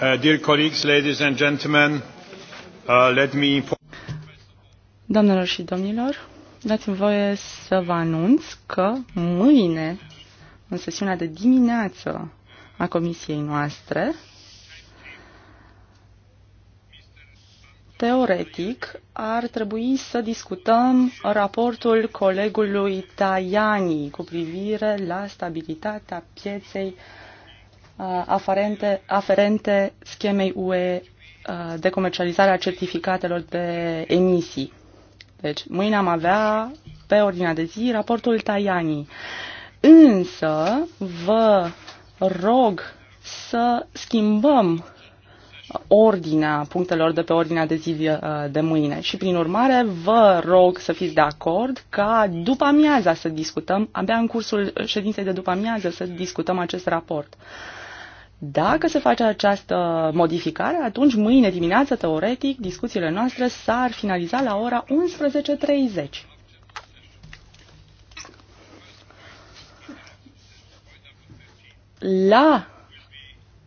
Uh, dear colleagues, ladies and gentlemen, uh, let me... Doamnelor și domnilor, dați-mi voie să vă anunț că mâine, în sesiunea de dimineață a comisiei noastre, teoretic ar trebui să discutăm raportul colegului Tajani cu privire la stabilitatea pieței uh, Uh, aferente, aferente schemei UE uh, de comercializare a certificatelor de emisii. Deci, mâine am avea pe ordinea de zi raportul Tajani. Însă, vă rog să schimbăm ordinea punctelor de pe ordinea de zi uh, de mâine și prin urmare vă rog să fiți de acord ca după amiaza să discutăm, abia în cursul ședinței de după amiază să discutăm acest raport. Dacă se face această modificare, atunci mâine dimineață, teoretic, discuțiile noastre s-ar finaliza la ora 11.30. La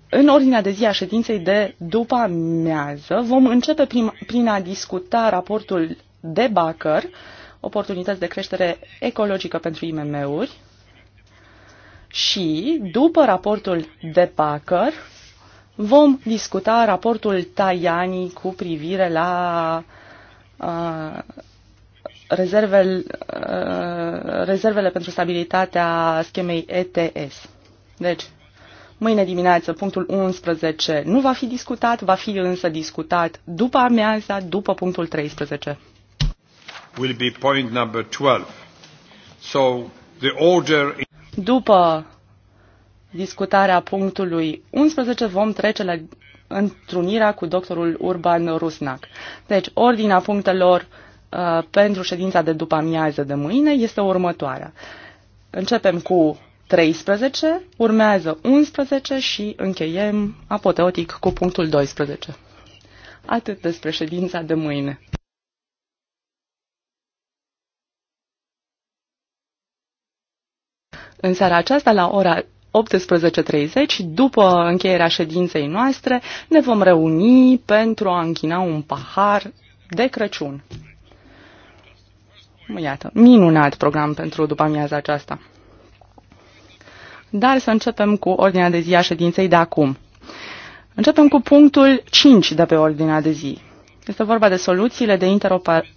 în ordinea de zi a ședinței de după amiază vom începe prim, prin a discuta raportul de Bacăr, oportunități de creștere ecologică pentru IMM-uri, și, după raportul de Packer, vom discuta raportul Tajani cu privire la uh, rezervele, uh, rezervele pentru stabilitatea schemei ETS. Deci, mâine dimineață, punctul 11 nu va fi discutat, va fi însă discutat după amiaza, după punctul 13. Will be point number 12. So the order după discutarea punctului 11 vom trece la întrunirea cu doctorul Urban Rusnac. Deci, ordinea punctelor uh, pentru ședința de după amiază de mâine este următoarea. Începem cu 13, urmează 11 și încheiem apoteotic cu punctul 12. Atât despre ședința de mâine. în seara aceasta la ora 18.30, după încheierea ședinței noastre, ne vom reuni pentru a închina un pahar de Crăciun. Iată, minunat program pentru după amiaza aceasta. Dar să începem cu ordinea de zi a ședinței de acum. Începem cu punctul 5 de pe ordinea de zi. Este vorba de soluțiile de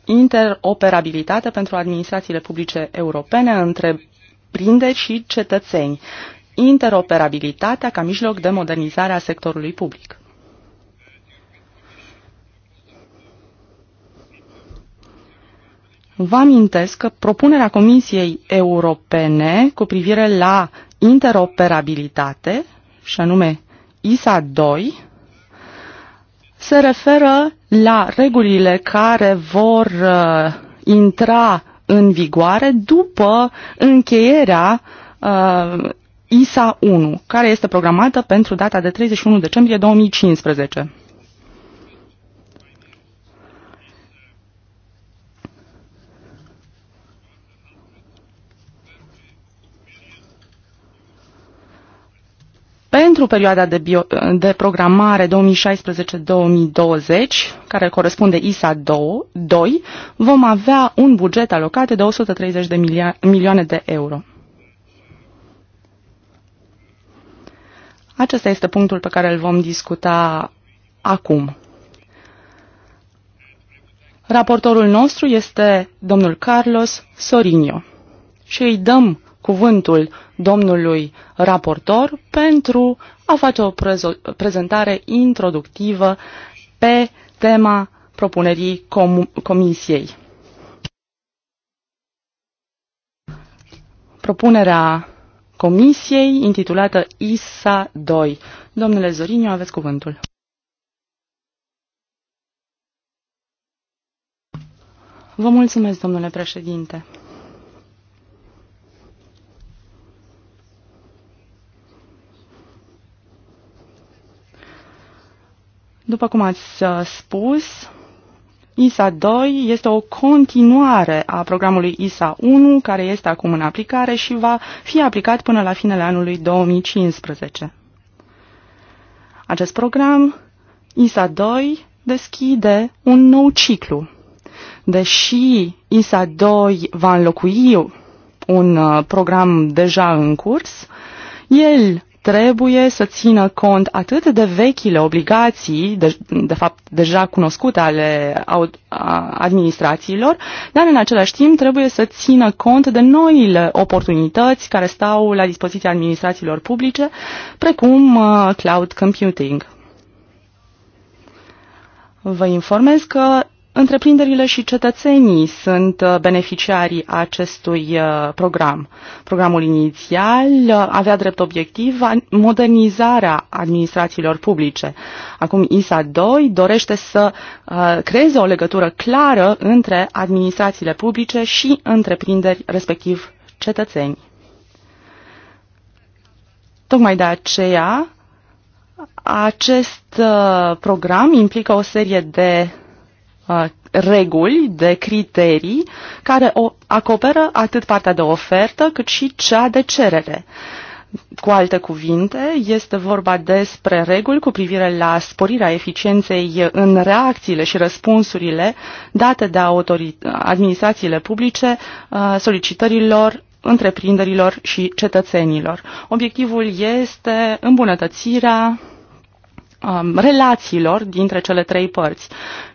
interoperabilitate pentru administrațiile publice europene între cuprinde și cetățeni. Interoperabilitatea ca mijloc de modernizare a sectorului public. Vă amintesc că propunerea Comisiei Europene cu privire la interoperabilitate, și anume ISA 2, se referă la regulile care vor uh, intra în vigoare după încheierea uh, ISA 1, care este programată pentru data de 31 decembrie 2015. pentru perioada de, bio, de programare 2016-2020, care corespunde ISA 2, 2, vom avea un buget alocat de 130 de milioane de euro. Acesta este punctul pe care îl vom discuta acum. Raportorul nostru este domnul Carlos Sorinio și îi dăm cuvântul domnului raportor pentru a face o prezentare introductivă pe tema propunerii com Comisiei. Propunerea Comisiei intitulată ISA 2. Domnule Zoriniu, aveți cuvântul. Vă mulțumesc, domnule președinte. După cum ați uh, spus, ISA 2 este o continuare a programului ISA 1, care este acum în aplicare și va fi aplicat până la finele anului 2015. Acest program, ISA 2, deschide un nou ciclu. Deși ISA 2 va înlocui un uh, program deja în curs, el trebuie să țină cont atât de vechile obligații, de, de fapt deja cunoscute ale administrațiilor, dar în același timp trebuie să țină cont de noile oportunități care stau la dispoziția administrațiilor publice, precum uh, cloud computing. Vă informez că Întreprinderile și cetățenii sunt uh, beneficiarii acestui uh, program. Programul inițial uh, avea drept obiectiv modernizarea administrațiilor publice. Acum ISA 2 dorește să creeze o legătură clară între administrațiile publice și întreprinderi, respectiv cetățeni. Tocmai de aceea, acest program implică o serie de Uh, reguli, de criterii care o acoperă atât partea de ofertă cât și cea de cerere. Cu alte cuvinte, este vorba despre reguli cu privire la sporirea eficienței în reacțiile și răspunsurile date de administrațiile publice uh, solicitărilor întreprinderilor și cetățenilor. Obiectivul este îmbunătățirea Um, relațiilor dintre cele trei părți.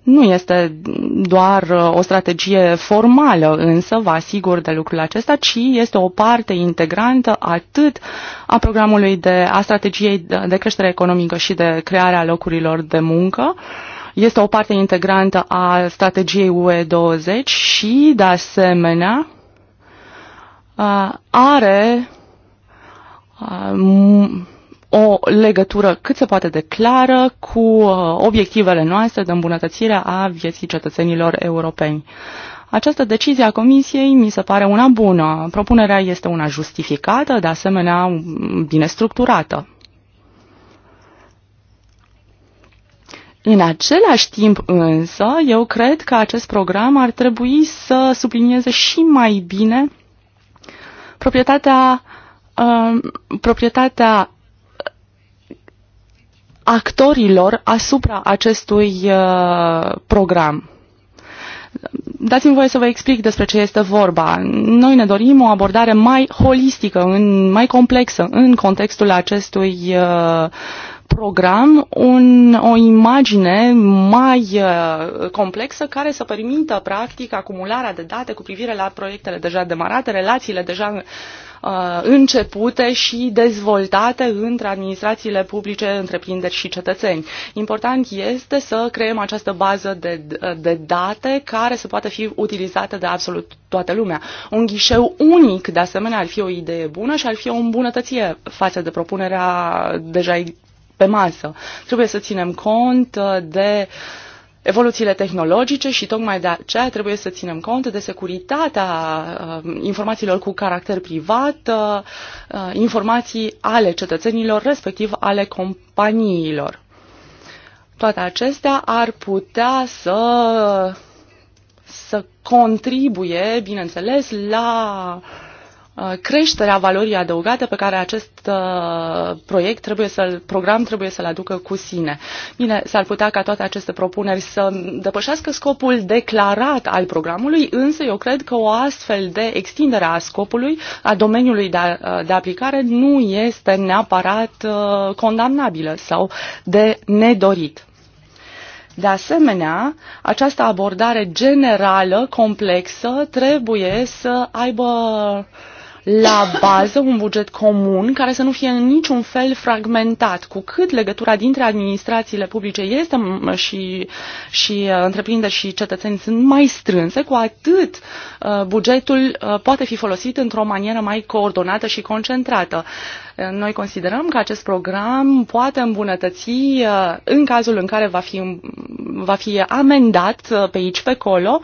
Nu este doar uh, o strategie formală, însă vă asigur de lucrul acesta, ci este o parte integrantă atât a programului de a strategiei de creștere economică și de crearea locurilor de muncă, este o parte integrantă a strategiei UE 20 și, de asemenea, uh, are uh, o legătură cât se poate de clară cu uh, obiectivele noastre de îmbunătățire a vieții cetățenilor europeni. Această decizie a Comisiei mi se pare una bună. Propunerea este una justificată, de asemenea um, bine structurată. În același timp însă, eu cred că acest program ar trebui să sublinieze și mai bine proprietatea, uh, proprietatea actorilor asupra acestui uh, program. Dați-mi voie să vă explic despre ce este vorba. Noi ne dorim o abordare mai holistică, în, mai complexă în contextul acestui uh, program un, o imagine mai uh, complexă care să permită, practic, acumularea de date cu privire la proiectele deja demarate, relațiile deja Uh, începute și dezvoltate între administrațiile publice, întreprinderi și cetățeni. Important este să creăm această bază de, de date care să poată fi utilizată de absolut toată lumea. Un ghișeu unic, de asemenea, ar fi o idee bună și ar fi o îmbunătățire față de propunerea deja pe masă. Trebuie să ținem cont uh, de uh, evoluțiile tehnologice și tocmai de aceea trebuie să ținem cont de securitatea uh, informațiilor cu caracter privat, uh, uh, informații ale cetățenilor, respectiv ale companiilor. Toate acestea ar putea să, să contribuie, bineînțeles, la uh, Uh, creșterea valorii adăugate pe care acest uh, proiect trebuie să-l, program trebuie să-l aducă cu sine. Bine, s-ar putea ca toate aceste propuneri să depășească scopul declarat al programului, însă eu cred că o astfel de extindere a scopului, a domeniului de, uh, de aplicare, nu este neapărat condamnabilă sau de nedorit. De asemenea, această abordare generală, complexă, trebuie să aibă la bază un buget comun care să nu fie în niciun fel fragmentat. Cu cât legătura dintre administrațiile publice este și, și uh, întreprinderi și cetățeni sunt mai strânse, cu atât uh, bugetul uh, poate fi folosit într-o manieră mai coordonată și concentrată. Noi considerăm că acest program poate îmbunătăți în cazul în care va fi, va fi amendat pe aici, pe acolo,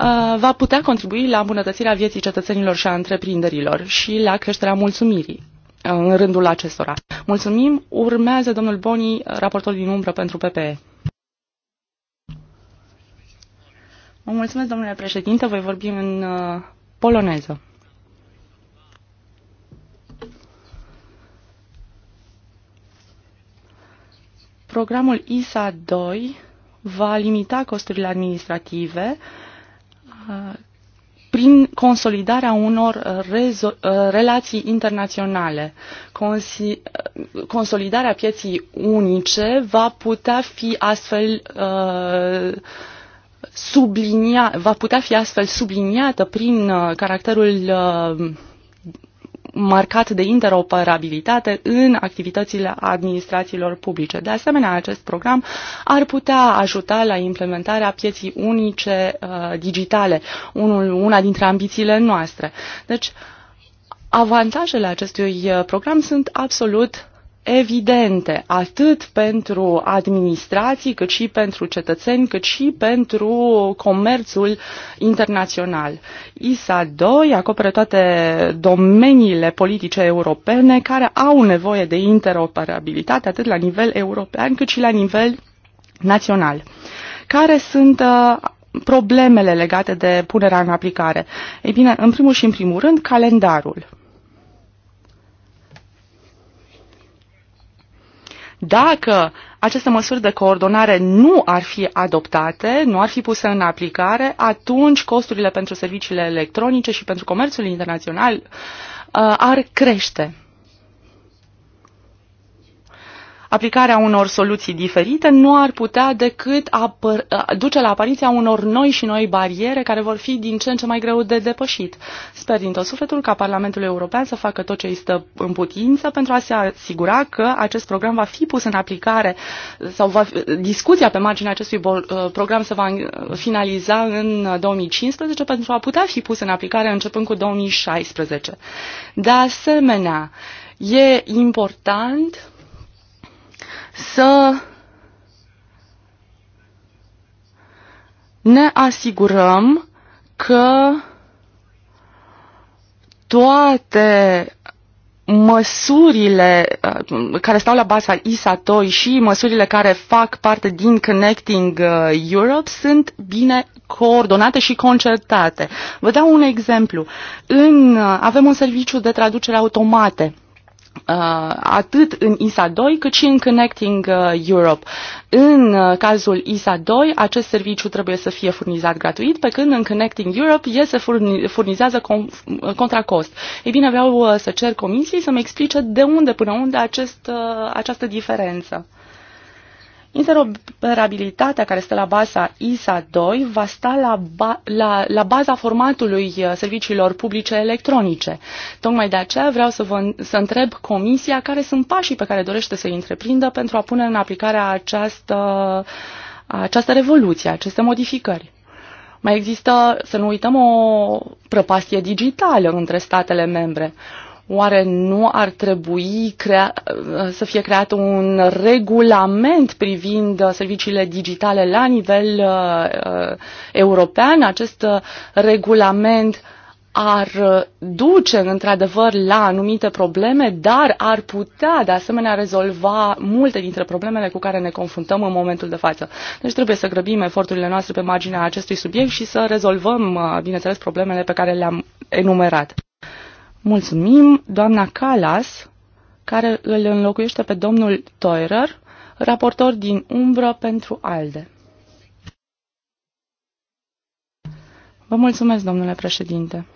Uh, va putea contribui la îmbunătățirea vieții cetățenilor și a întreprinderilor și la creșterea mulțumirii uh, în rândul acestora. Mulțumim. Urmează domnul Boni, raportor din umbră pentru PPE. Vă mulțumesc, domnule președinte. Voi vorbi în uh, poloneză. Programul ISA 2 va limita costurile administrative uh, Uh, prin consolidarea unor uh, uh, relații internaționale. Consi consolidarea pieții unice va putea fi astfel uh, sublinia, va putea fi astfel subliniată prin caracterul uh, marcat de interoperabilitate în activitățile administrațiilor publice. De asemenea, acest program ar putea ajuta la implementarea pieții unice uh, digitale, unul, una dintre ambițiile noastre. Deci, avantajele acestui uh, program sunt absolut evidente atât pentru administrații, cât și pentru cetățeni, cât și pentru comerțul internațional. ISA 2 acoperă toate domeniile politice europene care au nevoie de interoperabilitate atât la nivel european cât și la nivel național. Care sunt uh, problemele legate de punerea în aplicare? Ei bine, în primul și în primul rând, calendarul Dacă aceste măsuri de coordonare nu ar fi adoptate, nu ar fi puse în aplicare, atunci costurile pentru serviciile electronice și pentru comerțul internațional uh, ar crește. aplicarea unor soluții diferite nu ar putea decât apăr- duce la apariția unor noi și noi bariere care vor fi din ce în ce mai greu de depășit. Sper din tot sufletul ca Parlamentul European să facă tot ce îi stă în putință pentru a se asigura că acest program va fi pus în aplicare sau va, discuția pe marginea acestui ă, program se va finaliza în 2015 pentru a putea fi pus în aplicare începând cu 2016. De asemenea, e important să ne asigurăm că toate măsurile uh, care stau la baza ISA 2 și măsurile care fac parte din Connecting uh, Europe sunt bine coordonate și concertate. Vă dau un exemplu. În, uh, avem un serviciu de traducere automate Uh, atât în ISA 2 cât și în Connecting uh, Europe. În uh, cazul ISA 2, acest serviciu trebuie să fie furnizat gratuit, pe când în Connecting Europe el se furnizează contra cost. Ei bine, vreau să cer comisiei să-mi explice de unde până unde acest, această diferență. Interoperabilitatea care stă la baza ISA 2 va sta la, ba- la, la baza formatului uh, serviciilor publice electronice. Tocmai de aceea vreau să, vă, să întreb Comisia care sunt pașii pe care dorește să-i întreprindă pentru a pune în aplicare această, această revoluție, aceste modificări. Mai există, să nu uităm, o prăpastie digitală între statele membre. Uh, Oare nu ar trebui crea- să fie creat un regulament privind serviciile digitale la nivel uh, uh european? Acest uh, regulament ar uh, duce într-adevăr la anumite probleme, dar ar putea de asemenea rezolva multe dintre problemele cu care ne confruntăm în momentul de față. Deci trebuie să grăbim eforturile noastre pe marginea acestui subiect și să rezolvăm, bineînțeles, problemele pe care le-am enumerat. Mulțumim, doamna Calas, care îl înlocuiește pe domnul Teurer, raportor din umbră pentru ALDE. Vă mulțumesc, domnule președinte.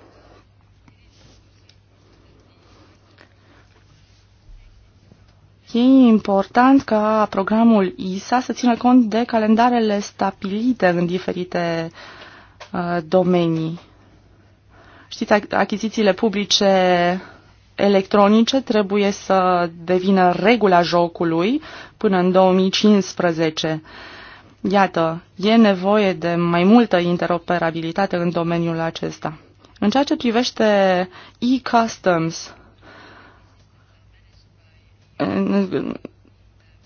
E important ca programul ISA să țină cont de calendarele stabilite în diferite uh, domenii. Știți, achizițiile publice electronice trebuie să devină regula jocului până în 2015. Iată, e nevoie de mai multă interoperabilitate în domeniul acesta. În ceea ce privește e-customs,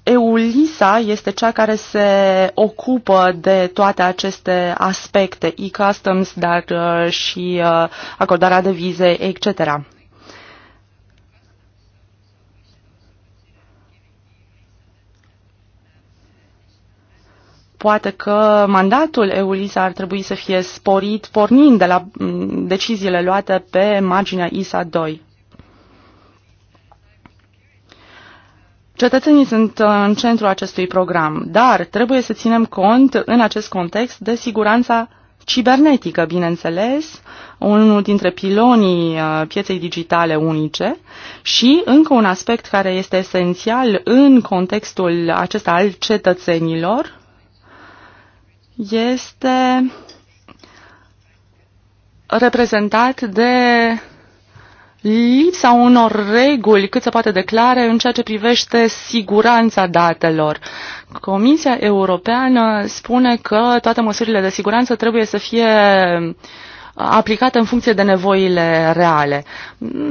EULISA este cea care se ocupă de toate aceste aspecte, e-customs, dar uh, și uh, acordarea de vize, etc. poate că mandatul EULISA ar trebui să fie sporit pornind de la mm, deciziile luate pe marginea ISA 2. Cetățenii sunt uh, în centrul acestui program, dar trebuie să ținem cont în acest context de siguranța cibernetică, bineînțeles, unul dintre pilonii uh, pieței digitale unice și încă un aspect care este esențial în contextul acesta al cetățenilor este reprezentat de lipsa unor reguli cât se poate declare în ceea ce privește siguranța datelor. Comisia Europeană spune că toate măsurile de siguranță trebuie să fie aplicate în funcție de nevoile reale.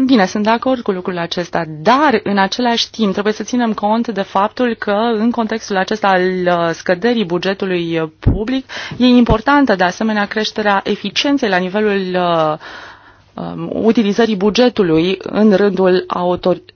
Bine, sunt de acord cu lucrul acesta, dar în același timp trebuie să ținem cont de faptul că în contextul acesta al uh, scăderii bugetului public e importantă de asemenea creșterea eficienței la nivelul uh, Um, utilizării bugetului în rândul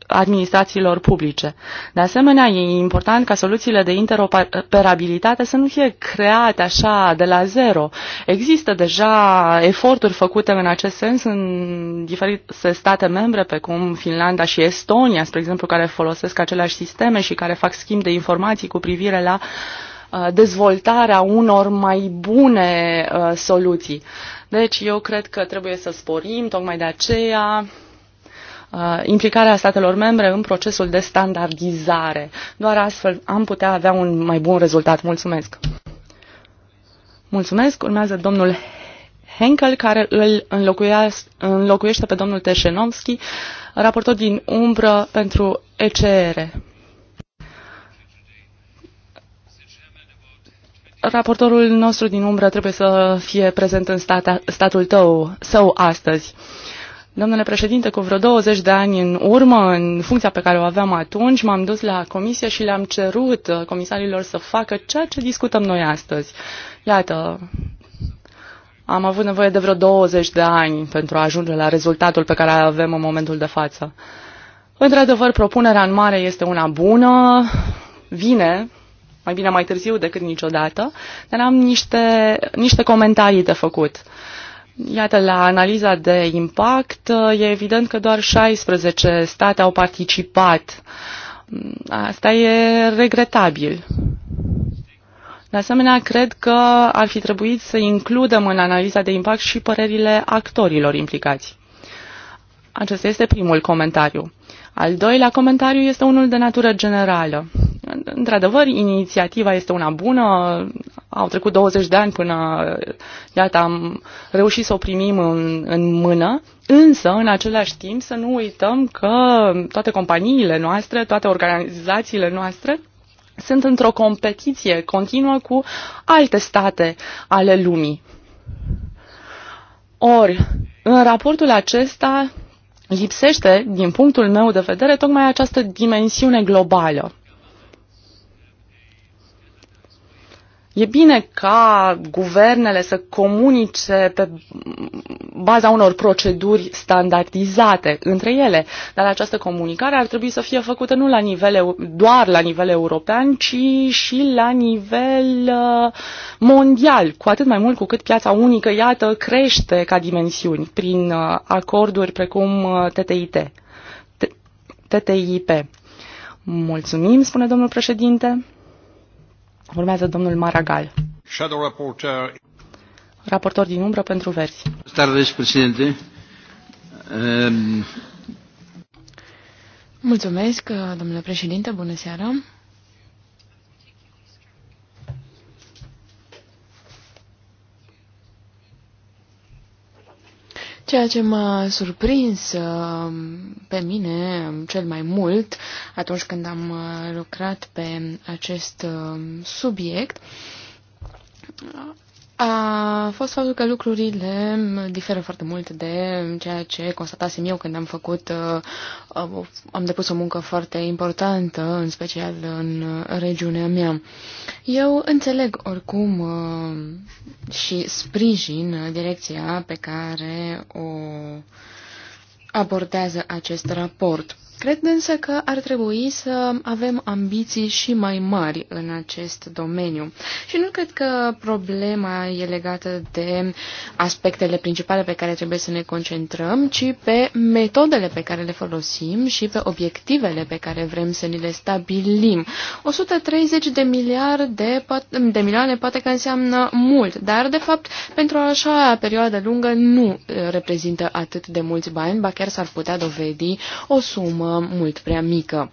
administrațiilor publice. De asemenea, e important ca soluțiile de interoperabilitate să nu fie create așa de la zero. Există deja eforturi făcute în acest sens în diferite state membre, precum Finlanda și Estonia, spre exemplu, care folosesc aceleași sisteme și care fac schimb de informații cu privire la uh, dezvoltarea unor mai bune uh, soluții. Deci eu cred că trebuie să sporim tocmai de aceea uh, implicarea statelor membre în procesul de standardizare. Doar astfel am putea avea un mai bun rezultat. Mulțumesc! Mulțumesc! Urmează domnul Henkel, care îl înlocuiește pe domnul Teșenomski, raportor din umbră pentru ECR. raportorul nostru din umbră trebuie să fie prezent în stat, statul tău, său astăzi. Domnule președinte, cu vreo 20 de ani în urmă, în funcția pe care o aveam atunci, m-am dus la comisie și le-am cerut uh, comisarilor să facă ceea ce discutăm noi astăzi. Iată, am avut nevoie de vreo 20 de ani pentru a ajunge la rezultatul pe care avem în momentul de față. Într-adevăr, propunerea în mare este una bună, vine mai bine mai târziu decât niciodată, dar am niște, niște comentarii de făcut. Iată, la analiza de impact, e evident că doar 16 state au participat. Asta e regretabil. De asemenea, cred că ar fi trebuit să includem în analiza de impact și părerile actorilor implicați. Acesta este primul comentariu. Al doilea comentariu este unul de natură generală. Într-adevăr, inițiativa este una bună. Au trecut 20 de ani până, iată, am reușit să o primim în, în mână, însă, în același timp, să nu uităm că toate companiile noastre, toate organizațiile noastre sunt într-o competiție continuă cu alte state ale lumii. Ori, în raportul acesta lipsește, din punctul meu de vedere, tocmai această dimensiune globală. E bine ca guvernele să comunice pe baza unor proceduri standardizate între ele, dar această comunicare ar trebui să fie făcută nu la nivel, doar la nivel european, ci și la nivel uh, mondial, cu atât mai mult cu cât piața unică, iată, crește ca dimensiuni prin uh, acorduri precum TTIT. Uh, TTIP. Mulțumim, spune domnul președinte. Urmează domnul Maragal. Shadow Reporter. Raportor din umbră pentru verzi. Tardes, președinte. Um... Mulțumesc, domnule președinte, bună seara. Ceea ce m-a surprins uh, pe mine cel mai mult atunci când am uh, lucrat pe acest uh, subiect a fost faptul că lucrurile mm, diferă foarte mult de ceea ce constatasem eu când am făcut, uh, uh, am depus o muncă foarte importantă, în special în regiunea mea. Eu înțeleg oricum uh, și sprijin direcția pe care o abordează acest raport. Cred însă că ar trebui să avem ambiții și mai mari în acest domeniu. Și nu cred că problema e legată de aspectele principale pe care trebuie să ne concentrăm, ci pe metodele pe care le folosim și pe obiectivele pe care vrem să ni le stabilim. 130 de miliarde de milioane poate că înseamnă mult, dar de fapt pentru așa perioadă lungă nu reprezintă atât de mulți bani, ba chiar s-ar putea dovedi o sumă mult prea mică.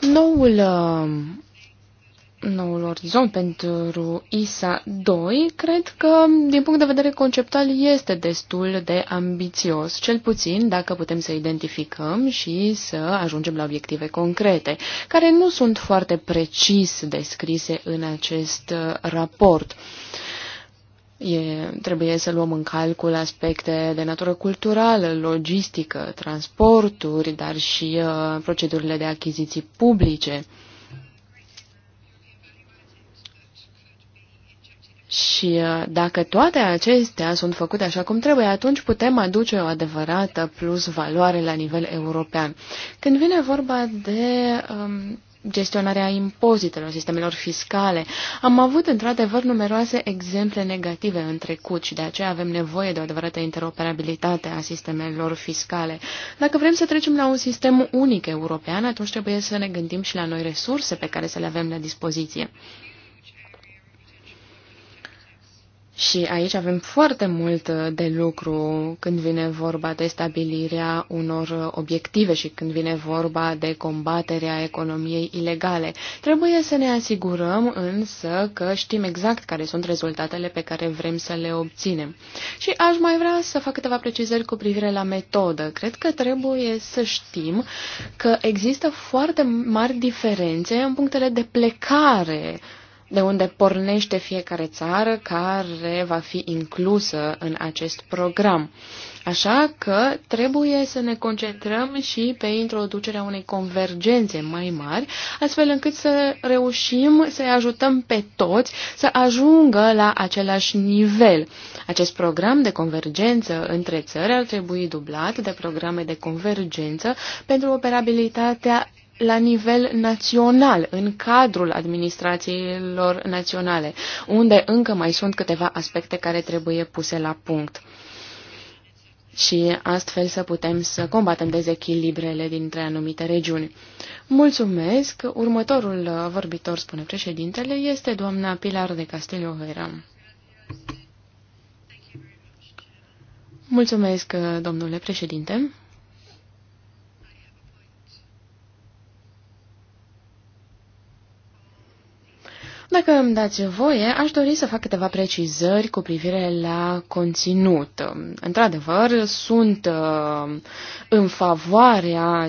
Noul, uh, noul orizont pentru ISA 2, cred că, din punct de vedere conceptual, este destul de ambițios, cel puțin dacă putem să identificăm și să ajungem la obiective concrete, care nu sunt foarte precis descrise în acest uh, raport. Uh, E, trebuie să luăm în calcul aspecte de natură culturală, logistică, transporturi, dar și uh, procedurile de achiziții publice. Și uh, dacă toate acestea sunt făcute așa cum trebuie, atunci putem aduce o adevărată plus valoare la nivel european. Când vine vorba de um, gestionarea impozitelor, sistemelor fiscale. Am avut într-adevăr numeroase exemple negative în trecut și de aceea avem nevoie de o adevărată interoperabilitate a sistemelor fiscale. Dacă vrem să trecem la un sistem unic european, atunci trebuie să ne gândim și la noi resurse pe care să le avem la dispoziție. Și aici avem foarte mult uh, de lucru când vine vorba de stabilirea unor uh, obiective și când vine vorba de combaterea economiei ilegale. Trebuie să ne asigurăm însă că știm exact care sunt rezultatele pe care vrem să le obținem. Și aș mai vrea să fac câteva precizări cu privire la metodă. Cred că trebuie să știm că există foarte mari diferențe în punctele de plecare de unde pornește fiecare țară care va fi inclusă în acest program. Așa că trebuie să ne concentrăm și pe introducerea unei convergențe mai mari, astfel încât să reușim să-i ajutăm pe toți să ajungă la același nivel. Acest program de convergență între țări ar trebui dublat de programe de convergență pentru operabilitatea la nivel național, în cadrul administrațiilor naționale, unde încă mai sunt câteva aspecte care trebuie puse la punct și astfel să putem să combatem dezechilibrele dintre anumite regiuni. Mulțumesc! Următorul vorbitor, spune președintele, este doamna Pilar de Castelio Vera. Mulțumesc, domnule președinte! Dacă îmi dați voie, aș dori să fac câteva precizări cu privire la conținut. Într-adevăr, sunt uh, în favoarea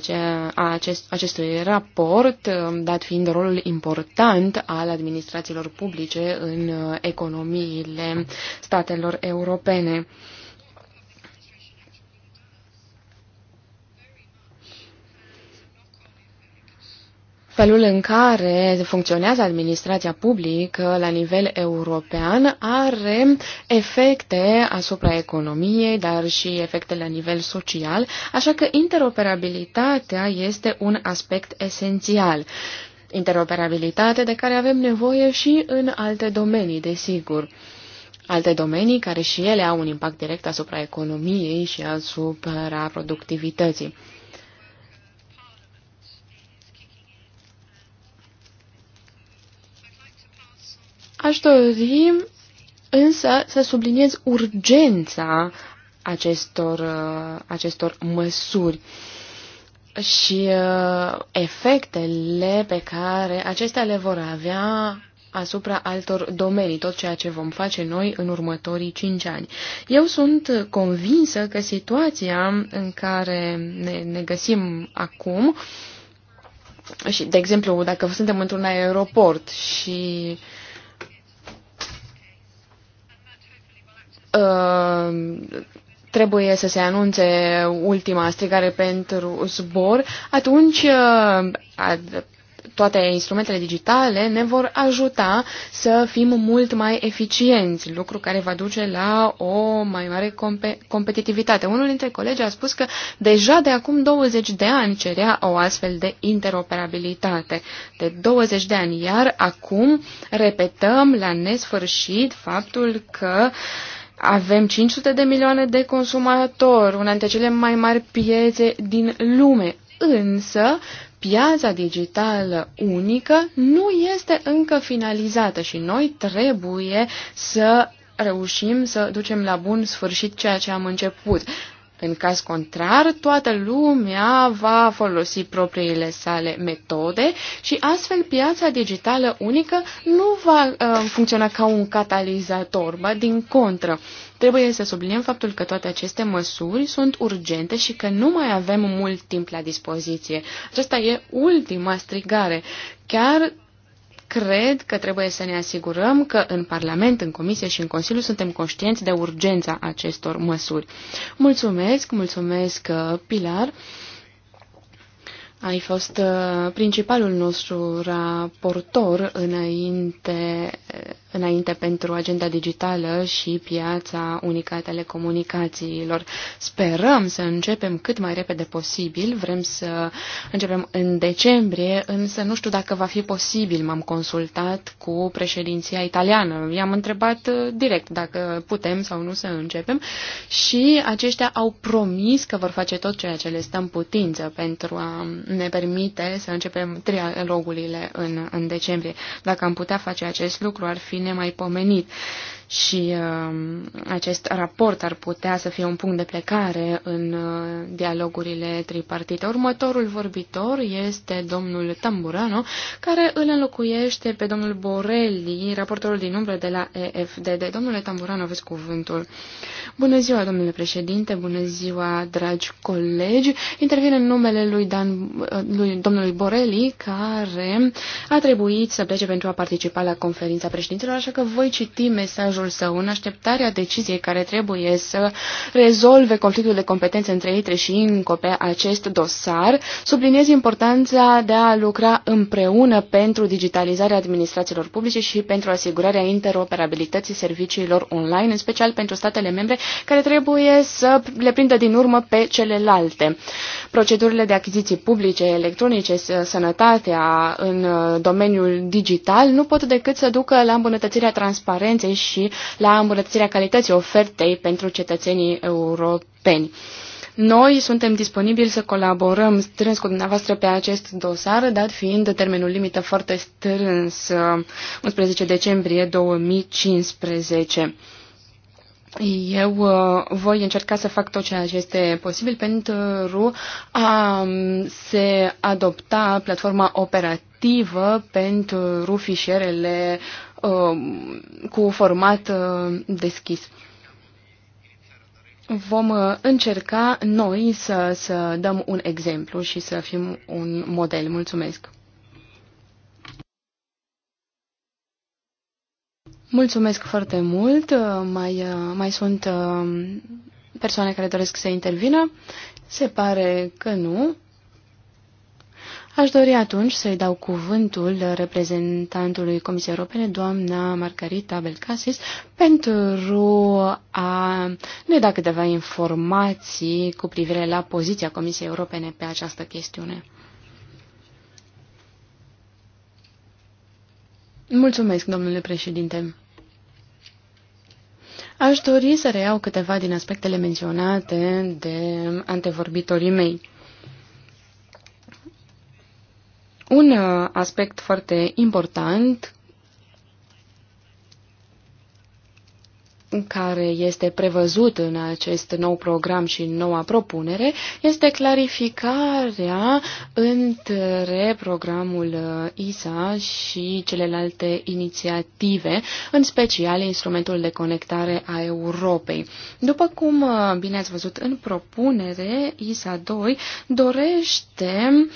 acestui raport, uh, dat fiind rolul important al administrațiilor publice în uh, economiile statelor europene. felul în care funcționează administrația publică la nivel european are efecte asupra economiei, dar și efecte la nivel social, așa că interoperabilitatea este un aspect esențial. Interoperabilitate de care avem nevoie și în alte domenii, desigur. Alte domenii care și ele au un impact direct asupra economiei și asupra productivității. Aș dori însă să subliniez urgența acestor, uh, acestor măsuri și uh, efectele pe care acestea le vor avea asupra altor domenii, tot ceea ce vom face noi în următorii cinci ani. Eu sunt convinsă că situația în care ne, ne găsim acum, și, de exemplu, dacă suntem într-un aeroport și uh, Ehm, trebuie să se anunțe ultima strigare pentru zbor, atunci uh, toate instrumentele digitale ne vor ajuta să fim mult mai eficienți, lucru care va duce la o mai mare competitivitate. Unul dintre colegi a spus că deja de acum 20 de ani cerea o astfel de interoperabilitate. De 20 de ani, iar acum repetăm la nesfârșit faptul că uh, avem 500 de milioane de consumatori, una dintre cele mai mari piețe din lume, însă piața digitală unică nu este încă finalizată și noi trebuie să reușim să ducem la bun sfârșit ceea ce am început. În caz contrar, toată lumea va folosi propriile sale metode și astfel piața digitală unică nu va uh, funcționa ca un catalizator, ba din contră. Trebuie să subliniem faptul că toate aceste măsuri sunt urgente și că nu mai avem mult timp la dispoziție. Aceasta e ultima strigare. Chiar Cred că trebuie să ne asigurăm că în Parlament, în Comisie și în Consiliu suntem conștienți de urgența acestor măsuri. Mulțumesc, mulțumesc, uh, Pilar. Ai fost uh, principalul nostru raportor înainte înainte pentru agenda digitală și piața unică a telecomunicațiilor. Sperăm să începem cât mai repede posibil, vrem să începem în decembrie, însă nu știu dacă va fi posibil. M-am consultat cu președinția italiană, i-am întrebat uh, direct dacă putem sau nu să începem și aceștia au promis că vor face tot ceea ce le stă în putință pentru a ne permite să începem trialogurile în, în decembrie. Dacă am putea face acest lucru, ar fi nemaipomenit și um, acest raport ar putea să fie un punct de plecare în uh, dialogurile tripartite. Următorul vorbitor este domnul Tamburano, care îl înlocuiește pe domnul Borelli, raportorul din umbră de la EFDD. Domnule Tamburano, aveți cuvântul. Bună ziua, domnule președinte, bună ziua, dragi colegi. Intervine în numele lui, Dan, uh, lui domnului Borelli, care a trebuit să plece pentru a participa la conferința președinților, așa că voi citi mesajul curajul său în așteptarea deciziei care trebuie să rezolve conflictul de competențe între ei și încă pe acest dosar, subliniez importanța de a lucra împreună pentru digitalizarea administrațiilor publice și pentru asigurarea interoperabilității serviciilor online, în special pentru statele membre care trebuie să le prindă din urmă pe celelalte. Procedurile de achiziții publice, electronice, sănătatea în uh, domeniul digital nu pot decât să ducă la îmbunătățirea transparenței și la îmbunătățirea calității ofertei pentru cetățenii europeni. Noi suntem disponibili să colaborăm strâns cu dumneavoastră pe acest dosar, dat fiind termenul limită foarte strâns, 11 decembrie 2015. Eu uh, voi încerca să fac tot ceea ce este posibil pentru a um, se adopta platforma operativă pentru fișierele uh, Um, cu format uh, deschis. Vom uh, încerca noi să, să dăm un exemplu și să fim un model. Mulțumesc! Mulțumesc foarte mult. Uh, mai, mai sunt persoane care doresc să intervină? Se pare că nu. Aș dori atunci să-i dau cuvântul reprezentantului Comisiei Europene, doamna Margarita Belcasis, pentru a ne da câteva informații cu privire la poziția Comisiei Europene pe această chestiune. Mulțumesc, domnule președinte. Aș dori să reiau câteva din aspectele menționate de antevorbitorii mei. Un uh, aspect foarte important care este prevăzut în acest nou program și noua propunere este clarificarea între programul uh, ISA și celelalte inițiative, în special instrumentul de conectare a Europei. După cum uh, bine ați văzut în propunere, ISA 2 dorește uh,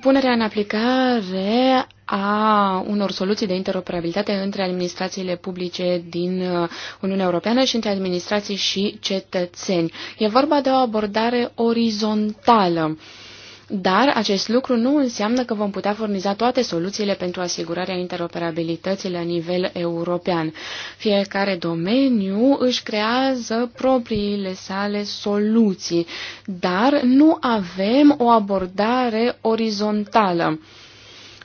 Punerea în aplicare a unor soluții de interoperabilitate între administrațiile publice din uh, Uniunea Europeană și între administrații și cetățeni. E vorba de o abordare orizontală. Uh, dar acest lucru nu înseamnă că vom putea furniza toate soluțiile pentru asigurarea interoperabilității la nivel european. Fiecare domeniu își creează propriile sale soluții, dar nu avem o abordare orizontală.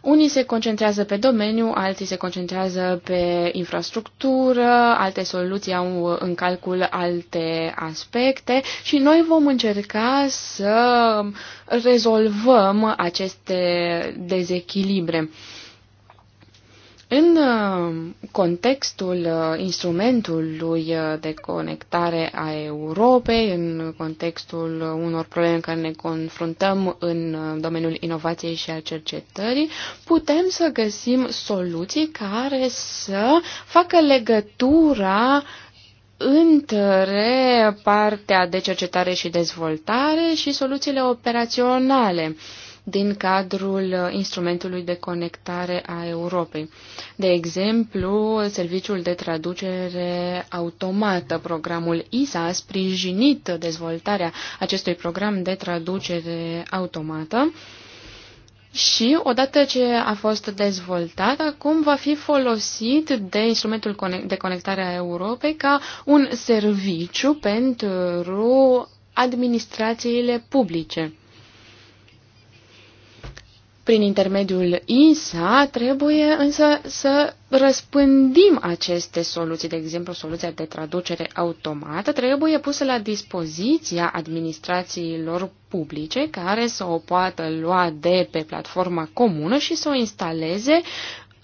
Unii se concentrează pe domeniu, alții se concentrează pe infrastructură, alte soluții au în calcul alte aspecte și noi vom încerca să rezolvăm aceste dezechilibre. În uh, contextul uh, instrumentului uh, de conectare a Europei, în contextul unor probleme care ne confruntăm în domeniul inovației și a cercetării, putem să găsim soluții care să facă legătura între partea de cercetare și dezvoltare și soluțiile operaționale. Uh, din cadrul instrumentului de conectare a Europei. De exemplu, serviciul de traducere automată, programul ISA, a sprijinit dezvoltarea acestui program de traducere automată. Și odată ce a fost dezvoltat, acum va fi folosit de instrumentul de conectare a Europei ca un serviciu pentru administrațiile publice. Prin intermediul INSA trebuie însă să răspândim aceste soluții, de exemplu soluția de traducere automată trebuie pusă la dispoziția administrațiilor publice care să o poată lua de pe platforma comună și să o instaleze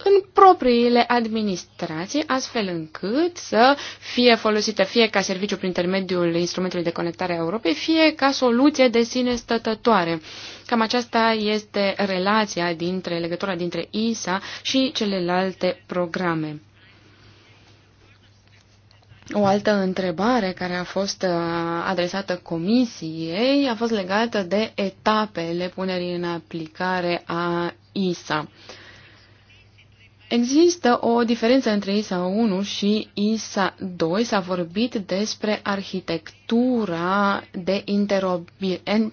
în propriile administrații, astfel încât să fie folosită fie ca serviciu prin intermediul instrumentului de conectare a Europei, fie ca soluție de sine stătătoare. Cam aceasta este relația dintre legătura dintre ISA și celelalte programe. O altă întrebare care a fost uh, adresată comisiei a fost legată de etapele punerii în aplicare a ISA. Uh, Există o diferență între ISA 1 și ISA 2. S-a vorbit despre arhitectură structura de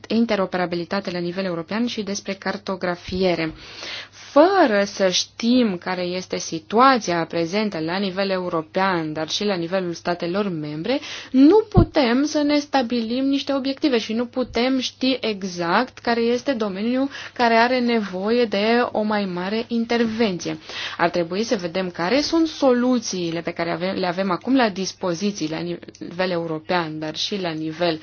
interoperabilitate la nivel european și despre cartografiere. Fără să știm care este situația prezentă la nivel european, dar și la nivelul statelor membre, nu putem să ne stabilim niște obiective și nu putem ști exact care este domeniul care are nevoie de o mai mare intervenție. Ar trebui să vedem care sunt soluțiile pe care le avem acum la dispoziții la nivel european, dar și la nivel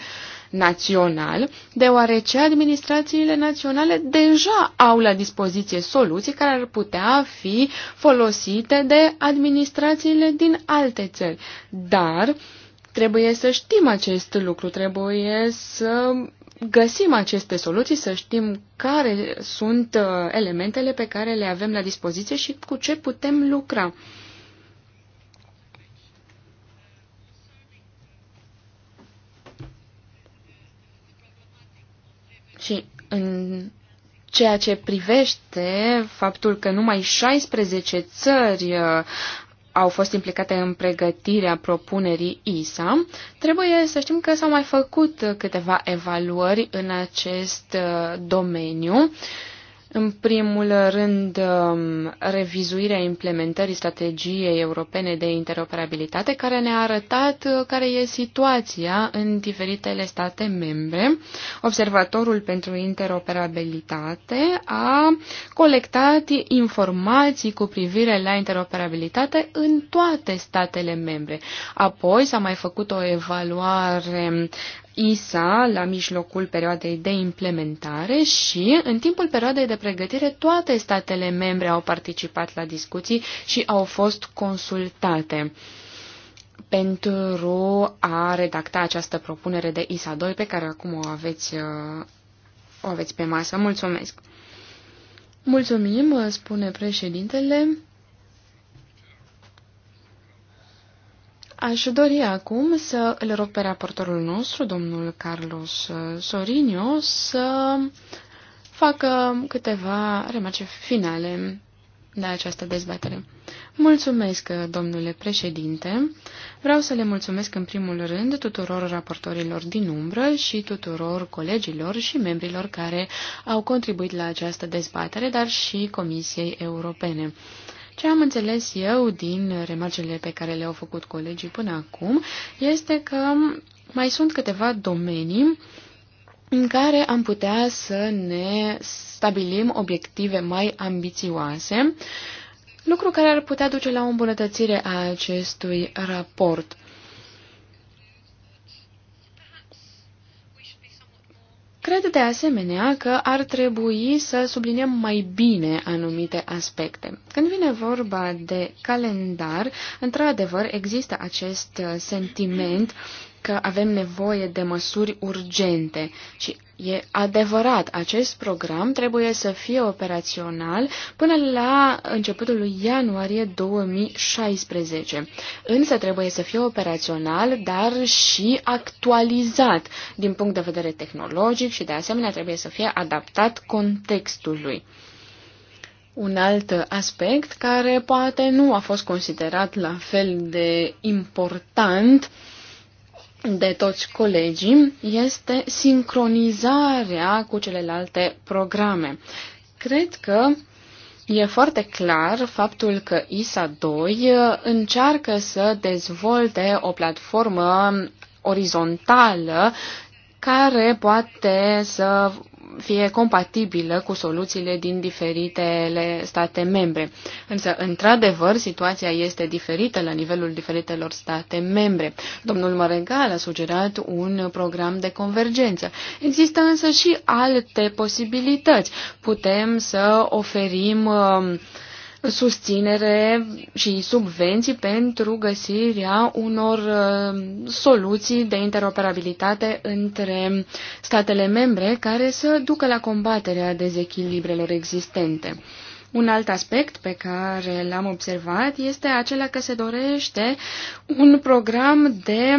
național, deoarece administrațiile naționale deja au la dispoziție soluții care ar putea fi folosite de administrațiile din alte țări. Dar trebuie să știm acest lucru, trebuie să găsim aceste soluții, să știm care sunt uh, elementele pe care le avem la dispoziție și cu ce putem lucra. Și în ceea ce privește faptul că numai 16 țări uh, au fost implicate în pregătirea propunerii ISA, trebuie să știm că s-au mai făcut câteva evaluări în acest uh, domeniu. Uh, în primul rând, um, revizuirea implementării strategiei europene de interoperabilitate, care ne-a arătat uh, care e situația în diferitele state membre. Observatorul pentru interoperabilitate a colectat informații cu privire la interoperabilitate în toate statele membre. Apoi s-a mai făcut o evaluare ISA la mijlocul perioadei de implementare și, în timpul perioadei de pregătire, toate statele membre au participat la discuții și au fost consultate pentru a redacta această propunere de ISA 2 pe care acum o aveți, uh, o aveți pe masă. Mulțumesc! Mulțumim, uh, spune președintele. Aș dori acum să îl rog pe raportorul nostru, domnul Carlos uh, Sorinio, să facă câteva remarce finale de această dezbatere. Mulțumesc, uh, domnule președinte. Vreau să le mulțumesc în primul rând tuturor raportorilor din umbră și tuturor colegilor și membrilor care au contribuit la această dezbatere, dar și Comisiei Europene. Ce am înțeles eu din remarcele pe care le-au făcut colegii până acum este că mai sunt câteva domenii în care am putea să ne stabilim obiective mai ambițioase, lucru care ar putea duce la o îmbunătățire a acestui raport. Cred de asemenea că ar trebui să subliniem mai bine anumite aspecte. Când vine vorba de calendar, într-adevăr există acest uh, sentiment că avem nevoie de măsuri urgente și e adevărat, acest program trebuie să fie operațional până la începutul lui ianuarie 2016. Însă trebuie să fie operațional, dar și actualizat din punct de vedere tehnologic și de asemenea trebuie să fie adaptat contextului. Un alt aspect care poate nu a fost considerat la fel de important de toți colegii este sincronizarea cu celelalte programe. Cred că E foarte clar faptul că ISA 2 încearcă să dezvolte o platformă orizontală care poate să fie compatibilă cu soluțiile din diferitele state membre. Însă, într-adevăr, situația este diferită la nivelul diferitelor state membre. Domnul Măregal a sugerat un program de convergență. Există însă și alte posibilități. Putem să oferim uh, susținere și subvenții pentru găsirea unor uh, soluții de interoperabilitate între statele membre care să ducă la combaterea dezechilibrelor existente. Un alt aspect pe care l-am observat este acela că se dorește un program de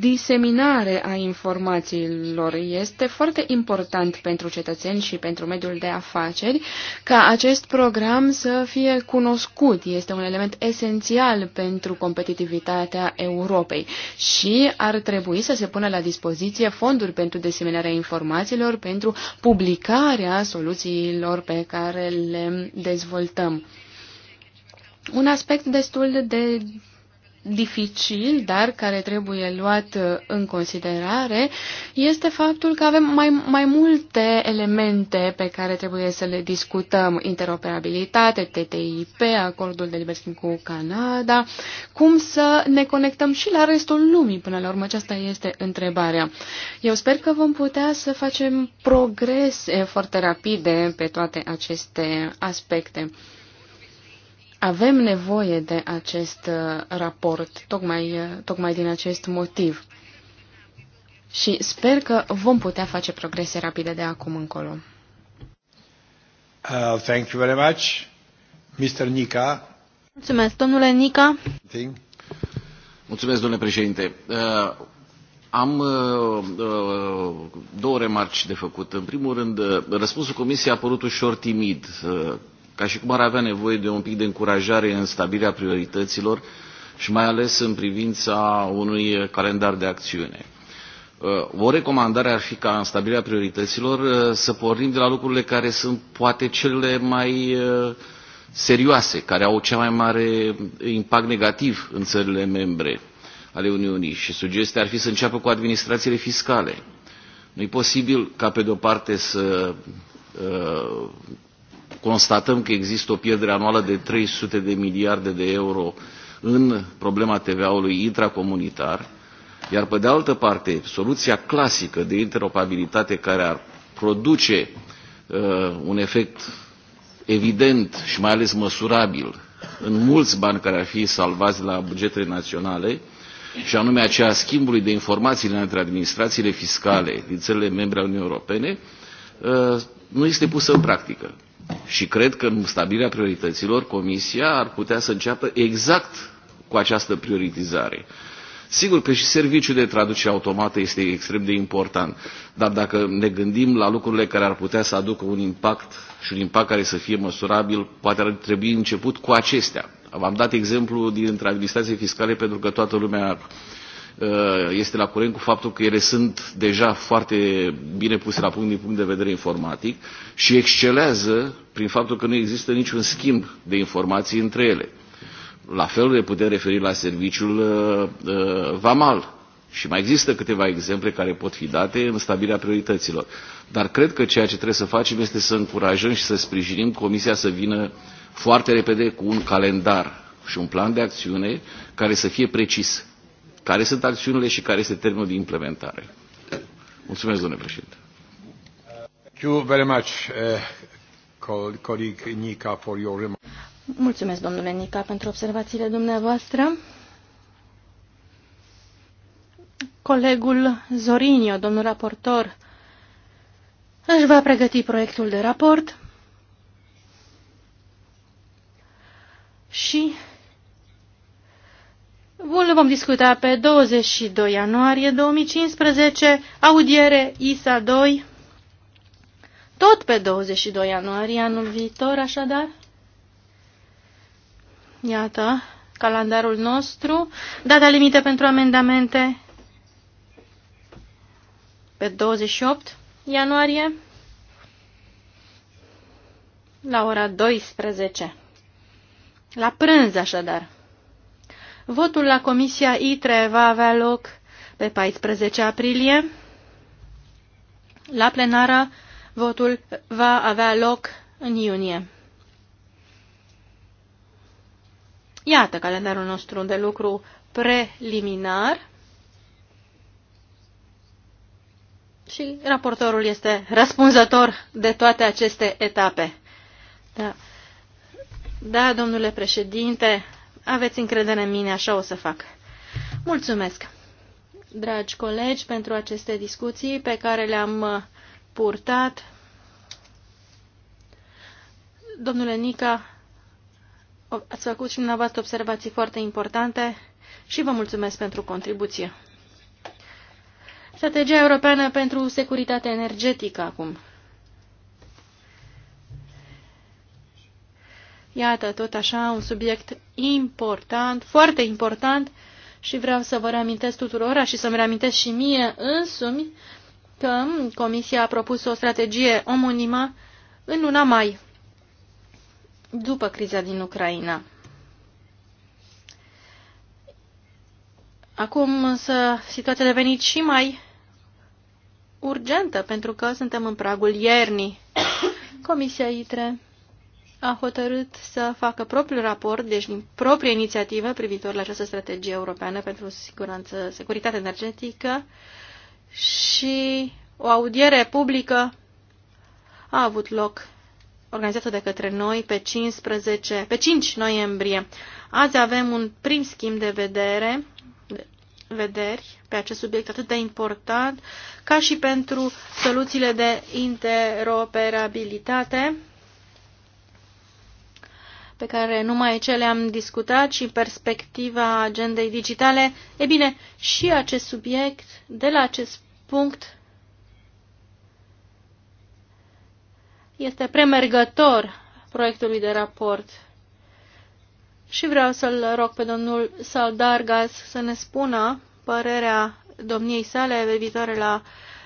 diseminare a informațiilor. Este foarte important pentru cetățeni și pentru mediul de afaceri ca acest program să fie cunoscut. Este un element esențial pentru competitivitatea Europei și ar trebui să se pună la dispoziție fonduri pentru diseminarea informațiilor, pentru publicarea soluțiilor pe care le dezvoltăm. Un aspect destul de dificil, dar care trebuie luat uh, în considerare, este faptul că avem mai, mai multe elemente pe care trebuie să le discutăm. Interoperabilitate, TTIP, acordul de liber schimb cu Canada, cum să ne conectăm și la restul lumii. Până la urmă, aceasta este întrebarea. Eu sper că vom putea să facem progrese foarte rapide pe toate aceste aspecte. Avem nevoie de acest uh, raport, tocmai, uh, tocmai din acest motiv. Și sper că vom putea face progrese rapide de acum încolo. Uh, thank you very much, Mr. Nica. Mulțumesc, domnule Nica. Mulțumesc, domnule președinte. Uh, am uh, uh, două remarci de făcut. În primul rând, răspunsul Comisiei a părut ușor timid. Uh, ca și cum ar avea nevoie de un pic de încurajare în stabilirea priorităților și mai ales în privința unui calendar de acțiune. Uh, o recomandare ar fi ca în stabilirea priorităților uh, să pornim de la lucrurile care sunt poate cele mai uh, serioase, care au cea mai mare impact negativ în țările membre ale Uniunii și sugestia ar fi să înceapă cu administrațiile fiscale. Nu e posibil ca pe de o parte să constatăm că există o pierdere anuală de 300 de miliarde de euro în problema TVA-ului intracomunitar, iar pe de altă parte, soluția clasică de interoperabilitate care ar produce uh, un efect evident și mai ales măsurabil în mulți bani care ar fi salvați la bugetele naționale, și anume aceea schimbului de informații între administrațiile fiscale din țările membre ale Uniunii Europene, uh, nu este pusă în practică. Și cred că în stabilirea priorităților, Comisia ar putea să înceapă exact cu această prioritizare. Sigur că și serviciul de traducere automată este extrem de important, dar dacă ne gândim la lucrurile care ar putea să aducă un impact și un impact care să fie măsurabil, poate ar trebui început cu acestea. V-am dat exemplu dintre administrații fiscale pentru că toată lumea Uh, este la curent cu faptul că ele sunt deja foarte bine puse la punct din punct de vedere informatic și excelează prin faptul că nu există niciun schimb de informații între ele. La fel ne putem referi la serviciul uh, uh, VAMAL. Și mai există câteva exemple care pot fi date în stabilirea priorităților. Dar cred că ceea ce trebuie să facem este să încurajăm și să sprijinim Comisia să vină foarte repede cu un calendar și un plan de acțiune care să fie precis care sunt acțiunile și care este termenul de implementare. Mulțumesc, domnule președinte. Thank you very much, uh, eh, colleague Nica, for your remarks. Mulțumesc, domnule Nica, pentru observațiile dumneavoastră. Colegul Zorinio, domnul raportor, își va pregăti proiectul de raport și Bun, vom discuta pe 22 ianuarie 2015, audiere ISA 2, tot pe 22 ianuarie anul viitor, așadar. Iată calendarul nostru, data limită pentru amendamente pe 28 ianuarie la ora 12, la prânz așadar. Votul la Comisia ITRE va avea loc pe 14 aprilie. La plenară, votul va avea loc în iunie. Iată calendarul nostru de lucru preliminar. Și raportorul este răspunzător de toate aceste etape. Da, da domnule președinte, aveți încredere în mine, așa o să fac. Mulțumesc, dragi colegi, pentru aceste discuții pe care le-am uh, purtat. Domnule Nica, ați făcut și dumneavoastră observații foarte importante și vă mulțumesc pentru contribuție. Strategia europeană pentru securitate energetică acum. Iată, tot așa, un subiect important, foarte important și vreau să vă reamintesc tuturora și să-mi reamintesc și mie însumi că Comisia a propus o strategie omonimă în luna mai, după criza din Ucraina. Acum însă situația a devenit și mai urgentă, pentru că suntem în pragul iernii. Comisia ITRE a hotărât să facă propriul raport, deci din proprie inițiativă privitor la această strategie europeană pentru siguranță, securitate energetică și o audiere publică a avut loc organizată de către noi pe 15, pe 5 noiembrie. Azi avem un prim schimb de vedere vederi pe acest subiect atât de important, ca și pentru soluțiile de interoperabilitate pe care numai ce le-am discutat și perspectiva agendei digitale, e bine, și acest subiect, de la acest punct, este premergător proiectului de raport. Și vreau să-l rog pe domnul Saldargas să ne spună părerea domniei sale viitoare la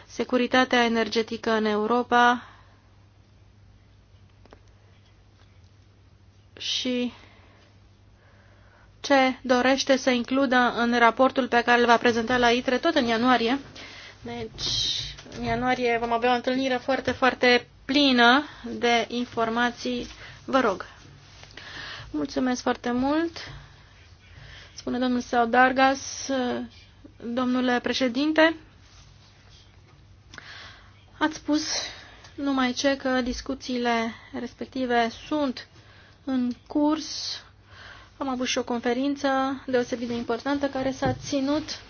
securitatea energetică în Europa și ce dorește să includă în raportul pe care îl va prezenta la ITRE tot în ianuarie. Deci, în ianuarie vom avea o întâlnire foarte, foarte plină de informații. Vă rog. Mulțumesc foarte mult. Spune domnul Saudargas, domnule președinte, ați spus numai ce că discuțiile respective sunt în curs. Am avut și o conferință deosebit de importantă care s-a ținut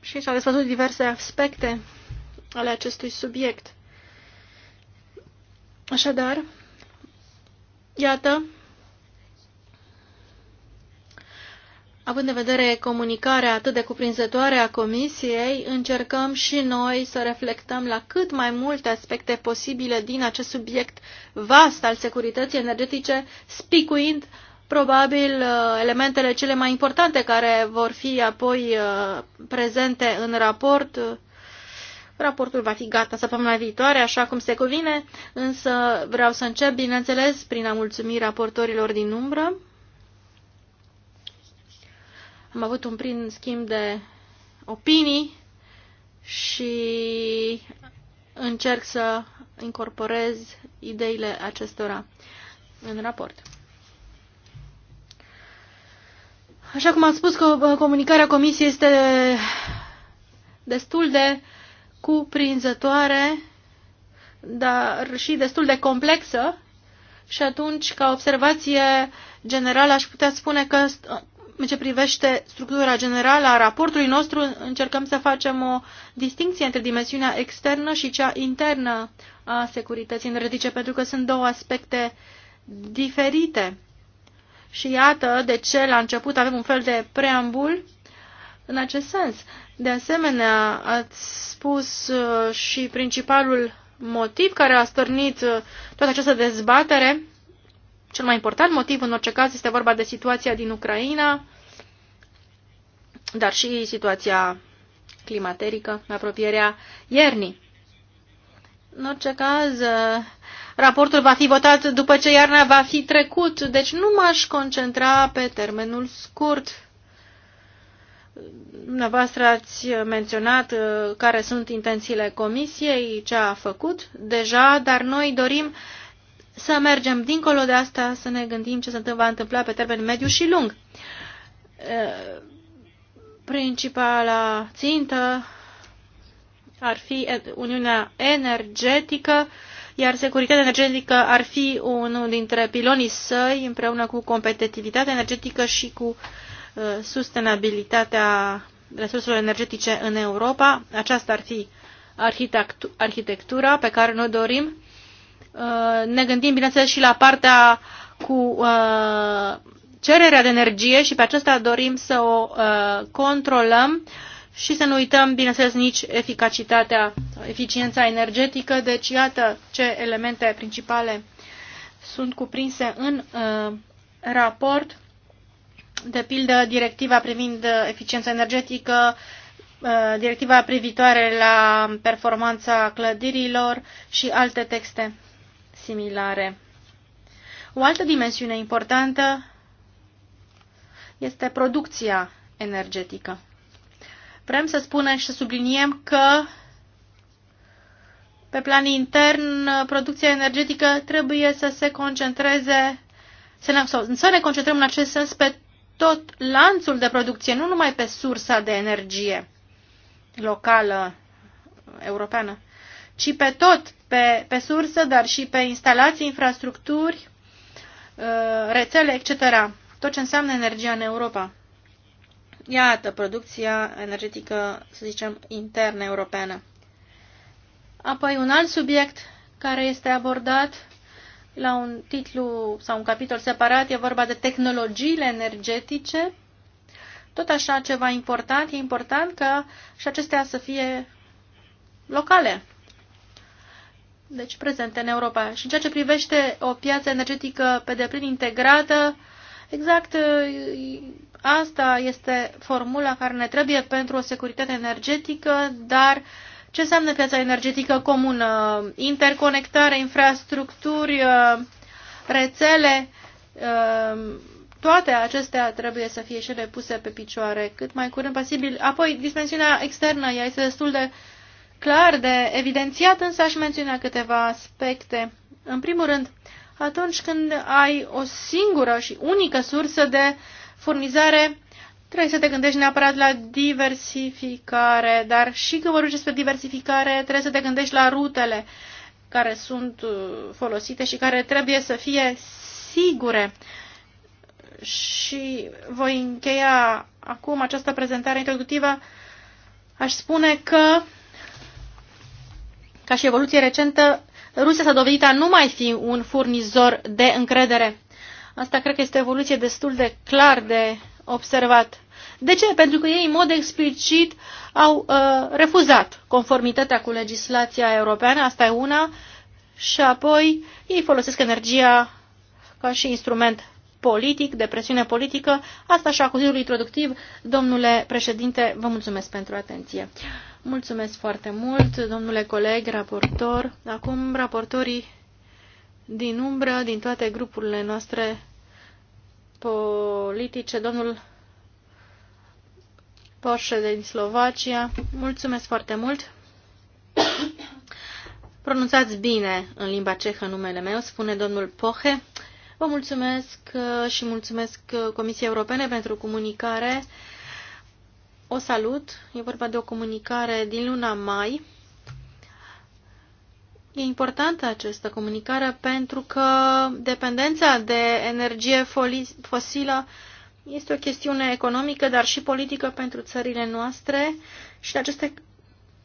și s-au desfăzut diverse aspecte ale acestui subiect. Așadar, iată, Având în vedere comunicarea atât de cuprinzătoare a Comisiei, încercăm și noi să reflectăm la cât mai multe aspecte posibile din acest subiect vast al securității energetice, spicuind probabil uh, elementele cele mai importante care vor fi apoi uh, prezente în raport. Raportul va fi gata săptămâna viitoare, așa cum se cuvine, însă vreau să încep, bineînțeles, prin a mulțumi raportorilor din umbră am avut un prim schimb de opinii și încerc să incorporez ideile acestora în raport. Așa cum am spus, că comunicarea comisiei este destul de cuprinzătoare, dar și destul de complexă și atunci, ca observație generală, aș putea spune că în ce privește structura generală a raportului nostru, încercăm să facem o distinție între dimensiunea externă și cea internă a securității energetice, pentru că sunt două aspecte diferite. Și iată de ce la început avem un fel de preambul în acest sens. De asemenea, ați spus uh, și principalul motiv care a stârnit uh, toată această dezbatere cel mai important motiv, în orice caz, este vorba de situația din Ucraina, dar și situația climaterică, apropierea iernii. În orice caz, raportul va fi votat după ce iarna va fi trecut, deci nu m-aș concentra pe termenul scurt. Dumneavoastră ați menționat uh, care sunt intențiile comisiei, ce a făcut deja, dar noi dorim să mergem dincolo de asta, să ne gândim ce se va întâmpla pe termen mediu și lung. Principala țintă ar fi Uniunea Energetică, iar securitatea energetică ar fi unul dintre pilonii săi împreună cu competitivitatea energetică și cu sustenabilitatea resurselor energetice în Europa. Aceasta ar fi arhitectura pe care noi dorim Uh, ne gândim, bineînțeles, și la partea cu uh, cererea de energie și pe aceasta dorim să o uh, controlăm și să nu uităm, bineînțeles, nici eficacitatea, eficiența energetică. Deci, iată ce elemente principale sunt cuprinse în uh, raport. De pildă, directiva privind eficiența energetică, directiva privitoare la performanța clădirilor și alte texte similare. O altă dimensiune importantă este producția energetică. Vrem să spunem și să subliniem că pe plan intern producția energetică trebuie să se concentreze, să ne, sau, să ne concentrăm în acest sens pe tot lanțul de producție, nu numai pe sursa de energie locală europeană ci pe tot, pe, pe sursă, dar și pe instalații, infrastructuri, uh, rețele, etc. Tot ce înseamnă energia în Europa. Iată, producția energetică, să zicem, internă europeană. Apoi un alt subiect care este abordat la un titlu sau un capitol separat, e vorba de tehnologiile energetice. Tot așa ceva important, e important că și acestea să fie locale, deci prezente în Europa. Și în ceea ce privește o piață energetică pe deplin integrată, exact ă, asta este formula care ne trebuie pentru o securitate energetică, dar ce înseamnă piața energetică comună? Interconectare, infrastructuri, ă, rețele, ă, toate acestea trebuie să fie și repuse puse pe picioare cât mai curând posibil. Apoi, dimensiunea externă, ea este destul de uh, clar de evidențiat, însă aș menționa câteva aspecte. În primul rând, atunci când ai o singură și unică sursă de furnizare, trebuie să te gândești neapărat la diversificare, dar și când vorbești despre diversificare, trebuie să te gândești la rutele care sunt uh, folosite și care trebuie să fie sigure. Și voi încheia acum această prezentare introductivă. Aș spune că ca și evoluție recentă, Rusia s-a dovedit a nu mai fi un furnizor de încredere. Asta cred că este o evoluție destul de clar de observat. De ce? Pentru că ei, în mod explicit, au uh, refuzat conformitatea cu legislația europeană, asta e una, și apoi ei folosesc energia ca și instrument politic, de presiune politică. Asta și acuzirul introductiv. Domnule președinte, vă mulțumesc pentru atenție. Mulțumesc foarte mult, domnule coleg, raportor. Acum, raportorii din umbră, din toate grupurile noastre politice, domnul Porsche din Slovacia. Mulțumesc foarte mult! Pronunțați bine în limba cehă numele meu, spune domnul Poche. Vă mulțumesc uh, și mulțumesc uh, Comisiei Europene pentru comunicare o salut. E vorba de o comunicare din luna mai. E importantă această comunicare pentru că dependența de energie fosilă este o chestiune economică, dar și politică pentru țările noastre și în aceste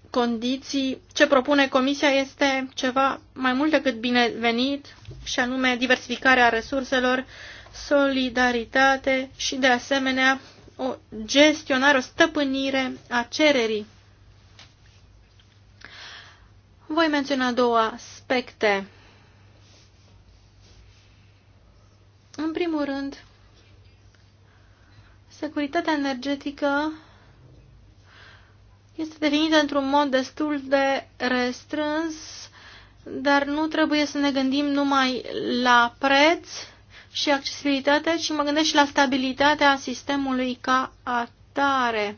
condiții ce propune Comisia este ceva mai mult decât binevenit și anume diversificarea resurselor, solidaritate și de asemenea o gestionare, o stăpânire a cererii. Voi menționa două aspecte. În primul rând, securitatea energetică este definită într-un mod destul de restrâns, dar nu trebuie să ne gândim numai la preț, și accesibilitatea, ci mă gândesc și la stabilitatea sistemului ca atare.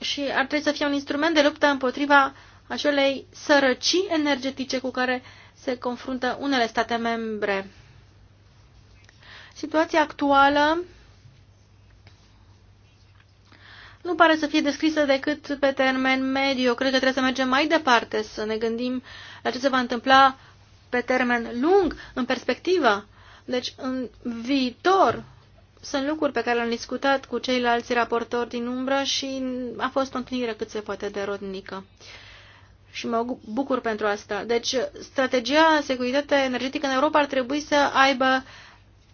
Și ar trebui să fie un instrument de luptă împotriva acelei sărăcii energetice cu care se confruntă unele state membre. Situația actuală nu pare să fie descrisă decât pe termen mediu. cred că trebuie să mergem mai departe, să ne gândim la ce se va întâmpla pe termen lung, în perspectivă. Deci, în viitor, sunt lucruri pe care le-am discutat cu ceilalți raportori din umbră și a fost o întâlnire cât se poate de rodnică. Și mă bucur pentru asta. Deci, strategia securitate energetică în Europa ar trebui să aibă,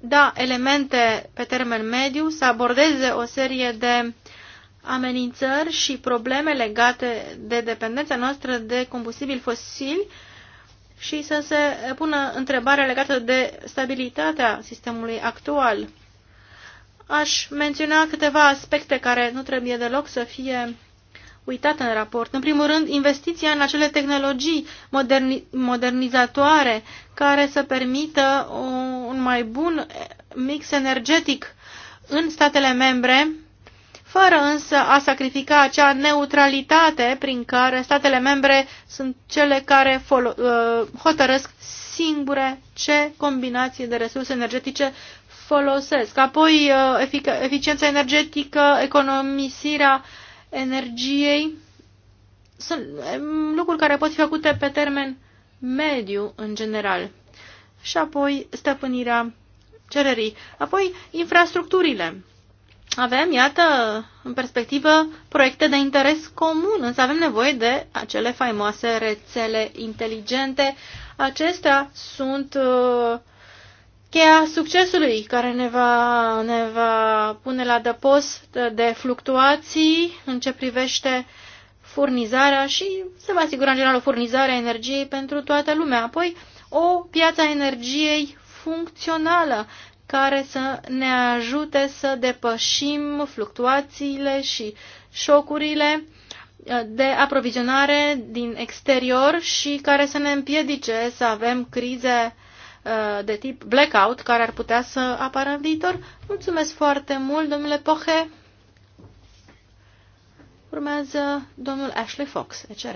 da, elemente pe termen mediu, să abordeze o serie de amenințări și probleme legate de dependența noastră de combustibili fosili, și să se pună întrebarea legată de stabilitatea sistemului actual. Aș menționa câteva aspecte care nu trebuie deloc să fie uitate în raport. În primul rând, investiția în acele tehnologii moderni modernizatoare care să permită un mai bun mix energetic în statele membre fără însă a sacrifica acea neutralitate prin care statele membre sunt cele care uh, hotărăsc singure ce combinații de resurse energetice folosesc. Apoi, uh, efic- eficiența energetică, economisirea energiei sunt um, lucruri care pot fi făcute pe termen mediu în general. Și apoi, stăpânirea cererii. Apoi, infrastructurile avem, iată, în perspectivă, proiecte de interes comun, însă avem nevoie de acele faimoase rețele inteligente. Acestea sunt uh, cheia succesului care ne va, ne va pune la dăpost de fluctuații în ce privește furnizarea și se va asigura în general o furnizare a energiei pentru toată lumea. Apoi, o piață a energiei funcțională care să ne ajute să depășim fluctuațiile și șocurile uh, de aprovizionare din exterior și care să ne împiedice să avem crize uh, de tip blackout care ar putea să apară în viitor. Mulțumesc foarte mult, domnule Poche. Urmează domnul Ashley Fox, ECR.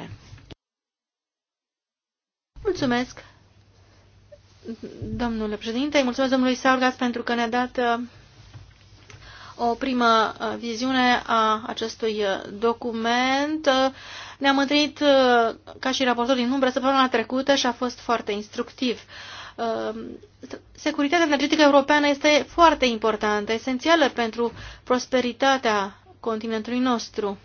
Mulțumesc, domnule președinte. Îi mulțumesc domnului Saurgas pentru că ne-a dat uh, o primă uh, viziune a acestui uh, document. Ne-am întâlnit ca și raportor din umbră săptămâna trecută și a fost foarte instructiv. Securitatea energetică europeană este foarte importantă, esențială pentru prosperitatea continentului nostru.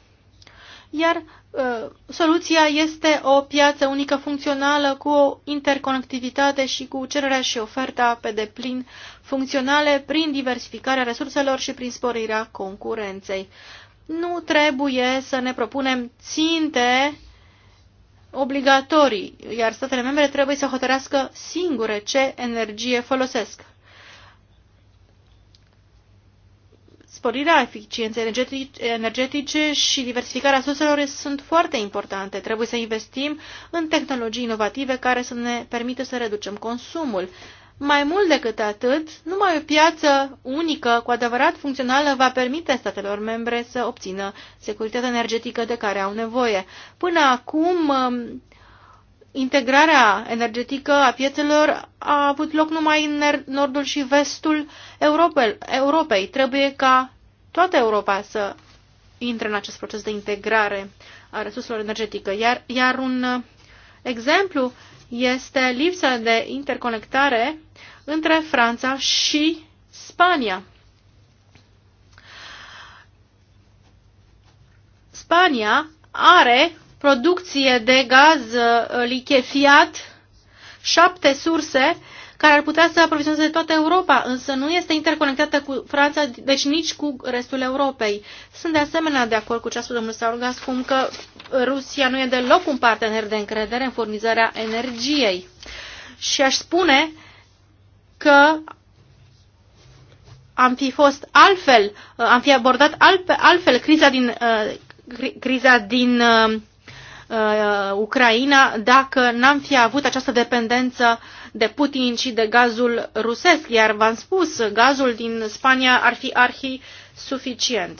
Iar Uh, soluția este o piață unică funcțională cu o interconectivitate și cu cererea și oferta pe deplin funcționale prin diversificarea resurselor și prin sporirea concurenței. Nu trebuie să ne propunem ținte obligatorii, iar statele membre trebuie să hotărească singure ce energie folosesc. sporirea eficienței energetice și diversificarea surselor sunt foarte importante. Trebuie să investim în tehnologii inovative care să ne permită să reducem consumul. Mai mult decât atât, numai o piață unică cu adevărat funcțională va permite statelor membre să obțină securitatea energetică de care au nevoie. Până acum, integrarea energetică a piețelor a avut loc numai în nordul și vestul Europei. Trebuie ca toată Europa să intre în acest proces de integrare a resurselor energetică. Iar, iar un uh, exemplu este lipsa de interconectare între Franța și Spania. Spania are producție de gaz uh, lichefiat, șapte surse care ar putea să aprovizioneze toată Europa, însă nu este interconectată cu Franța, deci nici cu restul Europei. Sunt de asemenea de acord cu ce a spus domnul Saurgas, cum că Rusia nu e deloc un partener de încredere în furnizarea energiei. Și aș spune că am fi fost altfel, uh, am fi abordat altfel, altfel criza din, uh, criza din uh, Ucraina dacă n-am fi avut această dependență de Putin și de gazul rusesc. Iar v-am spus, gazul din Spania ar fi arhi suficient.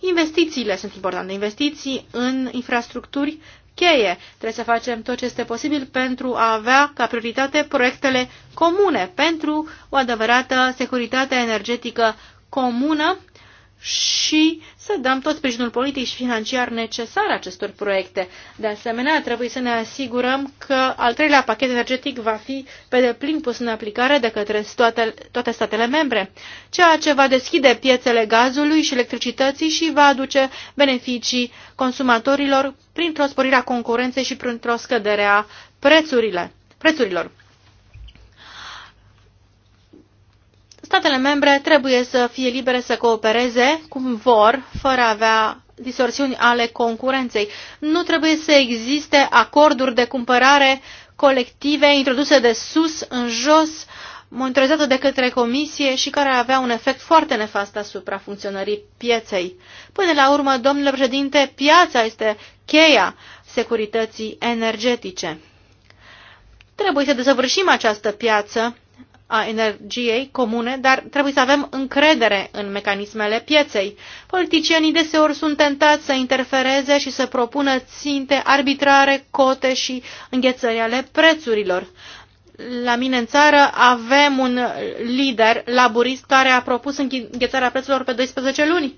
Investițiile sunt importante. Investiții în infrastructuri cheie. Trebuie să facem tot ce este posibil pentru a avea ca prioritate proiectele comune, pentru o adevărată securitate energetică comună și să dăm tot sprijinul politic și financiar necesar acestor proiecte. De asemenea, trebuie să ne asigurăm că al treilea pachet energetic va fi pe deplin pus în aplicare de către toate, toate statele membre, ceea ce va deschide piețele gazului și electricității și va aduce beneficii consumatorilor printr-o sporire a concurenței și printr-o scădere a prețurile, prețurilor. statele membre trebuie să fie libere să coopereze cum vor, fără a avea distorsiuni ale concurenței. Nu trebuie să existe acorduri de cumpărare colective introduse de sus în jos, monitorizate de către comisie și care avea un efect foarte nefast asupra funcționării pieței. Până la urmă, domnule președinte, piața este cheia securității energetice. Trebuie să desăvârșim această piață a energiei comune, dar trebuie să avem încredere în mecanismele pieței. Politicienii deseori sunt tentați să interfereze și să propună ținte arbitrare, cote și înghețări ale prețurilor. La mine în țară avem un lider laburist care a propus înghețarea prețurilor pe 12 luni.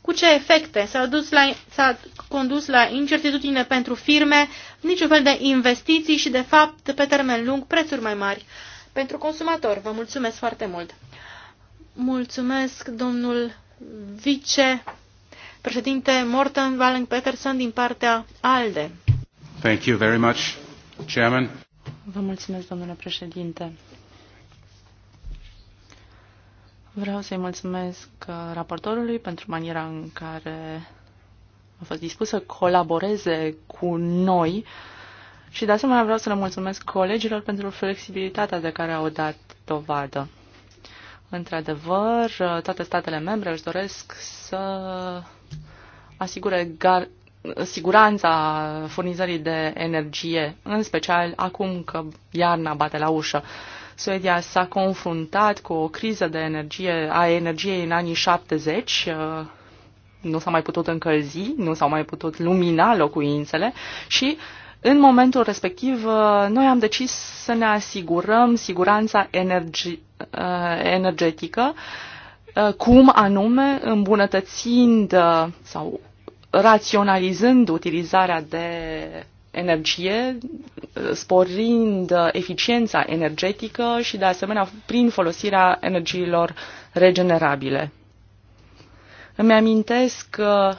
Cu ce efecte? S-a, dus la, s-a condus la incertitudine pentru firme, niciun fel de investiții și, de fapt, pe termen lung, prețuri mai mari pentru consumator. Vă mulțumesc foarte mult! Mulțumesc, domnul vice președinte Morten Valen Peterson din partea ALDE. Thank you very much, Chairman. Vă mulțumesc, domnule președinte. Vreau să-i mulțumesc raportorului pentru maniera în care a fost dispus să colaboreze cu noi și de asemenea vreau să le mulțumesc colegilor pentru flexibilitatea de care au dat dovadă. Într-adevăr, toate statele membre își doresc să asigure gar- siguranța furnizării de energie, în special acum că iarna bate la ușă. Suedia s-a confruntat cu o criză de energie, a energiei în anii 70, uh, nu s-a mai putut încălzi, nu s-au mai putut lumina locuințele și uh, în momentul respectiv, uh, noi am decis să ne asigurăm siguranța energi- uh, energetică, uh, cum anume îmbunătățind sau raționalizând utilizarea de energie, sporind eficiența energetică și, de asemenea, prin folosirea energiilor regenerabile. Îmi amintesc că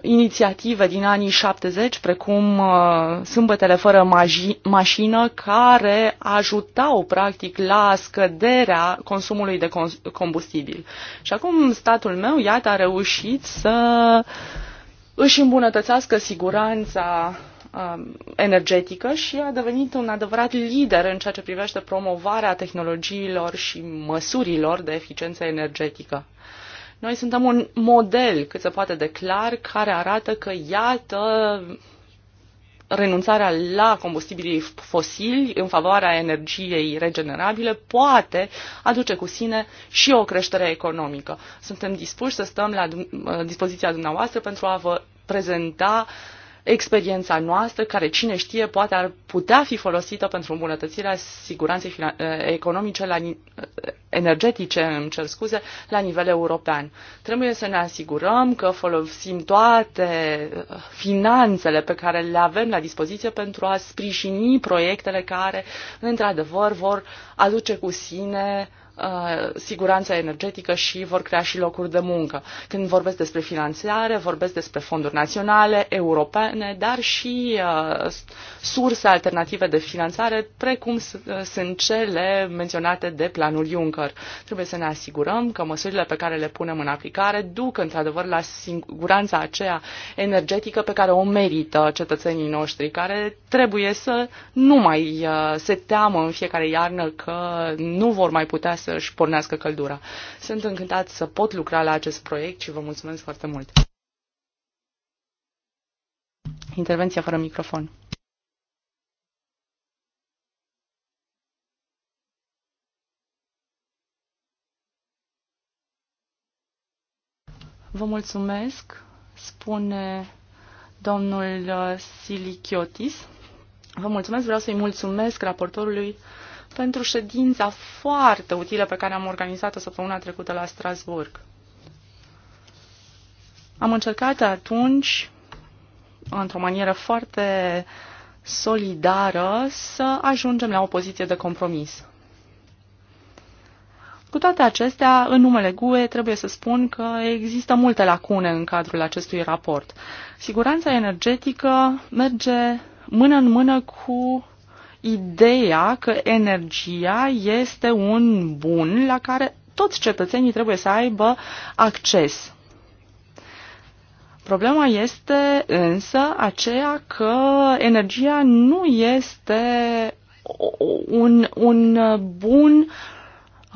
inițiative din anii 70, precum uh, sâmbătele fără mașină, care ajutau practic la scăderea consumului de combustibil. Și acum statul meu, iată, a reușit să își îmbunătățească siguranța um, energetică și a devenit un adevărat lider în ceea ce privește promovarea tehnologiilor și măsurilor de eficiență energetică. Noi suntem un model cât se poate de clar care arată că, iată, renunțarea la combustibilii fosili în favoarea energiei regenerabile poate aduce cu sine și o creștere economică. Suntem dispuși să stăm la dispoziția dumneavoastră pentru a vă prezenta uh, experiența noastră, care cine știe poate ar putea fi folosită pentru îmbunătățirea siguranței eh, economice la, eh, energetice, îmi cer scuze, la nivel european. Trebuie să ne asigurăm că folosim toate eh, finanțele pe care le avem la dispoziție pentru a sprijini proiectele care, într-adevăr, vor aduce cu sine uh, Uh, siguranța energetică și vor crea și locuri de muncă. Când vorbesc despre finanțare, vorbesc despre fonduri naționale, europene, dar și uh, surse alternative de finanțare, precum uh, sunt cele menționate de planul Juncker. Trebuie să ne asigurăm că măsurile pe care le punem în aplicare duc într-adevăr la siguranța aceea energetică pe care o merită cetățenii noștri, care trebuie să nu mai se teamă în fiecare iarnă că nu vor mai putea să își pornească căldura. Sunt încântat să pot lucra la acest proiect și vă mulțumesc foarte mult. Intervenția fără microfon. Vă mulțumesc, spune domnul Silichiotis. Vă mulțumesc, vreau să-i mulțumesc raportorului pentru ședința foarte utilă pe care am organizat-o săptămâna trecută la Strasburg. Am încercat atunci, într-o manieră foarte solidară, să ajungem la o poziție de compromis. Cu toate acestea, în numele GUE trebuie să spun că există multe lacune în cadrul acestui raport. Siguranța energetică merge mână în mână cu ideea că energia este un bun la care toți cetățenii trebuie să aibă acces. Problema este însă aceea că energia nu este un, un bun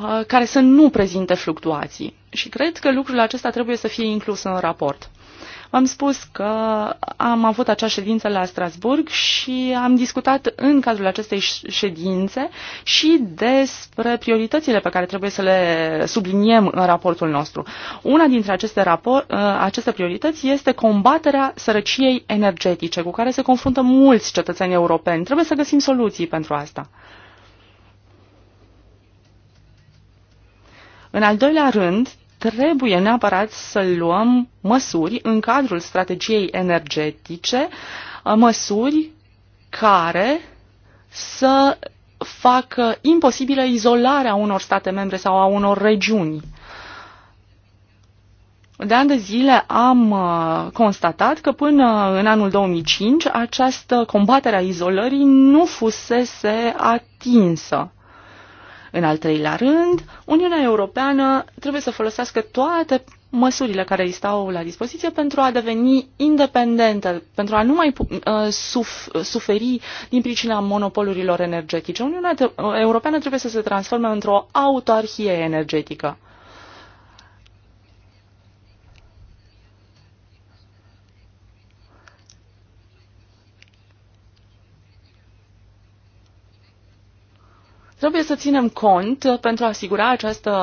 uh, care să nu prezinte fluctuații. Și cred că lucrul acesta trebuie să fie inclus în raport. Am spus că am avut acea ședință la Strasburg și am discutat în cadrul acestei ședințe și despre prioritățile pe care trebuie să le subliniem în raportul nostru. Una dintre aceste, rapor, ă, aceste priorități este combaterea sărăciei energetice cu care se confruntă mulți cetățeni europeni. Trebuie să găsim soluții pentru asta. În al doilea rând, trebuie neapărat să luăm măsuri în cadrul strategiei energetice, uh, măsuri care să facă imposibilă izolarea unor state membre sau a unor regiuni. De ani de zile am uh, constatat că până în anul 2005 această combatere a izolării nu fusese atinsă. În al treilea rând, Uniunea Europeană trebuie să folosească toate măsurile care îi stau la dispoziție pentru a deveni independentă, pentru a nu mai uh, suf, suferi din pricina monopolurilor energetice. Uniunea Europeană trebuie să se transforme într-o autarhie energetică. Trebuie să ținem cont pentru a asigura această,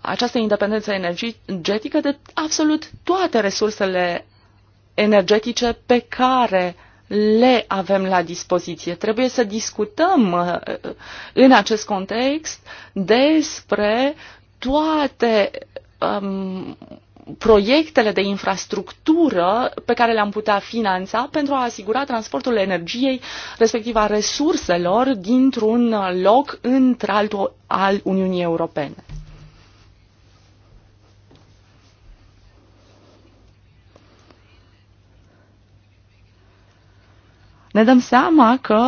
această independență energetică de absolut toate resursele energetice pe care le avem la dispoziție. Trebuie să discutăm uh, uh, în acest context despre toate um, proiectele de infrastructură pe care le-am putea finanța pentru a asigura transportul energiei, respectiv a resurselor, dintr-un loc într-altul al Uniunii Europene. Ne dăm seama că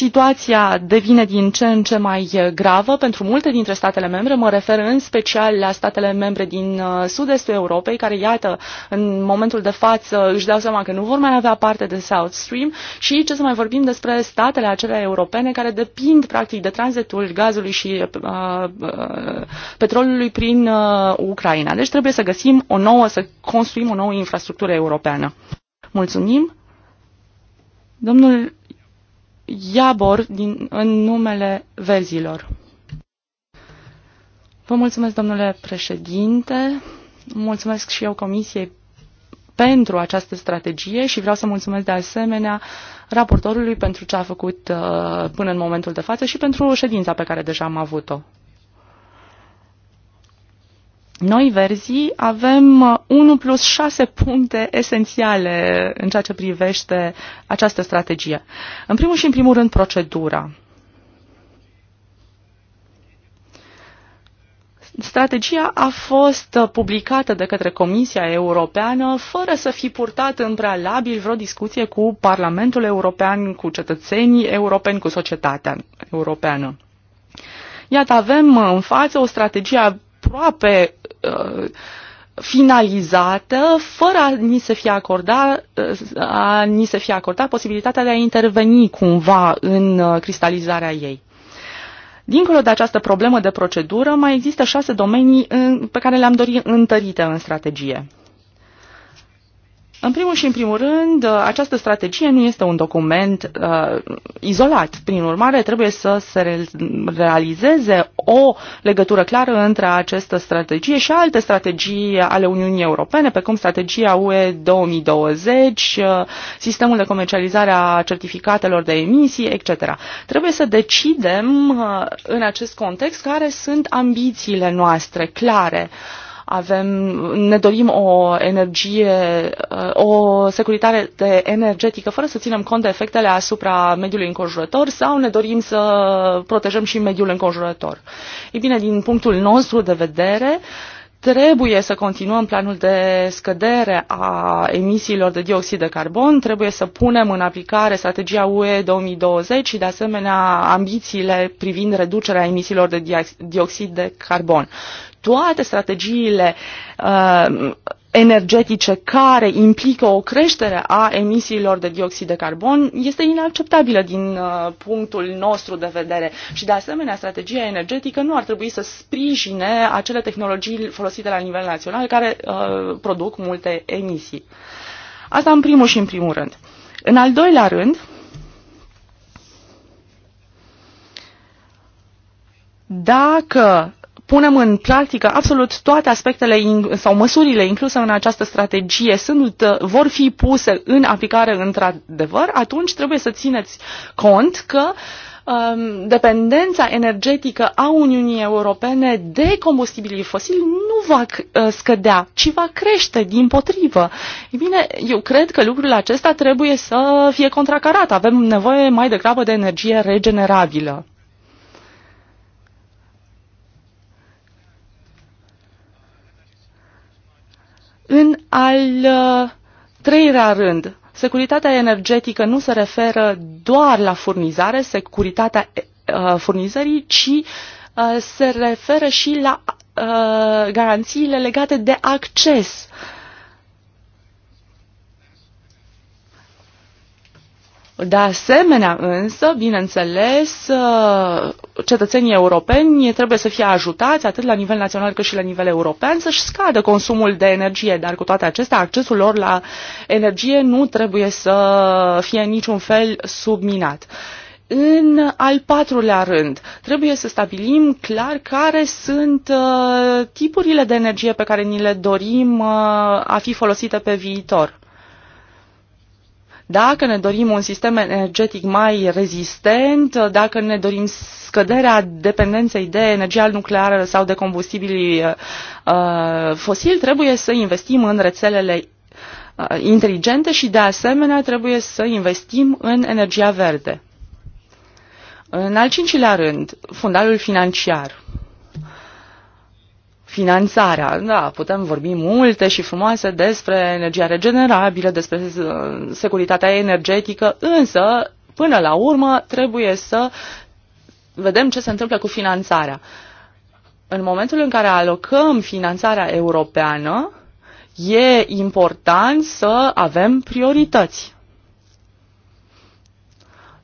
Situația devine din ce în ce mai uh, gravă pentru multe dintre statele membre, mă refer în special la statele membre din uh, sud-estul Europei, care, iată, în momentul de față își dau seama că nu vor mai avea parte de South Stream și ce să mai vorbim despre statele acelea europene care depind, practic, de tranzitul gazului și uh, uh petrolului prin uh, Ucraina. Deci trebuie să găsim o nouă, să construim o nouă infrastructură europeană. Mulțumim! Domnul Iabor din, în numele verzilor. Vă mulțumesc, domnule președinte. Mulțumesc și eu Comisiei pentru această strategie și vreau să mulțumesc de asemenea raportorului pentru ce a făcut uh, până în momentul de față și pentru ședința pe care deja am avut-o. Noi, verzii, avem 1 uh, plus 6 puncte esențiale în ceea ce privește această strategie. În primul și în primul rând, procedura. Strategia a fost uh, publicată de către Comisia Europeană fără să fi purtat în prealabil vreo discuție cu Parlamentul European, cu cetățenii europeni, cu societatea europeană. Iată, avem uh, în față o strategie aproape Uh, finalizată fără a ni se fie acordat, uh, a ni se fie acordat posibilitatea de a interveni cumva în uh, cristalizarea ei. Dincolo de această problemă de procedură, mai există șase domenii în, pe care le-am dorit întărite în strategie. În primul și în primul rând, uh, această strategie nu este un document uh, izolat. Prin urmare, trebuie să se realizeze o legătură clară între această strategie și alte strategii ale Uniunii Europene, precum strategia UE 2020, uh, sistemul de comercializare a certificatelor de emisii, etc. Trebuie să decidem uh, în acest context care sunt ambițiile noastre clare. Uh, avem, ne dorim o energie, uh, o securitate energetică fără să ținem cont de efectele asupra mediului înconjurător sau ne dorim să protejăm și mediul înconjurător. Ei bine, din punctul nostru de vedere, trebuie să continuăm planul de scădere a emisiilor de dioxid de carbon, trebuie să punem în aplicare strategia UE 2020 și de asemenea ambițiile privind reducerea emisiilor de dioxid de carbon toate strategiile uh, energetice care implică o creștere a emisiilor de dioxid de carbon este inacceptabilă din uh, punctul nostru de vedere și de asemenea strategia energetică nu ar trebui să sprijine acele tehnologii folosite la nivel național care uh, produc multe emisii. Asta în primul și în primul rând. În al doilea rând, dacă punem în practică absolut toate aspectele sau măsurile incluse în această strategie sunt, uh, vor fi puse în aplicare într-adevăr, atunci trebuie să țineți cont că um, dependența energetică a Uniunii Europene de combustibilii fosili nu va uh, scădea, ci va crește din potrivă. E bine, eu cred că lucrul acesta trebuie să fie contracarat. Avem nevoie mai degrabă de energie regenerabilă. În al uh, treilea rând, securitatea energetică nu se referă doar la furnizare, securitatea uh, furnizării, ci uh, se referă și la garanțiile legate de acces uh, De asemenea, însă, bineînțeles, uh, cetățenii europeni trebuie să fie ajutați atât la nivel național cât și la nivel european să-și scadă consumul de energie, dar cu toate acestea, accesul lor la energie nu trebuie să fie în niciun fel subminat. În al patrulea rând, trebuie să stabilim clar care sunt uh, tipurile de energie pe care ni le dorim uh, a fi folosite pe viitor. Dacă ne dorim un sistem energetic mai rezistent, dacă ne dorim scăderea dependenței de energia nucleară sau de combustibili uh, uh, fosili, trebuie să investim în rețelele uh, inteligente și de asemenea trebuie să investim în energia verde. În al cincilea rând, fundalul financiar finanțarea. Da, putem vorbi multe și frumoase despre energia regenerabilă, despre uh, securitatea energetică, însă, până la urmă, trebuie să vedem ce se întâmplă cu finanțarea. În momentul în care alocăm finanțarea europeană, e important să avem priorități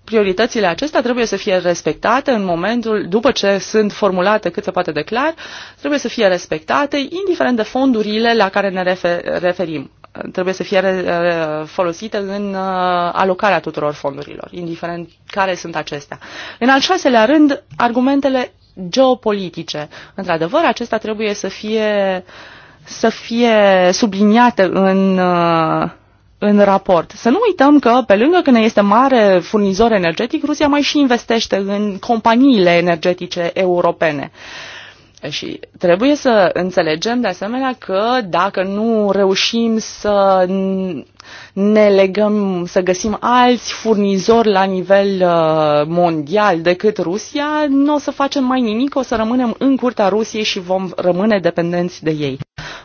prioritățile acestea trebuie să fie respectate în momentul, după ce sunt formulate cât se poate de clar, trebuie să fie respectate, indiferent de fondurile la care ne referim. Trebuie să fie folosite în uh, alocarea tuturor fondurilor, indiferent care sunt acestea. În al șaselea rând, argumentele geopolitice. Într-adevăr, acestea trebuie să fie, să fie subliniate în uh, în raport. Să nu uităm că, pe lângă că ne este mare furnizor energetic, Rusia mai și investește în companiile energetice europene. Și trebuie să înțelegem de asemenea că dacă nu reușim să ne legăm, să găsim alți furnizori la nivel uh, mondial decât Rusia, nu o să facem mai nimic, o să rămânem în curtea Rusiei și vom rămâne dependenți de ei.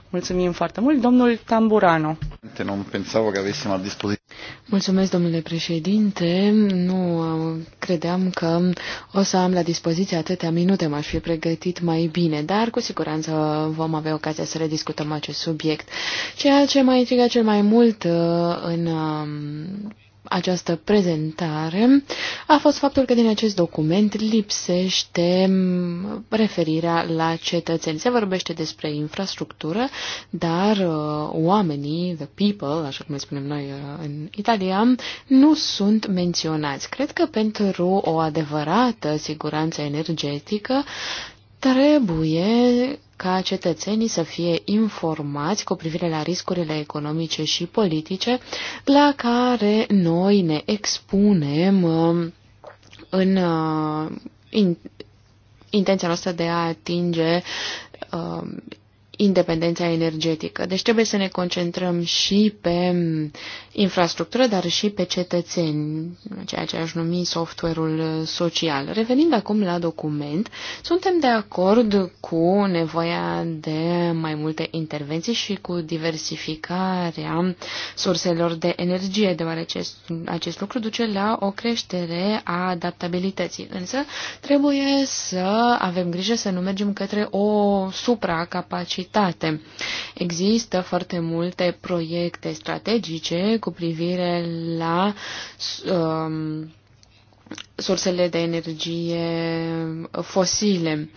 Mulțumim foarte mult, domnul Tamburano. Presidente, non pensavo che avessimo Mulțumesc, domnule președinte. Nu uh, credeam că o să am la dispoziție atâtea minute, m-aș fi pregătit mai bine, dar cu siguranță vom avea ocazia să rediscutăm acest subiect. Ceea ce m-a intrigat cel mai mult uh, în um, această prezentare a fost faptul că din acest document lipsește referirea la cetățeni. Se vorbește despre infrastructură, dar uh, oamenii, the people, așa cum le spunem noi uh, în Italia, nu sunt menționați. Cred că pentru o adevărată siguranță energetică Trebuie ca cetățenii să fie informați cu privire la riscurile economice și politice la care noi ne expunem uh, în uh, intenția noastră de a atinge uh, independența energetică. Deci trebuie să ne concentrăm și pe infrastructură, dar și pe cetățeni, ceea ce aș numi software-ul social. Revenind acum la document, suntem de acord cu nevoia de mai multe intervenții și cu diversificarea surselor de energie, deoarece acest, acest lucru duce la o creștere a adaptabilității. Însă trebuie să avem grijă să nu mergem către o supracapacitate securitate. Există foarte multe proiecte strategice cu privire la um, sursele de energie fosile,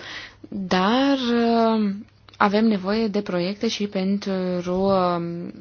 dar um, avem nevoie de proiecte și pentru um,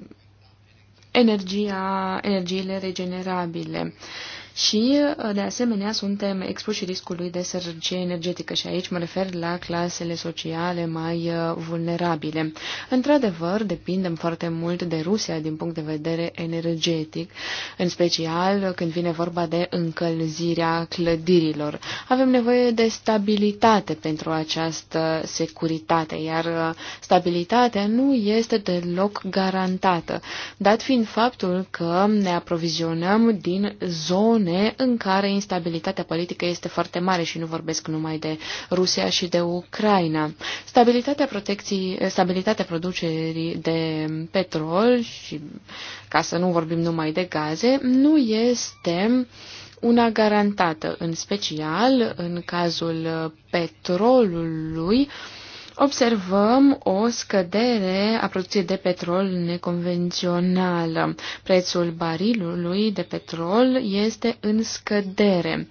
energia, energiile regenerabile. Uh, și, uh, de asemenea, suntem expuși riscului de sărăcie energetică și aici mă refer la clasele sociale mai uh, vulnerabile. Într-adevăr, depindem foarte mult de Rusia din punct de vedere energetic, în special când vine vorba de încălzirea clădirilor. Avem nevoie de stabilitate pentru această securitate, iar uh, stabilitatea nu este deloc garantată, dat fiind faptul că ne aprovizionăm din zone regiune în care instabilitatea politică este foarte mare și nu vorbesc numai de Rusia și de Ucraina. Stabilitatea, protecției, stabilitatea producerii de petrol și ca să nu vorbim numai de gaze, nu este una garantată, în special în cazul petrolului, uh, observăm o scădere a producției de petrol neconvențională. Prețul barilului de petrol este în scădere.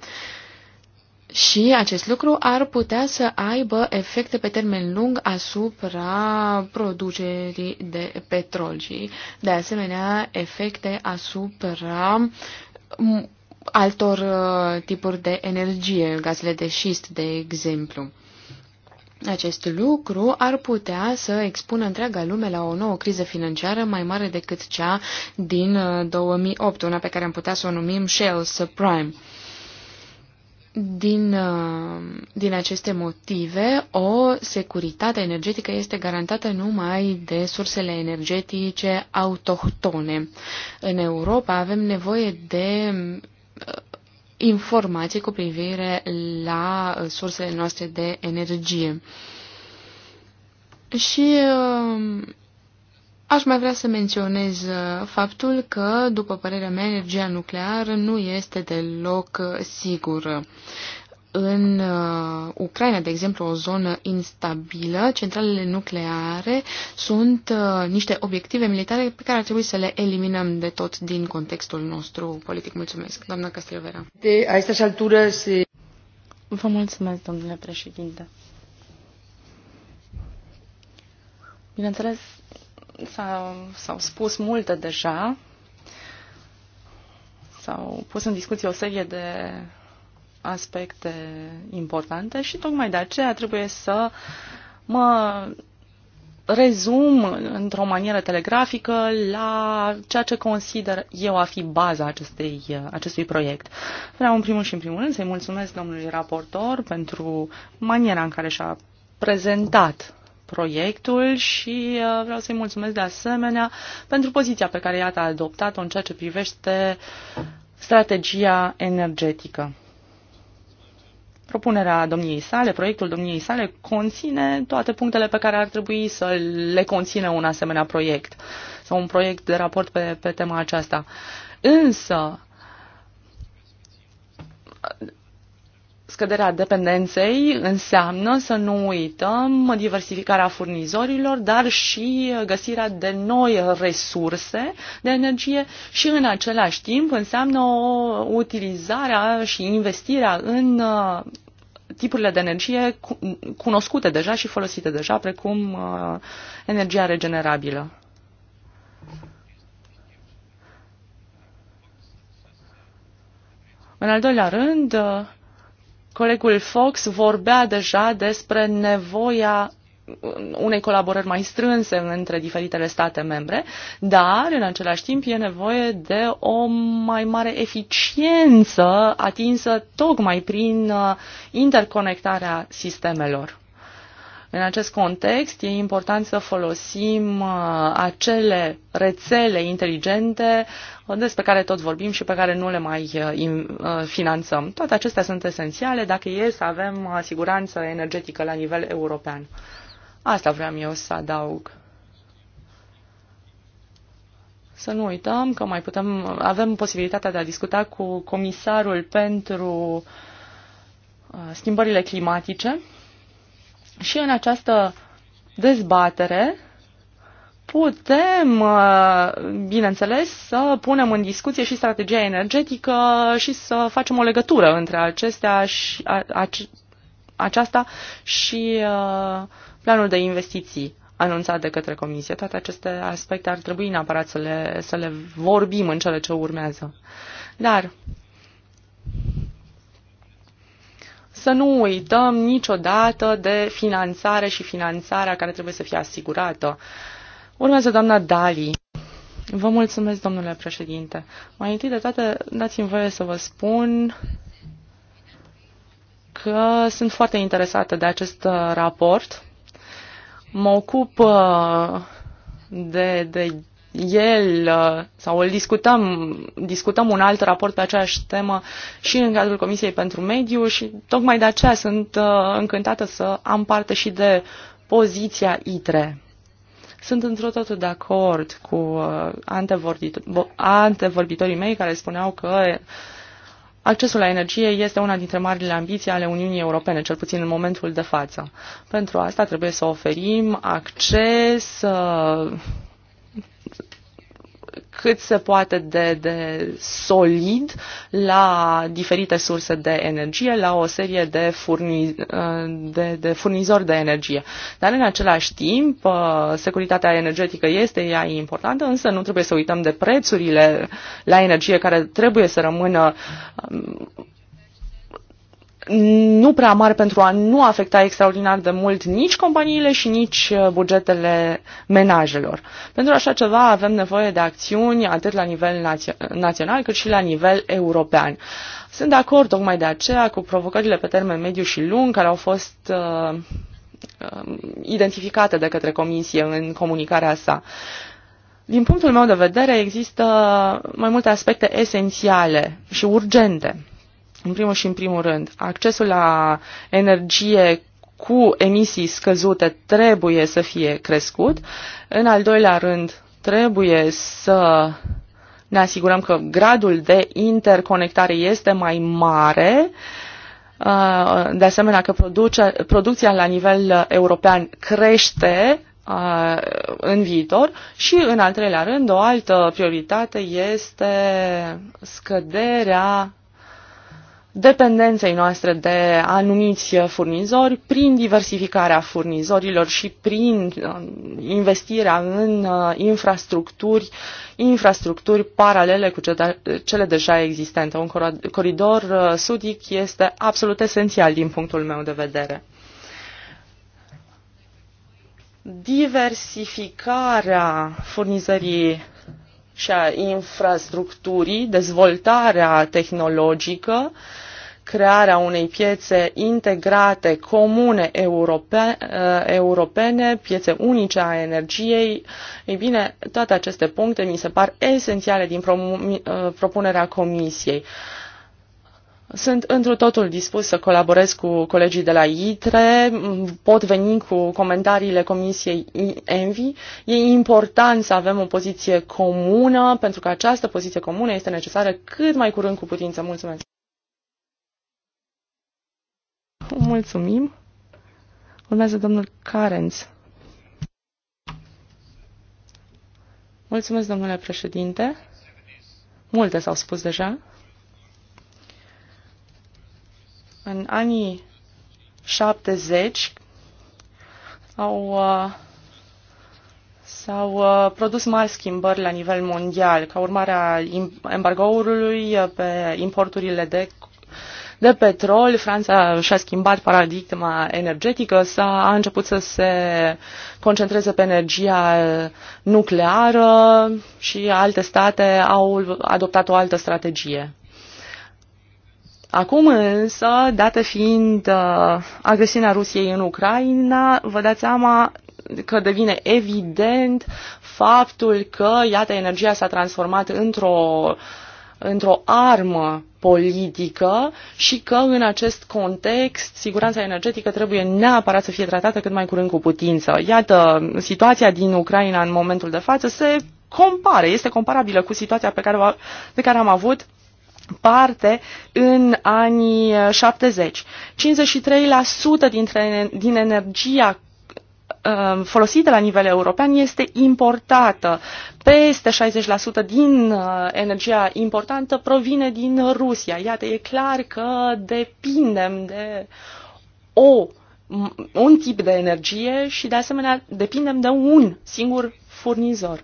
Și acest lucru ar putea să aibă efecte pe termen lung asupra producerii de petrol și, de asemenea, efecte asupra altor uh, tipuri de energie, gazele de șist, de exemplu. Acest lucru ar putea să expună întreaga lume la o nouă criză financiară mai mare decât cea din 2008, uh, una pe care am putea să o numim Shell Subprime. Din, uh, din aceste motive, o securitate energetică este garantată numai de sursele energetice autohtone. În Europa avem nevoie de uh, informații cu privire la uh, sursele noastre de energie. Și um, Aș mai vrea să menționez uh, faptul că, după părerea mea, energia nucleară nu este deloc uh, sigură în uh, Ucraina, de exemplu, o zonă instabilă, centralele nucleare sunt uh, niște obiective militare pe care ar trebui să le eliminăm de tot din contextul nostru politic. Mulțumesc, doamna Castelvera. De a altură se... Vă mulțumesc, domnule președinte. Bineînțeles, s-au spus multe deja, s-au pus în discuție o serie de aspecte importante și tocmai de aceea trebuie să mă rezum într-o manieră telegrafică la ceea ce consider eu a fi baza acestei, acestui proiect. Vreau în primul și în primul rând să-i mulțumesc domnului raportor pentru maniera în care și-a prezentat proiectul și uh, vreau să-i mulțumesc de asemenea pentru poziția pe care iată a adoptat-o în ceea ce privește strategia energetică. Propunerea domniei sale, proiectul domniei sale, conține toate punctele pe care ar trebui să le conține un asemenea proiect sau un proiect de raport pe, pe tema aceasta. Însă, Scăderea dependenței înseamnă să nu uităm diversificarea furnizorilor, dar și găsirea de noi resurse de energie și în același timp înseamnă o utilizare și investirea în uh, tipurile de energie cunoscute deja și folosite deja, precum uh, energia regenerabilă. În al doilea rând, uh, Colegul Fox vorbea deja despre nevoia unei colaborări mai strânse între diferitele state membre, dar în același timp e nevoie de o mai mare eficiență atinsă tocmai prin uh, interconectarea sistemelor. În acest context, e important să folosim uh, acele rețele inteligente uh, despre care tot vorbim și pe care nu le mai uh, finanțăm. Toate acestea sunt esențiale dacă e să avem siguranță energetică la nivel european. Asta vreau eu să adaug. Să nu uităm că mai putem, avem posibilitatea de a discuta cu comisarul pentru schimbările climatice și în această dezbatere putem, uh, bineînțeles, să punem în discuție și strategia energetică și să facem o legătură între acestea și a, aceasta și uh, planul de investiții anunțat de către Comisie. Toate aceste aspecte ar trebui neapărat să le, să le vorbim în cele ce urmează. Dar să nu uităm niciodată de finanțare și finanțarea care trebuie să fie asigurată. Urmează doamna Dali. Vă mulțumesc, domnule președinte. Mai întâi de toate, dați-mi voie să vă spun că sunt foarte interesată de acest uh, raport. Mă ocup uh, de, de el uh, sau îl discutăm, discutăm un alt raport pe aceeași temă și în cadrul Comisiei pentru Mediu și tocmai de aceea sunt uh, încântată să am parte și de poziția ITRE. Sunt într o totul de acord cu uh, antevorbitorii mei care spuneau că accesul la energie este una dintre marile ambiții ale Uniunii Europene, cel puțin în momentul de față. Pentru asta trebuie să oferim acces cât se poate de, de solid la diferite surse de energie, la o serie de, furni, uh, de, de furnizori de energie. Dar în același timp, uh, securitatea energetică este ea importantă, însă nu trebuie să uităm de prețurile la energie care trebuie să rămână um, nu prea mari pentru a nu afecta extraordinar de mult nici companiile și nici uh, bugetele menajelor. Pentru așa ceva avem nevoie de acțiuni atât la nivel național cât și la nivel european. Sunt de acord tocmai de aceea cu provocările pe termen mediu și lung care au fost uh, um, identificate de către Comisie în comunicarea sa. Din punctul meu de vedere, există mai multe aspecte esențiale și urgente în primul și în primul rând, accesul la energie cu emisii scăzute trebuie să fie crescut. În al doilea rând, trebuie să ne asigurăm că gradul de interconectare este mai mare, uh, de asemenea că produce, producția la nivel uh, european crește uh, în viitor și, în al treilea rând, o altă prioritate este scăderea dependenței noastre de anumiți furnizori prin diversificarea furnizorilor și prin um, investirea în uh, infrastructuri, infrastructuri paralele cu cele deja existente. Un coridor uh, sudic este absolut esențial din punctul meu de vedere. Diversificarea furnizării și a infrastructurii, dezvoltarea tehnologică, crearea unei piețe integrate, comune europene, eh, europene, piețe unice a energiei. Ei bine, toate aceste puncte mi se par esențiale din eh, propunerea Comisiei. Uh, sunt întru totul dispus să colaborez cu colegii de la ITRE, pot veni cu comentariile Comisiei ENVI. E important să avem o poziție comună, pentru că această poziție comună este necesară cât mai curând cu putință. Mulțumesc! Mulțumim! Urmează domnul Carenț. Mulțumesc, domnule președinte. Multe s-au spus deja. În anii 70 au, uh, s-au uh, produs mari schimbări la nivel mondial ca urmare a embargoului uh, pe importurile de de petrol, Franța și-a schimbat paradigma energetică, s-a, a început să se concentreze pe energia nucleară și alte state au adoptat o altă strategie. Acum însă, dată fiind uh, agresiunea Rusiei în Ucraina, vă dați seama că devine evident faptul că, iată, energia s-a transformat într-o într-o armă politică și că în acest context siguranța energetică trebuie neapărat să fie tratată cât mai curând cu putință. Iată, situația din Ucraina în momentul de față se compare, este comparabilă cu situația pe care, de care am avut parte în anii 70. Uh, 53% dintre, din energia uh, folosită la nivel european este importată. Peste 60% din uh, energia importantă provine din Rusia. Iată, e clar că depindem de o, un tip de energie și, de asemenea, depindem de un singur furnizor.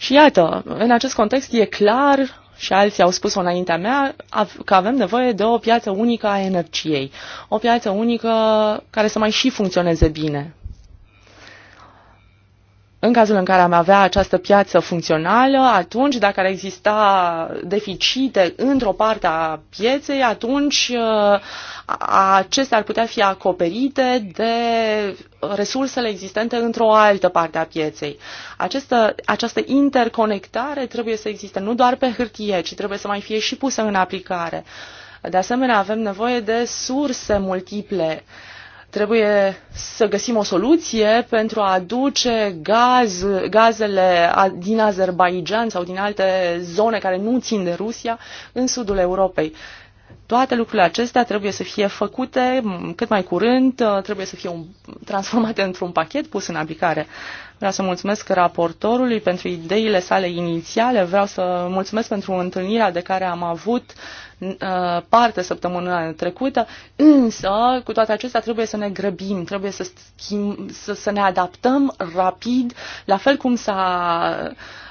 Și iată, în acest context e clar și alții au spus-o înaintea mea, că avem nevoie de o piață unică a energiei. O piață unică care să mai și funcționeze bine în cazul în care am avea această piață funcțională, atunci dacă ar exista deficite într-o parte a pieței, atunci uh, acestea ar putea fi acoperite de resursele existente într-o altă parte a pieței. Această, această interconectare trebuie să existe nu doar pe hârtie, ci trebuie să mai fie și pusă în aplicare. De asemenea, avem nevoie de surse multiple uh, Trebuie să găsim o soluție pentru a aduce gaz, gazele din Azerbaijan sau din alte zone care nu țin de Rusia în sudul Europei. Toate lucrurile acestea trebuie să fie făcute cât mai curând, uh, trebuie să fie transformate într-un pachet pus în aplicare. Vreau să mulțumesc raportorului pentru ideile sale inițiale, vreau să mulțumesc pentru întâlnirea de care am avut uh, parte săptămâna trecută, însă cu toate acestea trebuie să ne grăbim, trebuie să, schim, să, să ne adaptăm rapid, la fel cum s-a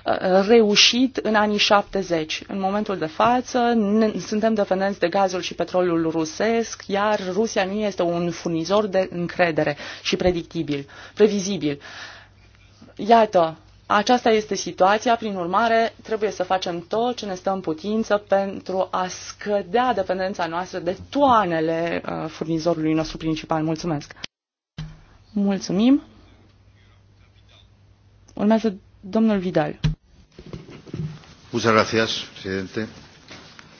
uh, reușit în anii 70. În momentul de față ne, suntem dependenți de gaz gazul și petrolul rusesc, iar Rusia nu este un furnizor de încredere și predictibil, previzibil. Iată, aceasta este situația, prin urmare trebuie să facem tot ce ne stă în putință pentru a scădea dependența noastră de toanele uh, furnizorului nostru principal. Mulțumesc! Mulțumim! Urmează domnul Vidal. Muchas gracias, presidente.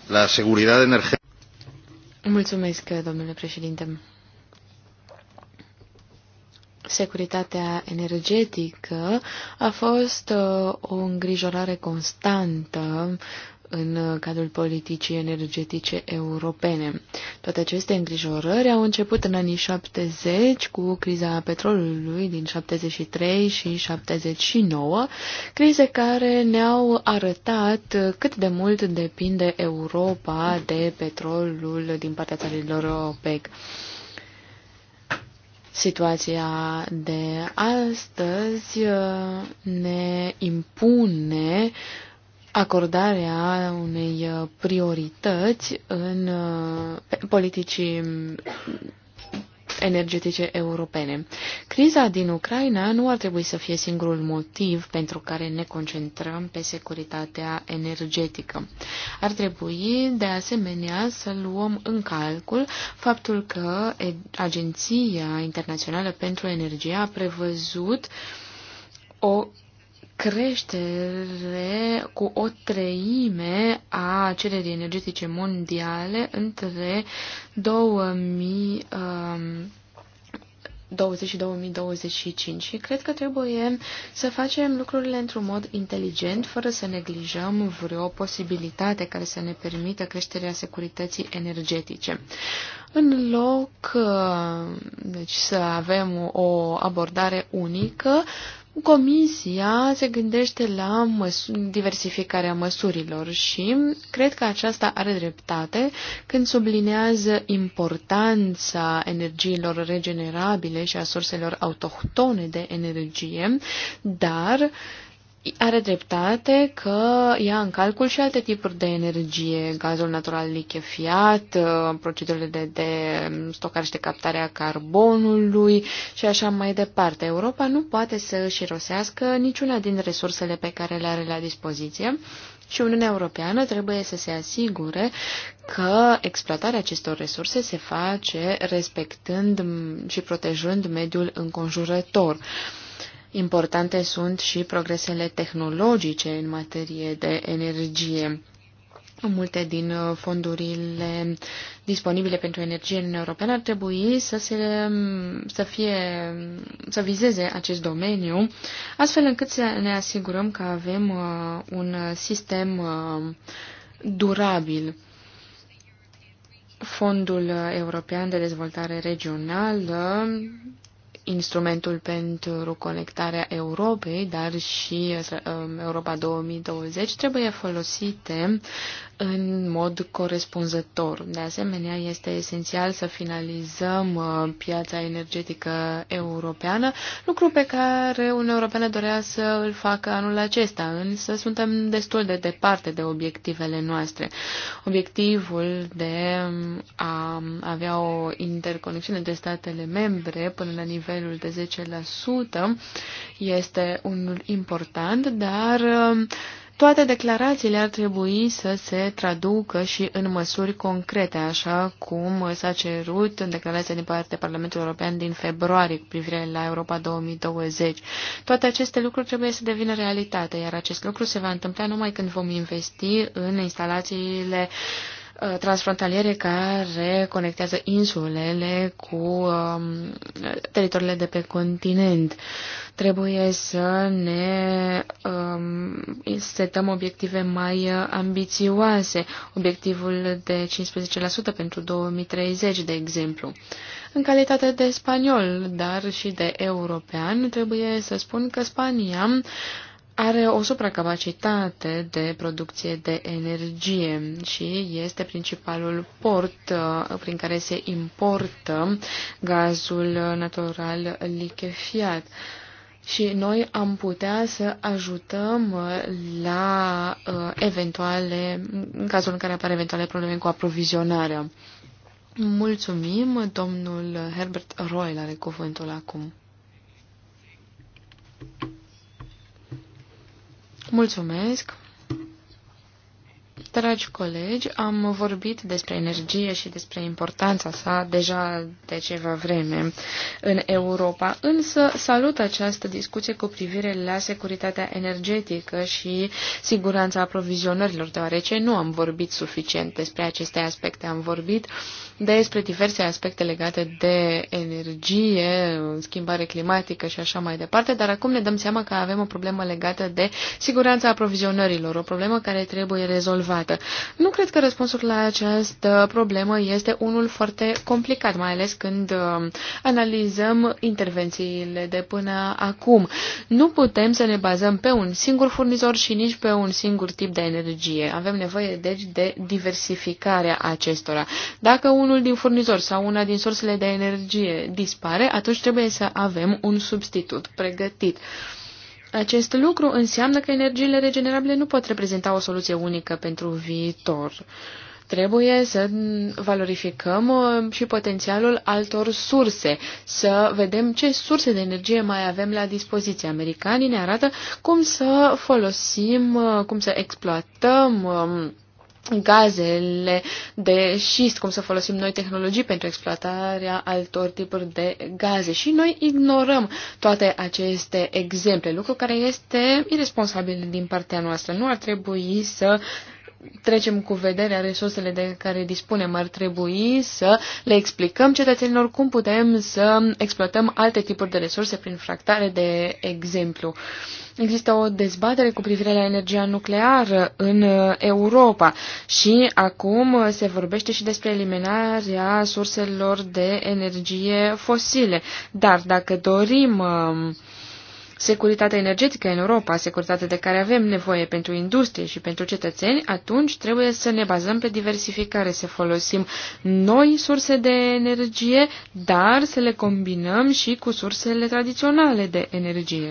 La seguridad energética. Mulțumesc, domnule președinte. Securitatea energetică a fost uh, o îngrijorare constantă în uh, cadrul politicii energetice europene. Toate aceste îngrijorări au început în anii 70 cu criza petrolului din 73 și 79, crize care ne-au arătat uh, cât de mult depinde Europa de petrolul din partea țărilor OPEC. Situația de astăzi uh, ne impune uh, acordarea unei uh, priorități în uh, politicii mm, energetice europene. Criza din Ucraina nu ar trebui să fie singurul motiv pentru care ne concentrăm pe securitatea energetică. Ar trebui, de asemenea, să luăm în calcul faptul că Agenția Internațională pentru Energie a prevăzut o creștere cu o treime a cererii energetice mondiale între 2000 um, 20 și 2025 și cred că trebuie să facem lucrurile într-un mod inteligent, fără să neglijăm vreo posibilitate care să ne permită creșterea securității energetice. În loc uh, deci, să avem o abordare unică, Comisia se gândește la măs- diversificarea măsurilor și cred că aceasta are dreptate când sublinează importanța energiilor regenerabile și a surselor autohtone de energie, dar uh, are dreptate că ia în calcul și alte tipuri de energie, gazul natural lichefiat, uh, procedurile de, de stocare și de captare a carbonului și așa mai departe. Europa nu poate să își rosească niciuna din resursele pe care le are la dispoziție și Uniunea Europeană trebuie să se asigure că exploatarea acestor resurse se face respectând și protejând mediul înconjurător. Uh, Importante sunt și progresele tehnologice în materie de energie. Multe din fondurile disponibile pentru energie în Europeană ar trebui să, se, să, fie, să vizeze acest domeniu, astfel încât să ne asigurăm că avem uh, un sistem uh, durabil. Fondul European de Dezvoltare Regională instrumentul pentru conectarea Europei, dar și um, Europa 2020 trebuie folosite în mod corespunzător. De asemenea, este esențial să finalizăm uh, piața energetică europeană, lucru pe care Uniunea Europeană dorea să îl facă anul acesta, însă suntem destul de departe de obiectivele noastre. Obiectivul de um, a avea o interconexiune de statele membre până la nivelul de 10% este unul important, dar um, toate declarațiile ar trebui să se traducă și în măsuri concrete, așa cum s-a cerut în declarația din partea Parlamentului European din februarie cu privire la Europa 2020. Toate aceste lucruri trebuie să devină realitate, iar acest lucru se va întâmpla numai când vom investi în instalațiile uh, Uh, transfrontaliere care conectează insulele cu um, teritoriile de pe continent. Trebuie să ne um, setăm obiective mai uh, ambițioase, obiectivul de 15% pentru 2030, de exemplu. În calitate de spaniol, dar și de european, trebuie să spun că Spania are o supracapacitate de producție de energie și este principalul port uh, prin care se importă gazul natural lichefiat. Și noi am putea să ajutăm uh, la uh, eventuale, în cazul în care apar eventuale probleme cu aprovizionarea. Mulțumim, domnul Herbert Royal are cuvântul acum. Mulțumesc! Dragi colegi, am vorbit despre energie și despre importanța sa deja de ceva vreme în Europa, însă salut această discuție cu privire la securitatea energetică și siguranța aprovizionărilor, deoarece nu am vorbit suficient despre aceste aspecte. Am vorbit despre diverse aspecte legate de energie, schimbare climatică și așa mai departe, dar acum ne dăm seama că avem o problemă legată de siguranța aprovizionărilor, o problemă care trebuie rezolvată implicată. Nu cred că răspunsul la această problemă este unul foarte complicat, mai ales când um, analizăm intervențiile de până acum. Nu putem să ne bazăm pe un singur furnizor și nici pe un singur tip de energie. Avem nevoie, deci, de diversificarea acestora. Dacă unul din furnizori sau una din sursele de energie dispare, atunci trebuie să avem un substitut pregătit. Acest lucru înseamnă că energiile regenerabile nu pot reprezenta o soluție unică pentru viitor. Trebuie să valorificăm uh, și potențialul altor surse, să vedem ce surse de energie mai avem la dispoziție. Americanii ne arată cum să folosim, uh, cum să exploatăm um, gazele de șist, cum să folosim noi tehnologii pentru exploatarea altor tipuri de gaze. Și noi ignorăm toate aceste exemple, lucru care este irresponsabil din partea noastră. Nu ar trebui să trecem cu vederea resursele de care dispunem. Ar trebui să le explicăm cetățenilor cum putem să exploatăm alte tipuri de resurse prin fractare, de exemplu. Există o dezbatere cu privire la energia nucleară în Europa și acum se vorbește și despre eliminarea surselor de energie fosile. Dar dacă dorim uh, securitatea energetică în Europa, securitatea de care avem nevoie pentru industrie și pentru cetățeni, atunci trebuie să ne bazăm pe diversificare, să folosim noi surse de energie, dar să le combinăm și cu sursele tradiționale de energie.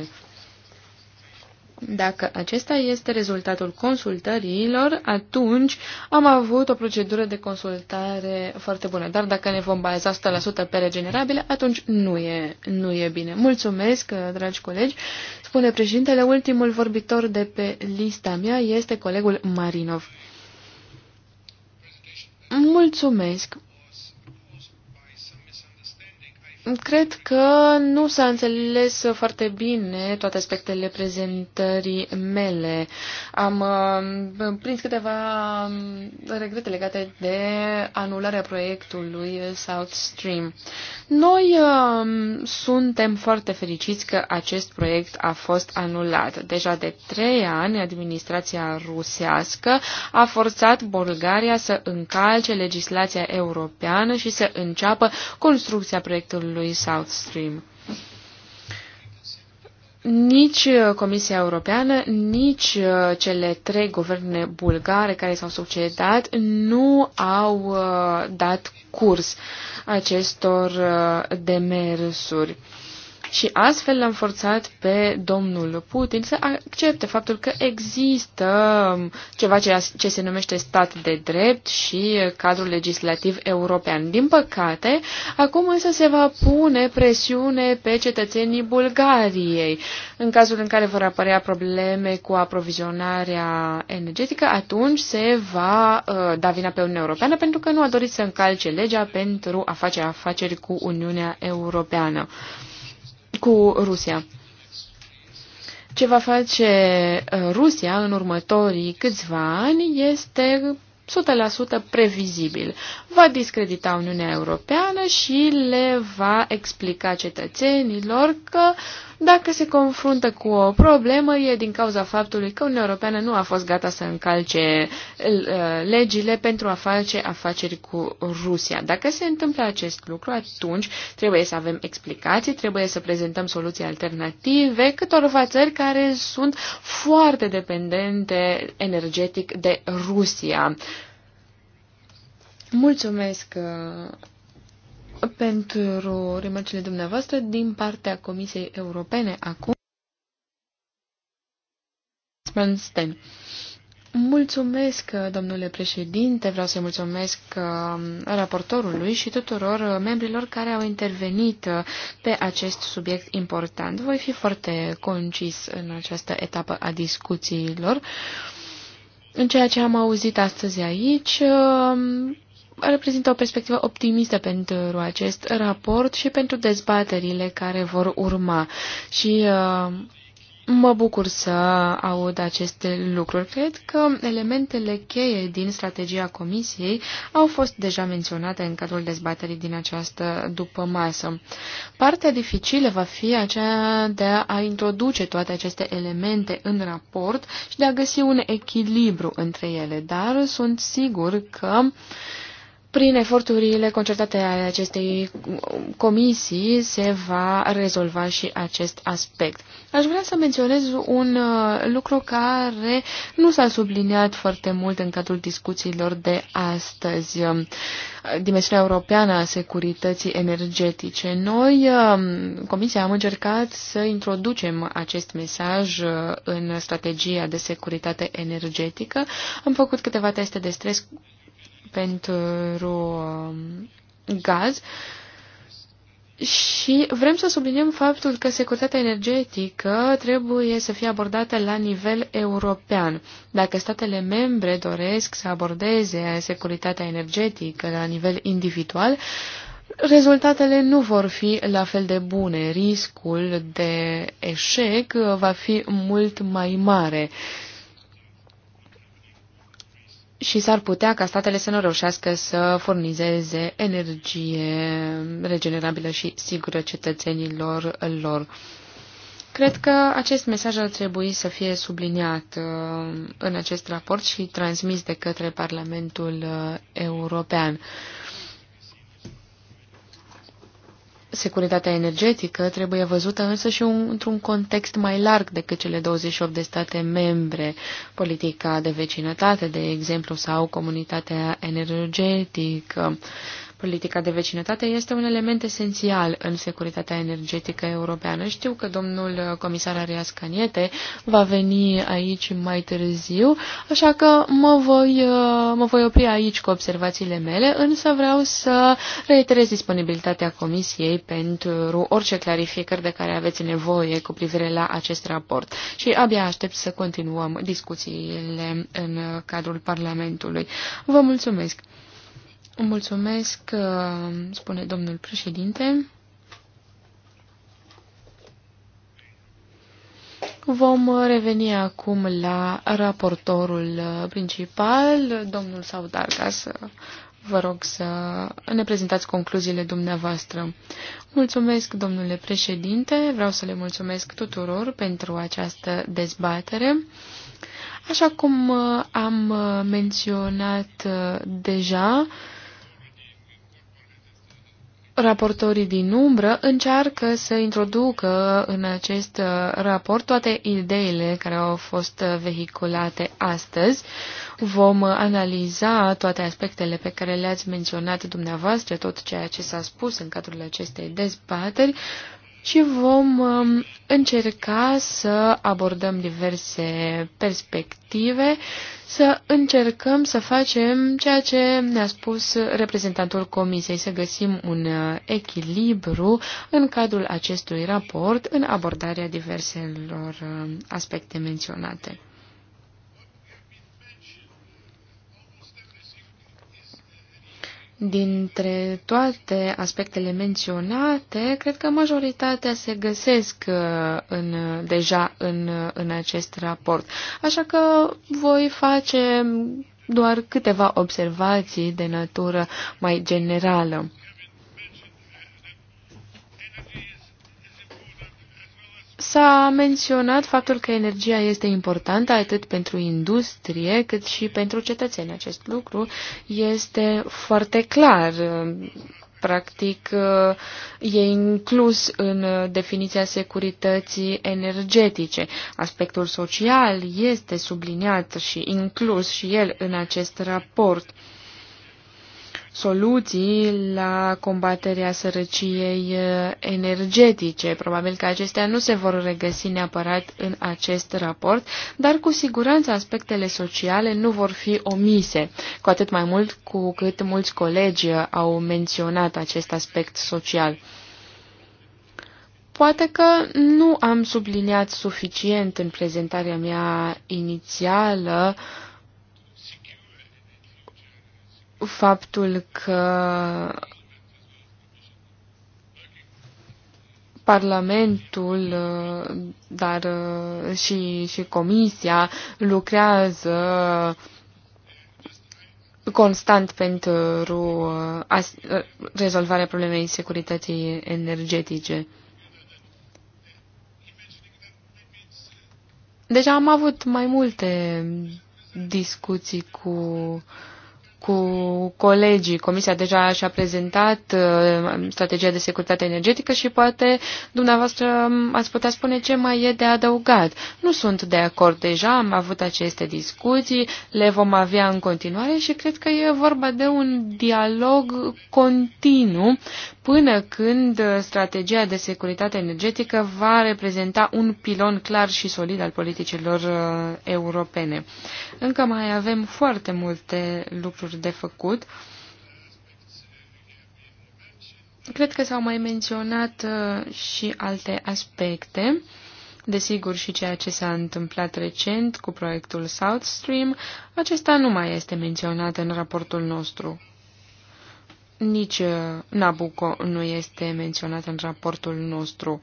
Dacă acesta este rezultatul consultărilor, atunci am avut o procedură de consultare foarte bună. Dar dacă ne vom baza 100% pe regenerabile, atunci nu e, nu e bine. Mulțumesc, dragi colegi. Spune președintele, ultimul vorbitor de pe lista mea este colegul Marinov. Mulțumesc. Cred că nu s-a înțeles foarte bine toate aspectele prezentării mele. Am uh, prins câteva um, regrete legate de anularea proiectului South Stream. Noi um, suntem foarte fericiți că acest proiect a fost anulat. Deja de trei ani, administrația rusească a forțat Bulgaria să încalce legislația europeană și să înceapă construcția proiectului proiectului South Stream. Nici uh, Comisia Europeană, nici uh, cele trei guverne bulgare care s-au succedat nu au uh, dat curs acestor demersuri. Și astfel l-am forțat pe domnul Putin să accepte faptul că există um, ceva ce se numește stat de drept și uh, cadrul legislativ european. Din păcate, acum însă se va pune presiune pe cetățenii Bulgariei. În cazul în care vor apărea probleme cu aprovizionarea energetică, atunci se va uh, da vina pe Uniunea Europeană pentru că nu a dorit să încalce legea pentru a face afaceri cu Uniunea Europeană cu Rusia. Ce va face uh, Rusia în următorii câțiva ani este 100% previzibil. Va discredita Uniunea Europeană și le va explica cetățenilor că uh, dacă se confruntă cu o problemă, e din cauza faptului că Uniunea Europeană nu a fost gata să încalce uh, legile pentru a face afaceri cu Rusia. Dacă se întâmplă acest lucru, atunci trebuie să avem explicații, trebuie să prezentăm soluții alternative câtorva țări care sunt foarte dependente energetic de Rusia. Mulțumesc uh, pentru remarcile dumneavoastră din partea Comisiei Europene acum. Sten, Mulțumesc, domnule președinte, vreau să-i mulțumesc um, raportorului și tuturor uh, membrilor care au intervenit uh, pe acest subiect important. Voi fi foarte concis în această etapă a discuțiilor. În ceea ce am auzit astăzi aici, um, reprezintă o perspectivă optimistă pentru acest raport și pentru dezbaterile care vor urma. Și uh, Mă bucur să aud aceste lucruri. Cred că elementele cheie din strategia Comisiei au fost deja menționate în cadrul dezbaterii din această după masă. Partea dificilă va fi aceea de a introduce toate aceste elemente în raport și de a găsi un echilibru între ele, dar sunt sigur că uh, prin eforturile concertate ale acestei comisii se va rezolva și acest aspect. Aș vrea să menționez un uh, lucru care nu s-a subliniat foarte mult în cadrul discuțiilor de astăzi. Um, dimensiunea europeană a securității energetice. Noi, um, Comisia, am încercat să introducem acest mesaj uh, în strategia de securitate energetică. Am făcut câteva teste de stres pentru um, gaz și vrem să subliniem faptul că securitatea energetică trebuie să fie abordată la nivel european. Dacă statele membre doresc să abordeze securitatea energetică la nivel individual, rezultatele nu vor fi la fel de bune. Riscul de eșec va fi mult mai mare și s-ar putea ca statele să nu reușească să furnizeze energie regenerabilă și sigură cetățenilor lor. Cred că acest mesaj ar trebui să fie subliniat uh, în acest raport și transmis de către Parlamentul uh, European. Securitatea energetică trebuie văzută însă și un, într-un context mai larg decât cele 28 de state membre, politica de vecinătate, de exemplu, sau comunitatea energetică. Politica de vecinătate este un element esențial în securitatea energetică europeană. Știu că domnul comisar Arias Caniete va veni aici mai târziu, așa că mă voi, uh, mă voi opri aici cu observațiile mele, însă vreau să reiterez disponibilitatea Comisiei pentru orice clarificări de care aveți nevoie cu privire la acest raport. Și abia aștept să continuăm discuțiile în cadrul Parlamentului. Vă mulțumesc! Mulțumesc, uh, spune domnul președinte. Vom reveni acum la raportorul uh, principal, domnul să Vă rog să ne prezentați concluziile dumneavoastră. Mulțumesc, domnule președinte, vreau să le mulțumesc tuturor pentru această dezbatere. Așa cum uh, am menționat deja, raportorii din umbră încearcă să introducă în acest uh, raport toate ideile care au fost uh, vehiculate astăzi. Vom uh, analiza toate aspectele pe care le-ați menționat dumneavoastră, tot ceea ce s-a spus în cadrul acestei dezbateri și vom um, încerca să abordăm diverse perspective, să încercăm să facem ceea ce ne-a spus reprezentantul Comisiei, să găsim un uh, echilibru în cadrul acestui raport în abordarea diverselor uh, aspecte menționate. Dintre toate aspectele menționate, cred că majoritatea se găsesc uh, în, deja în, uh, în acest raport. Așa că voi face doar câteva observații de natură mai generală. S-a menționat faptul că energia este importantă atât pentru industrie cât și pentru cetățeni. Acest lucru este foarte clar. Practic, e inclus în definiția securității energetice. Aspectul social este subliniat și inclus și el în acest raport soluții la combaterea sărăciei uh, energetice. Probabil că acestea nu se vor regăsi neapărat în acest raport, dar cu siguranță aspectele sociale nu vor fi omise, cu atât mai mult cu cât mulți colegi au menționat acest aspect social. Poate că nu am subliniat suficient în prezentarea mea inițială uh, faptul că Parlamentul, dar și, și Comisia lucrează constant pentru rezolvarea problemei securității energetice. Deja am avut mai multe discuții cu uh, cu colegii. Comisia deja și-a prezentat uh, strategia de securitate energetică și poate dumneavoastră um, ați putea spune ce mai e de adăugat. Nu sunt de acord deja, am avut aceste discuții, le vom avea în continuare și cred că e vorba de un dialog continuu până când strategia de securitate energetică va reprezenta un pilon clar și solid al politicilor uh, europene. Încă mai avem foarte multe lucruri lucruri de făcut. Cred că s-au mai menționat uh, și alte aspecte, desigur și ceea ce s-a întâmplat recent cu proiectul South Stream, acesta nu mai este menționat în raportul nostru. Nici uh, Nabucco nu este menționat în raportul nostru.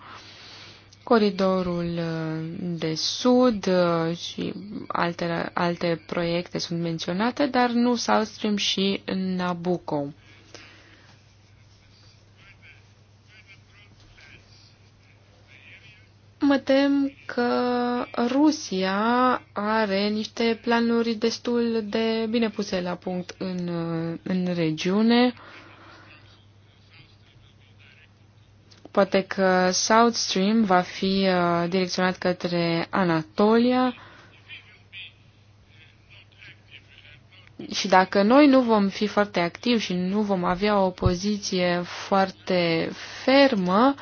Coridorul uh, de sud uh, și alte, alte proiecte sunt menționate, dar nu South Stream și Nabucco. mă tem că Rusia are niște planuri destul de bine puse la punct în, uh, în regiune. Poate că South Stream va fi uh, direcționat către Anatolia și dacă noi nu vom fi foarte activi și nu vom avea o poziție foarte fermă,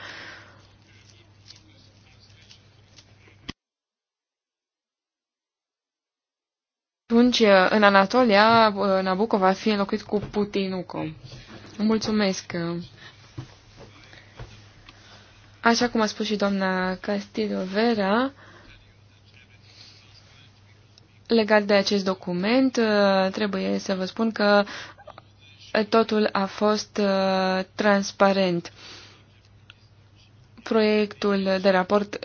atunci uh, în Anatolia uh, Nabucco va fi înlocuit cu Putinuco. Mulțumesc! Așa cum a spus și doamna Castillo Vera, legat de acest document, uh, trebuie să vă spun că totul a fost uh, transparent. Proiectul de raport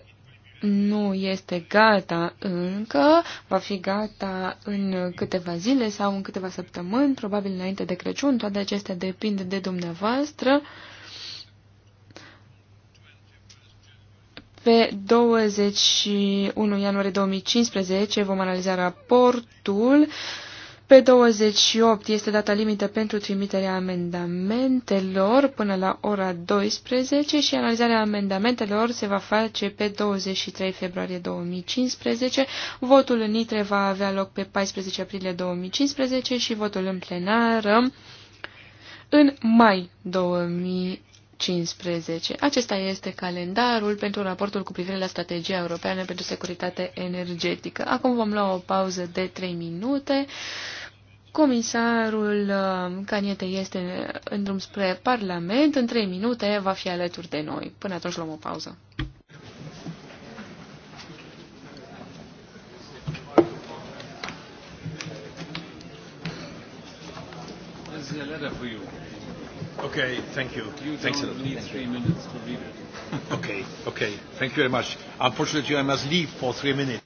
nu este gata încă, va fi gata în câteva zile sau în câteva săptămâni, probabil înainte de Crăciun, toate acestea depind de dumneavoastră. Pe 21 ianuarie 2015 vom analiza raportul. Pe 28 este data limită pentru trimiterea amendamentelor până la ora 12 și analizarea amendamentelor se va face pe 23 februarie 2015. Votul în ITRE va avea loc pe 14 aprilie 2015 și votul în plenară în mai 2015. 2015. Acesta este calendarul pentru raportul cu privire la strategia europeană pentru securitate energetică. Acum vom lua o pauză de 3 minute. Comisarul uh, Caniete este în drum spre Parlament. În 3 minute va fi alături de noi. Până atunci luăm o pauză. Okay, thank you. You Thanks don't a lot. need thank three you. minutes to leave okay, okay. Thank you very much. Unfortunately, I must leave for three minutes.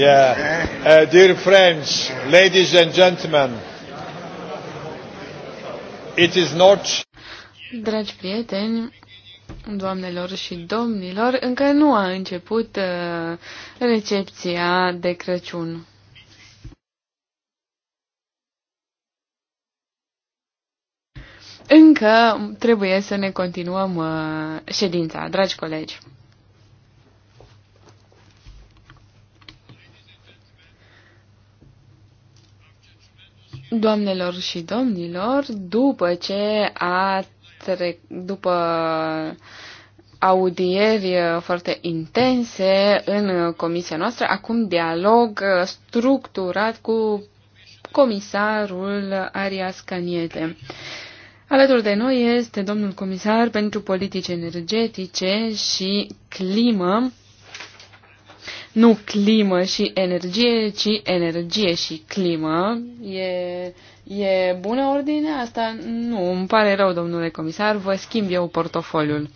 Yeah. Uh, dear friends, ladies and gentlemen, it is not... Dragi prieteni, doamnelor și domnilor, încă nu a început uh, recepția de Crăciun. Încă trebuie să ne continuăm uh, ședința, dragi colegi. Doamnelor și domnilor, după ce a trec, după audieri foarte intense în comisia noastră, acum dialog structurat cu comisarul Arias Caniete. Alături de noi este domnul comisar pentru politici energetice și climă, nu climă și energie, ci energie și climă. E, e bună ordine asta? Nu, îmi pare rău, domnule comisar, vă schimb eu portofoliul.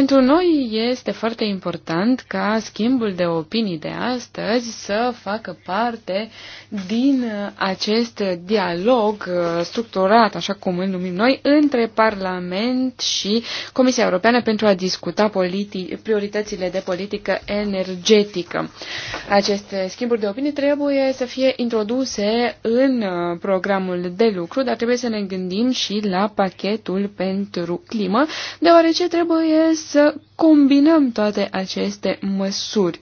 Pentru noi este foarte important ca schimbul de opinii de astăzi să facă parte din acest dialog uh, structurat, așa cum îl numim noi, între Parlament și Comisia Europeană pentru a discuta prioritățile de politică energetică. Aceste schimburi de opinii trebuie să fie introduse în uh, programul de lucru, dar trebuie să ne gândim și la pachetul pentru climă, deoarece trebuie să să combinăm toate aceste măsuri.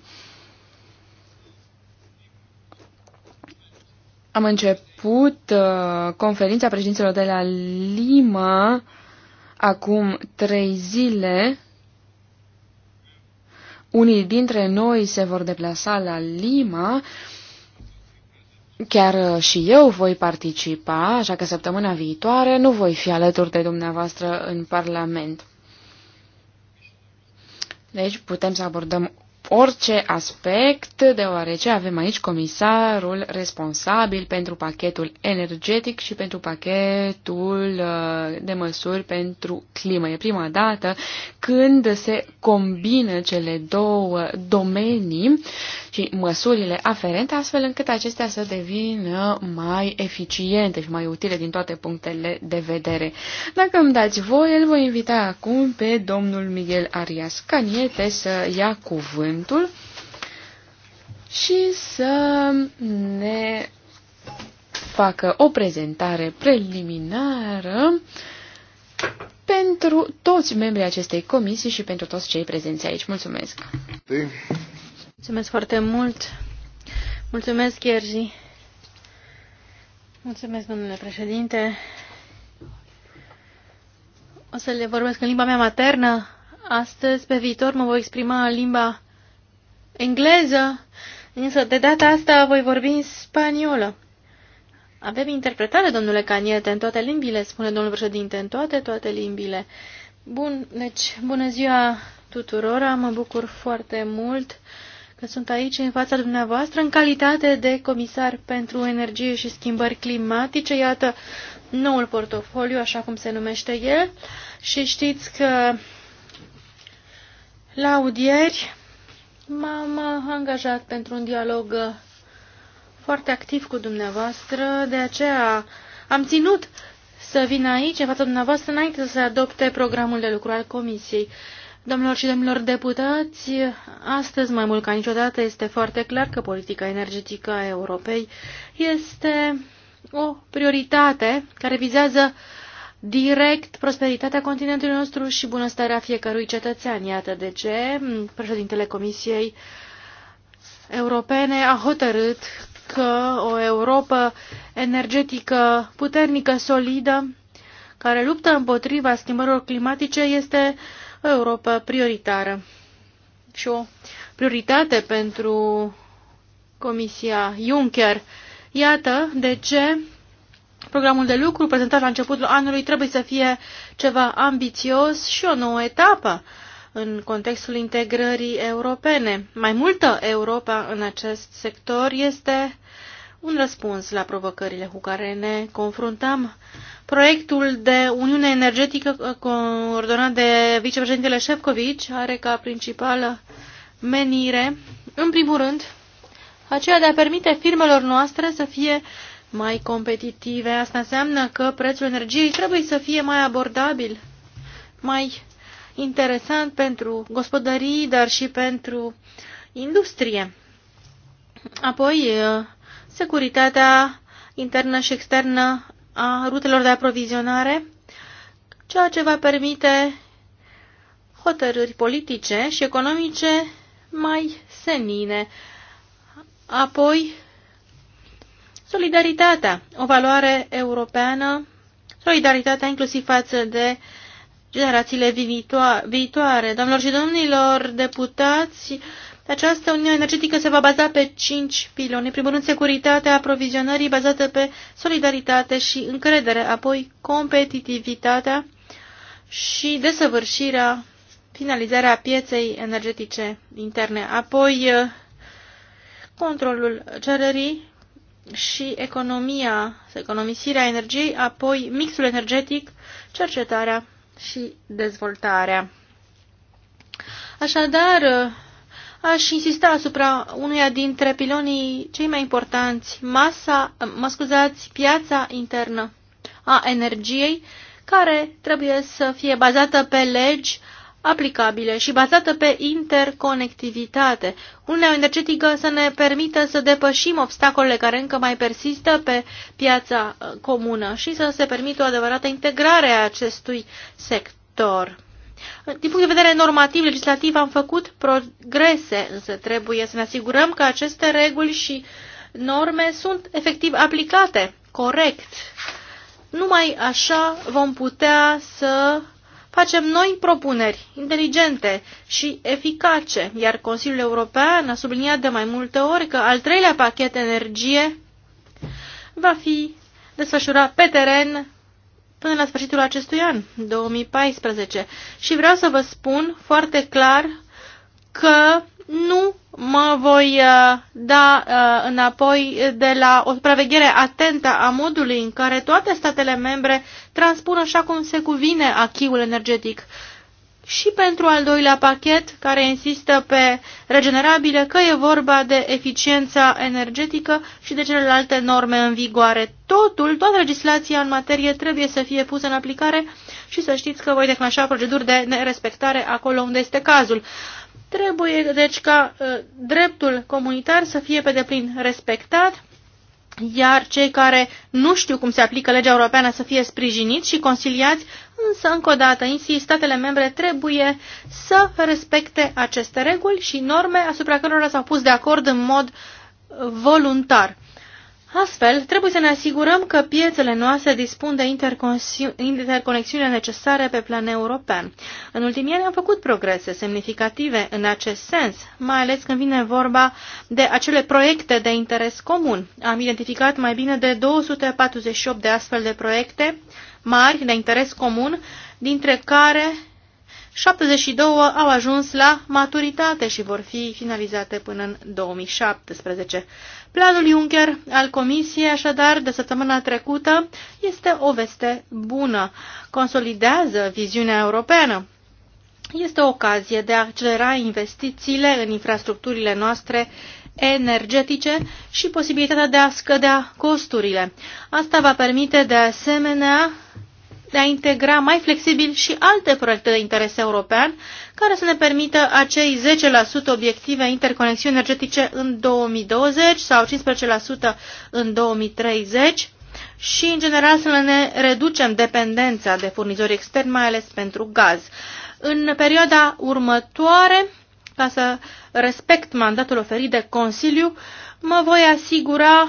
Am început uh, conferința președinților de la Lima acum trei zile. Unii dintre noi se vor deplasa la Lima. Chiar uh, și eu voi participa, așa că săptămâna viitoare nu voi fi alături de dumneavoastră în Parlament. Deci putem să abordăm orice aspect, deoarece avem aici comisarul responsabil pentru pachetul energetic și pentru pachetul uh, de măsuri pentru climă. E prima dată când se combină cele două domenii și măsurile aferente, astfel încât acestea să devină mai eficiente și mai utile din toate punctele de vedere. Dacă îmi dați voi, îl voi invita acum pe domnul Miguel Arias Caniete să ia cuvântul și să ne facă o prezentare preliminară pentru toți membrii acestei comisii și pentru toți cei prezenți aici. Mulțumesc! Mulțumesc foarte mult. Mulțumesc, Ierzi. Mulțumesc, domnule președinte. O să le vorbesc în limba mea maternă. Astăzi, pe viitor, mă voi exprima în limba engleză, însă de data asta voi vorbi în spaniolă. Avem interpretare, domnule Caniete, în toate limbile, spune domnul președinte, în toate, toate limbile. Bun, deci, bună ziua tuturora, mă bucur foarte mult că sunt aici în fața dumneavoastră în calitate de comisar pentru energie și schimbări climatice. Iată noul portofoliu, așa cum se numește el. Și știți că la audieri m-am angajat pentru un dialog foarte activ cu dumneavoastră, de aceea am ținut să vin aici, în fața dumneavoastră, înainte să se adopte programul de lucru al Comisiei. Domnilor și domnilor deputați, astăzi mai mult ca niciodată este foarte clar că politica energetică a Europei este o prioritate care vizează direct prosperitatea continentului nostru și bunăstarea fiecărui cetățean. Iată de ce președintele Comisiei Europene a hotărât că o Europa energetică puternică, solidă, care luptă împotriva schimbărilor climatice este uh, o Europa prioritară și o prioritate pentru Comisia Juncker. Iată de ce programul de lucru prezentat la începutul anului trebuie să fie ceva ambițios și o nouă etapă în contextul integrării europene. Mai multă Europa în acest sector este un răspuns la provocările cu care ne confruntăm. Proiectul de Uniune Energetică coordonat de vicepreședintele Șefcovici are ca principală menire, în primul rând, aceea de a permite firmelor noastre să fie mai competitive. Asta înseamnă că prețul energiei trebuie să fie mai abordabil, mai interesant pentru gospodării, dar și pentru industrie. Apoi, securitatea internă și externă a rutelor de aprovizionare, ceea ce va permite hotărâri politice și economice mai senine. Apoi, solidaritatea, o valoare europeană, solidaritatea inclusiv față de generațiile viitoare. Doamnelor și domnilor deputați, această uniune energetică se va baza pe cinci piloni. În primul rând, securitatea aprovizionării bazată pe solidaritate și încredere, apoi competitivitatea și desăvârșirea, finalizarea pieței energetice interne, apoi eh, controlul cererii și economia, economisirea energiei, apoi mixul energetic, cercetarea și dezvoltarea. Așadar, eh, aș insista asupra unuia dintre pilonii cei mai importanți, masa, mă scuzați, piața internă a energiei, care trebuie să fie bazată pe legi aplicabile și bazată pe interconectivitate. Uniunea energetică să ne permită să depășim obstacolele care încă mai persistă pe piața uh, comună și să se permită o adevărată integrare a acestui sector. Din punct de vedere normativ, legislativ, am făcut progrese, însă trebuie să ne asigurăm că aceste reguli și norme sunt efectiv aplicate, corect. Numai așa vom putea să facem noi propuneri inteligente și eficace, iar Consiliul European a subliniat de mai multe ori că al treilea pachet energie va fi desfășurat pe teren până la sfârșitul acestui an, 2014. Și vreau să vă spun foarte clar că nu mă voi uh, da uh, înapoi de la o supraveghere atentă a modului în care toate statele membre transpun așa cum se cuvine achiul energetic și pentru al doilea pachet, care insistă pe regenerabile, că e vorba de eficiența energetică și de celelalte norme în vigoare. Totul, toată legislația în materie trebuie să fie pusă în aplicare și să știți că voi declanșa proceduri de nerespectare acolo unde este cazul. Trebuie, deci, ca uh, dreptul comunitar să fie pe deplin respectat iar cei care nu știu cum se aplică legea europeană să fie sprijiniți și consiliați, însă, încă o dată, insist, statele membre trebuie să respecte aceste reguli și norme asupra cărora s-au pus de acord în mod voluntar. Astfel, trebuie să ne asigurăm că piețele noastre dispun de interconexiune necesare pe plan european. În ultimii ani am făcut progrese semnificative în acest sens, mai ales când vine vorba de acele proiecte de interes comun. Am identificat mai bine de 248 de astfel de proiecte mari de interes comun, dintre care 72 au ajuns la maturitate și vor fi finalizate până în 2017. Planul Juncker al Comisiei, așadar, de săptămâna trecută, este o veste bună. Consolidează viziunea europeană. Este o ocazie de a accelera investițiile în infrastructurile noastre energetice și posibilitatea de a scădea costurile. Asta va permite de asemenea de a integra mai flexibil și alte proiecte de interes european care să ne permită acei 10% obiective interconexiuni energetice în 2020 sau 15% în 2030 și, în general, să ne reducem dependența de furnizori externi, mai ales pentru gaz. În perioada următoare, ca să respect mandatul oferit de Consiliu, mă voi asigura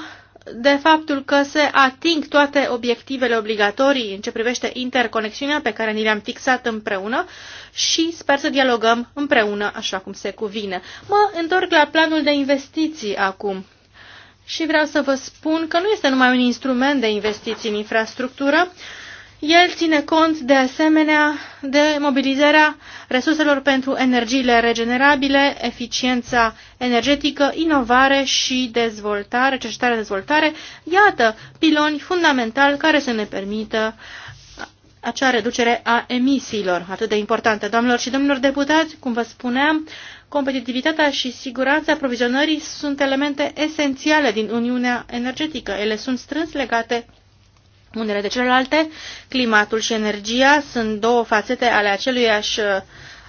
de faptul că se ating toate obiectivele obligatorii în ce privește interconexiunea pe care ni le-am fixat împreună și sper să dialogăm împreună așa cum se cuvine. Mă întorc la planul de investiții acum și vreau să vă spun că nu este numai un instrument de investiții în infrastructură, el ține cont de asemenea de mobilizarea resurselor pentru energiile regenerabile, eficiența energetică, inovare și dezvoltare, cercetare-dezvoltare. Iată piloni fundamentali care să ne permită acea reducere a emisiilor atât de importantă. Doamnelor și domnilor deputați, cum vă spuneam, competitivitatea și siguranța aprovizionării sunt elemente esențiale din Uniunea Energetică. Ele sunt strâns legate unele de celelalte. Climatul și energia sunt două fațete ale aceluiași uh,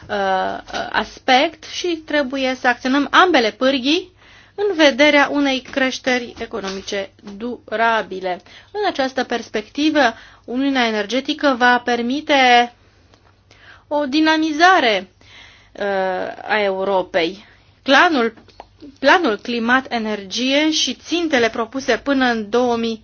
uh, aspect și trebuie să acționăm ambele pârghii în vederea unei creșteri economice durabile. În această perspectivă, Uniunea Energetică va permite o dinamizare uh, a Europei. Planul, planul climat-energie și țintele propuse până în 2020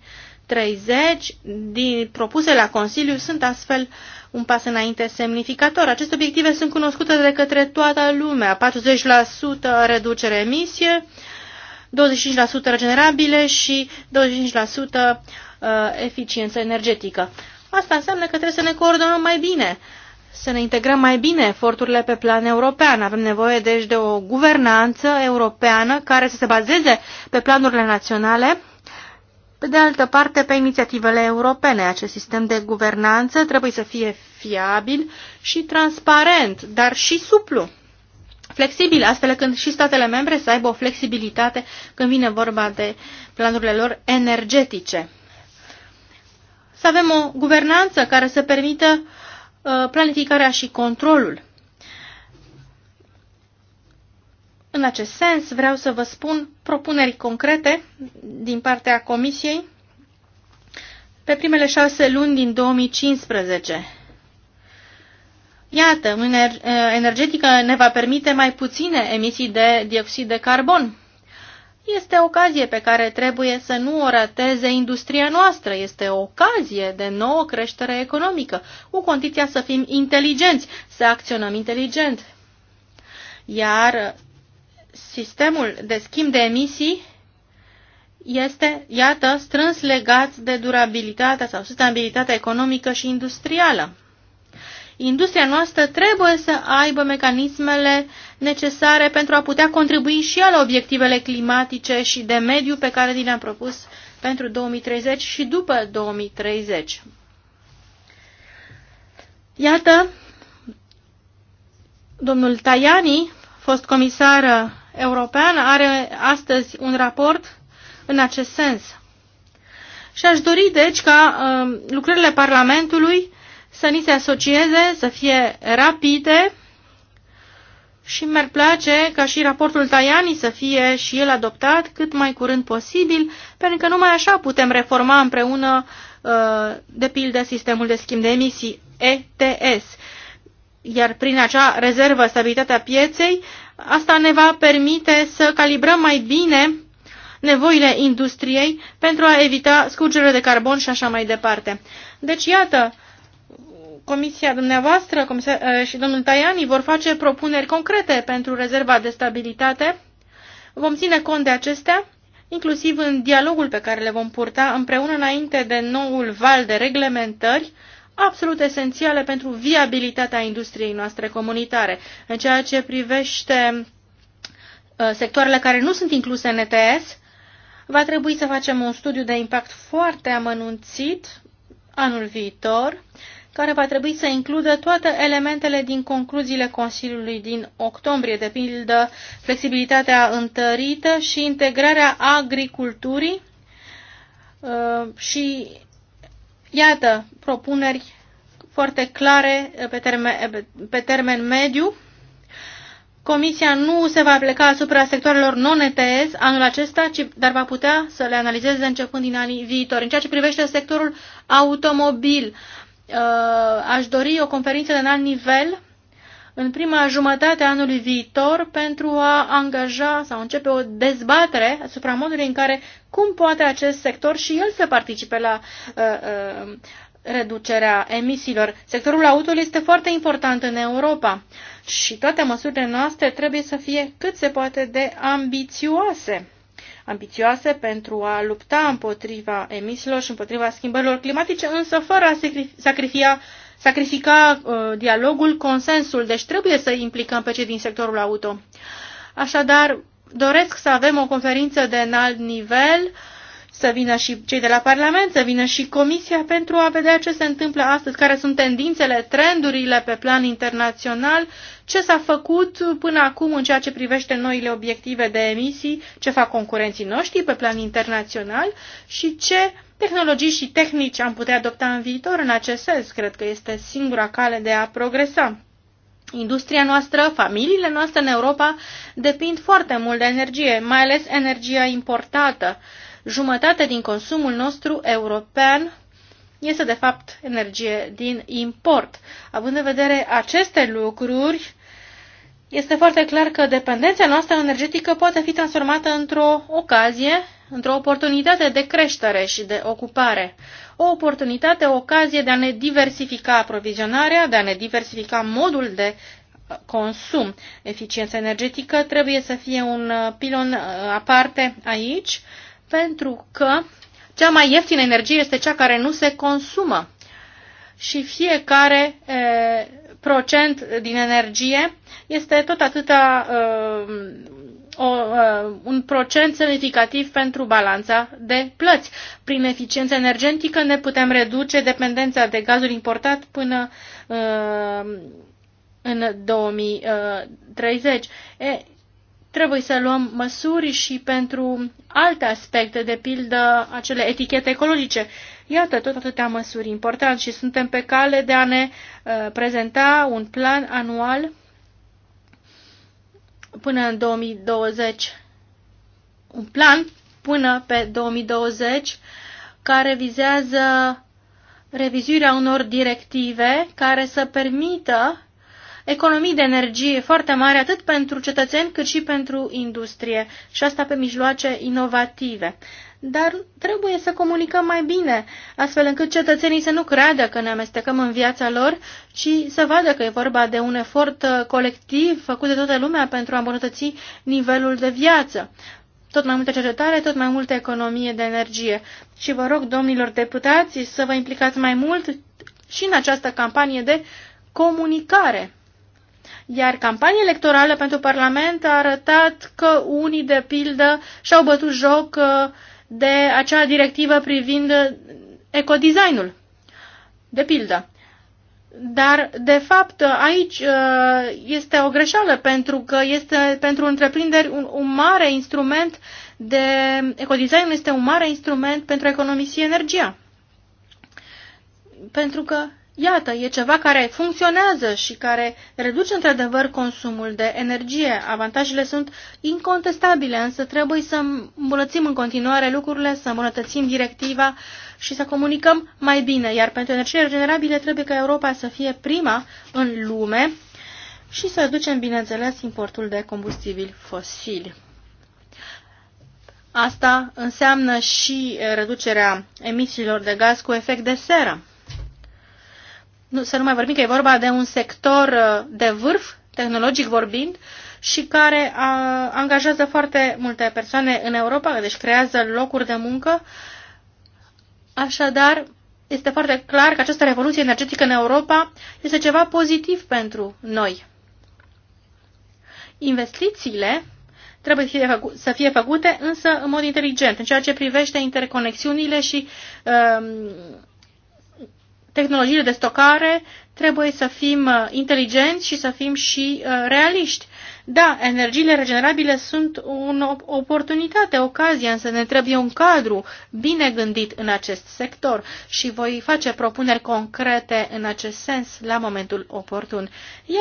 30 din, propuse la Consiliu sunt astfel un pas înainte semnificator. Aceste obiective sunt cunoscute de către toată lumea. 40% reducere emisie, 25% regenerabile și 25% uh, eficiență energetică. Asta înseamnă că trebuie să ne coordonăm mai bine, să ne integrăm mai bine eforturile pe plan european. Avem nevoie deci de o guvernanță europeană care să se bazeze pe planurile naționale pe de altă parte, pe inițiativele europene, acest sistem de guvernanță trebuie să fie fiabil și transparent, dar și suplu, flexibil, astfel când și statele membre să aibă o flexibilitate când vine vorba de planurile lor energetice. Să avem o guvernanță care să permită uh, planificarea și controlul În acest sens, vreau să vă spun propuneri concrete din partea Comisiei pe primele șase luni din 2015. Iată, er- energetică ne va permite mai puține emisii de dioxid de carbon. Este o ocazie pe care trebuie să nu o rateze industria noastră. Este o ocazie de nouă creștere economică, cu condiția să fim inteligenți, să acționăm inteligent. Iar sistemul de schimb de emisii este, iată, strâns legat de durabilitatea sau sustenabilitatea economică și industrială. Industria noastră trebuie să aibă mecanismele necesare pentru a putea contribui și la obiectivele climatice și de mediu pe care ni le-am propus pentru 2030 și după 2030. Iată, domnul Tajani, fost comisar Europeană are astăzi un raport în acest sens. Și aș dori, deci, ca uh, lucrările Parlamentului să ni se asocieze, să fie rapide și mi-ar place ca și raportul Tajani să fie și el adoptat cât mai curând posibil, pentru că numai așa putem reforma împreună, uh, de pildă, sistemul de schimb de emisii ETS. Iar prin acea rezervă stabilitatea pieței Asta ne va permite să calibrăm mai bine nevoile industriei pentru a evita scurgere de carbon și așa mai departe. Deci, iată, Comisia dumneavoastră comisia, eh, și domnul Tajani vor face propuneri concrete pentru rezerva de stabilitate. Vom ține cont de acestea, inclusiv în dialogul pe care le vom purta împreună înainte de noul val de reglementări absolut esențiale pentru viabilitatea industriei noastre comunitare. În ceea ce privește uh, sectoarele care nu sunt incluse în ETS, va trebui să facem un studiu de impact foarte amănunțit anul viitor, care va trebui să includă toate elementele din concluziile Consiliului din octombrie, de pildă flexibilitatea întărită și integrarea agriculturii uh, și Iată, propuneri foarte clare eh, pe termen, eh, pe termen mediu. Comisia nu se va pleca asupra sectoarelor non-ETS anul acesta, ci, dar va putea să le analizeze începând din anii viitori. În ceea ce privește sectorul automobil, eh, aș dori o conferință de înalt nivel în prima jumătate a anului viitor pentru a angaja sau începe o dezbatere asupra modului în care cum poate acest sector și el să participe la uh, uh, reducerea emisiilor. Sectorul auto este foarte important în Europa și toate măsurile noastre trebuie să fie cât se poate de ambițioase. Ambițioase pentru a lupta împotriva emisiilor și împotriva schimbărilor climatice, însă fără a sacrifia sacrifica uh, dialogul, consensul, deci trebuie să implicăm pe cei din sectorul auto. Așadar, doresc să avem o conferință de înalt nivel, să vină și cei de la Parlament, să vină și Comisia pentru a vedea ce se întâmplă astăzi, care sunt tendințele, trendurile pe plan internațional, ce s-a făcut până acum în ceea ce privește noile obiective de emisii, ce fac concurenții noștri pe plan internațional și ce tehnologii și tehnici am putea adopta în viitor în acest sens. Cred că este singura cale de a progresa. Industria noastră, familiile noastre în Europa depind foarte mult de energie, mai ales energia importată. Jumătate din consumul nostru european este de fapt energie din import. Având în vedere aceste lucruri, este foarte clar că dependența noastră energetică poate fi transformată într-o ocazie într-o oportunitate de creștere și de ocupare. O oportunitate, o ocazie de a ne diversifica aprovizionarea, de a ne diversifica modul de uh, consum. Eficiența energetică trebuie să fie un uh, pilon uh, aparte aici, pentru că cea mai ieftină energie este cea care nu se consumă. Și fiecare e, procent din energie este tot atâta e, o, uh, un procent semnificativ pentru balanța de plăți. Prin eficiență energetică ne putem reduce dependența de gazul importat până uh, în 2030. Uh, e, trebuie să luăm măsuri și pentru alte aspecte, de pildă acele etichete ecologice. Iată tot atâtea măsuri importante și suntem pe cale de a ne uh, prezenta un plan anual până în 2020, un plan până pe 2020 care vizează revizuirea unor directive care să permită economii de energie foarte mari atât pentru cetățeni cât și pentru industrie și asta pe mijloace inovative dar trebuie să comunicăm mai bine, astfel încât cetățenii să nu creadă că ne amestecăm în viața lor, ci să vadă că e vorba de un efort uh, colectiv făcut de toată lumea pentru a îmbunătăți nivelul de viață. Tot mai multă cercetare, tot mai multă economie de energie. Și vă rog, domnilor deputați, să vă implicați mai mult și în această campanie de comunicare. Iar campania electorală pentru Parlament a arătat că unii, de pildă, și-au bătut joc uh, de acea directivă privind uh, ecodesignul, de pildă. Dar, de fapt, aici uh, este o greșeală pentru că este pentru întreprinderi un, un mare instrument de ecodesignul este un mare instrument pentru a economisi energia. Pentru că Iată, e ceva care funcționează și care reduce într-adevăr consumul de energie. Avantajele sunt incontestabile, însă trebuie să îmbunătățim în continuare lucrurile, să îmbunătățim directiva și să comunicăm mai bine. Iar pentru energie regenerabile trebuie ca Europa să fie prima în lume și să reducem, bineînțeles, importul de combustibili fosili. Asta înseamnă și reducerea emisiilor de gaz cu efect de seră nu, să nu mai vorbim că e vorba de un sector uh, de vârf, tehnologic vorbind, și care a, uh, angajează foarte multe persoane în Europa, deci creează locuri de muncă. Așadar, este foarte clar că această revoluție energetică în Europa este ceva pozitiv pentru noi. Investițiile trebuie să fie, făcute, însă în mod inteligent, în ceea ce privește interconexiunile și um, tehnologiile de stocare, trebuie să fim uh, inteligenți și să fim și uh, realiști. Da, energiile regenerabile sunt o oportunitate, ocazia, însă ne trebuie un cadru bine gândit în acest sector și voi face propuneri concrete în acest sens la momentul oportun.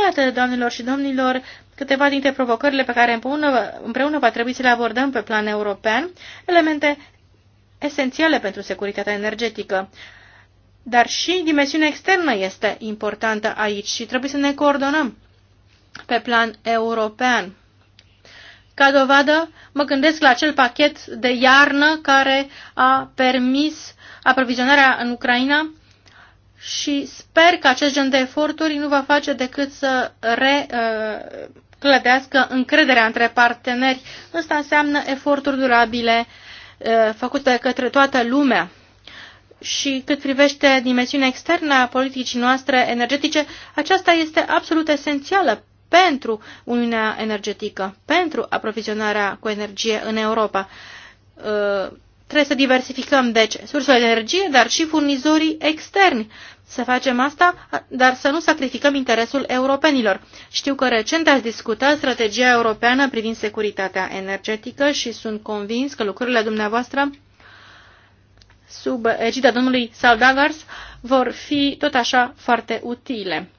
Iată, doamnelor și domnilor, câteva dintre provocările pe care împreună, împreună va trebui să le abordăm pe plan european, elemente esențiale pentru securitatea energetică. Dar și dimensiunea externă este importantă aici și trebuie să ne coordonăm pe plan european. Ca dovadă, mă gândesc la acel pachet de iarnă care a permis aprovizionarea în Ucraina și sper că acest gen de eforturi nu va face decât să reclădească uh, încrederea între parteneri. Asta înseamnă eforturi durabile uh, făcute către toată lumea și cât privește dimensiunea externă a politicii noastre energetice, aceasta este absolut esențială pentru Uniunea Energetică, pentru aprovizionarea cu energie în Europa. Uh, trebuie să diversificăm, deci, sursele de energie, dar și furnizorii externi. Să facem asta, dar să nu sacrificăm interesul europenilor. Știu că recent ați discutat strategia europeană privind securitatea energetică și sunt convins că lucrurile dumneavoastră sub egida domnului Saldagars vor fi tot așa foarte utile.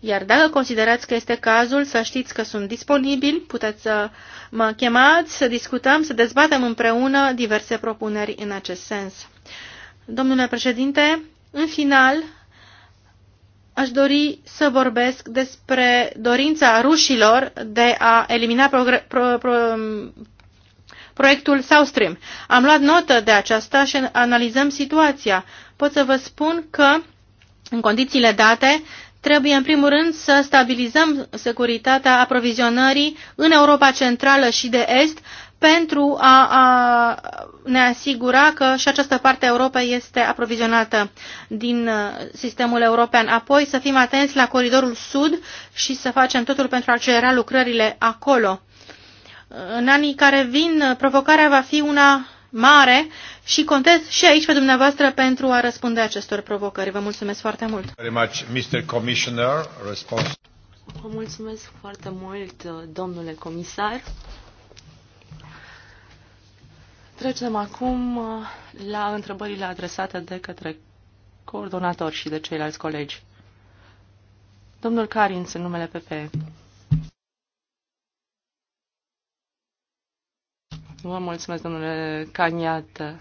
Iar dacă considerați că este cazul, să știți că sunt disponibil, puteți să mă chemați, să discutăm, să dezbatem împreună diverse propuneri în acest sens. Domnule președinte, în final, aș dori să vorbesc despre dorința rușilor de a elimina proiectul South Stream. Am luat notă de aceasta și analizăm situația. Pot să vă spun că, în condițiile date, trebuie în primul rând să stabilizăm securitatea aprovizionării în Europa Centrală și de Est pentru a, a ne asigura că și această parte a Europei este aprovizionată din uh, sistemul european. Apoi să fim atenți la coridorul sud și să facem totul pentru a accelera lucrările acolo în anii care vin, provocarea va fi una mare și contez și aici pe dumneavoastră pentru a răspunde acestor provocări. Vă mulțumesc foarte mult. Vă mulțumesc foarte mult, domnule comisar. Trecem acum la întrebările adresate de către coordonator și de ceilalți colegi. Domnul Carin, în numele PPE. Vă mulțumesc, domnule Caniate.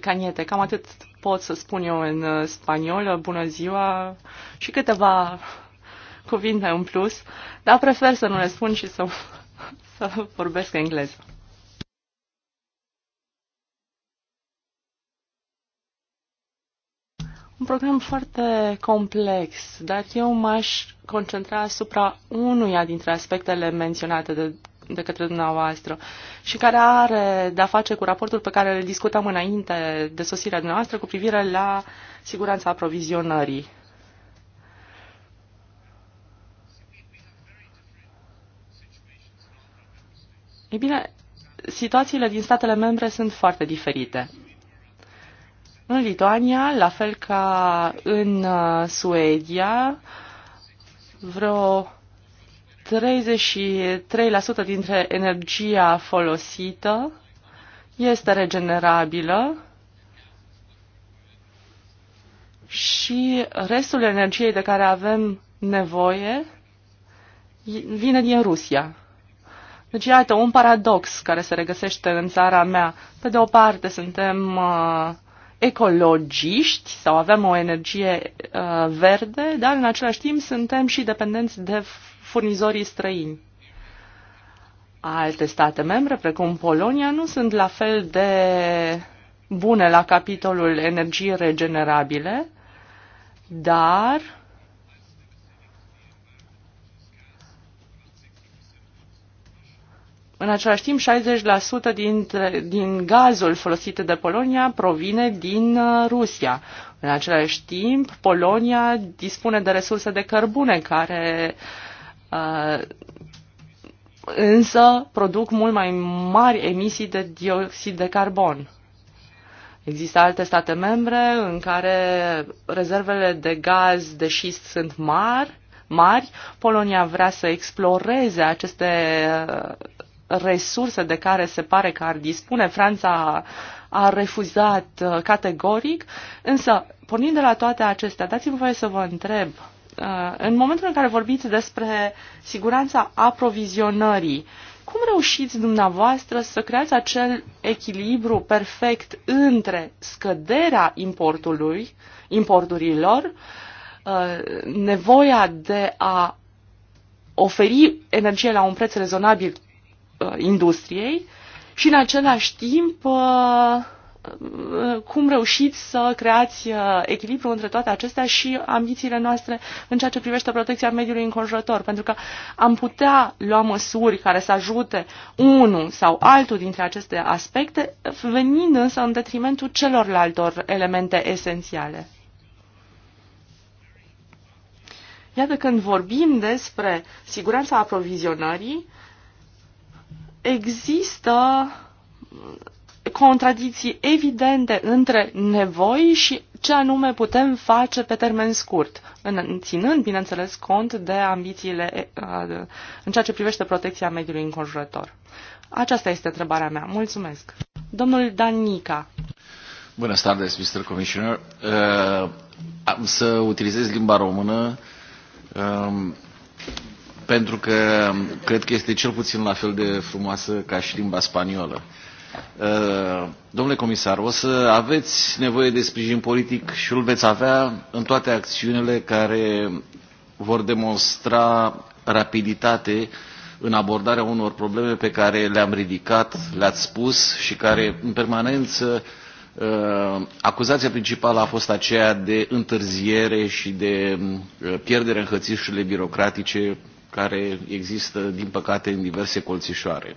Caniete, cam atât pot să spun eu în uh, spaniolă, bună ziua și câteva cuvinte în plus, dar prefer să nu le spun și să, să vorbesc engleză. Un program foarte complex, dar eu m-aș concentra asupra unuia dintre aspectele menționate de de către dumneavoastră și care are de-a face cu raportul pe care îl discutam înainte de sosirea dumneavoastră cu privire la siguranța aprovizionării. Ei bine, situațiile din statele membre sunt foarte diferite. În Lituania, la fel ca în uh, Suedia, vreo 33% dintre energia folosită este regenerabilă și restul energiei de care avem nevoie vine din Rusia. Deci, iată, un paradox care se regăsește în țara mea. Pe de o parte, suntem uh, ecologiști sau avem o energie uh, verde, dar în același timp suntem și dependenți de furnizorii străini. Alte state membre, precum Polonia, nu sunt la fel de bune la capitolul energii regenerabile, dar În același timp, 60% din, din gazul folosit de Polonia provine din uh, Rusia. În același timp, Polonia dispune de resurse de cărbune care uh, Uh, însă produc mult mai mari emisii de dioxid de carbon. Există alte state membre în care rezervele de gaz de șist sunt mari, mari. Polonia vrea să exploreze aceste uh, resurse de care se pare că ar dispune. Franța a refuzat uh, categoric, însă, pornind de la toate acestea, dați-mi voie să vă întreb Uh, în momentul în care vorbiți despre siguranța aprovizionării, cum reușiți dumneavoastră să creați acel echilibru perfect între scăderea importului, importurilor, uh, nevoia de a oferi energie la un preț rezonabil uh, industriei și în același timp cum reușiți să creați uh, echilibru între toate acestea și ambițiile noastre în ceea ce privește protecția mediului înconjurător, pentru că am putea lua măsuri care să ajute unul sau altul dintre aceste aspecte, venind însă în detrimentul celorlaltor elemente esențiale. Iată când vorbim despre siguranța aprovizionării, există contradicții evidente între nevoi și ce anume putem face pe termen scurt, în, ținând, bineînțeles, cont de ambițiile în ceea ce privește protecția mediului înconjurător. Aceasta este întrebarea mea. Mulțumesc. Domnul Danica. Bună seara, Mr. Commissioner. Uh, am să utilizez limba română um, pentru că cred că este cel puțin la fel de frumoasă ca și limba spaniolă. Uh, Uh, domnule comisar, o să aveți nevoie de sprijin politic și îl veți avea în toate acțiunile care vor demonstra rapiditate în abordarea unor probleme pe care le-am ridicat, le-ați spus și care în permanență uh, acuzația principală a fost aceea de întârziere și de uh, pierdere în hățișurile birocratice care există, din păcate, în diverse colțișoare.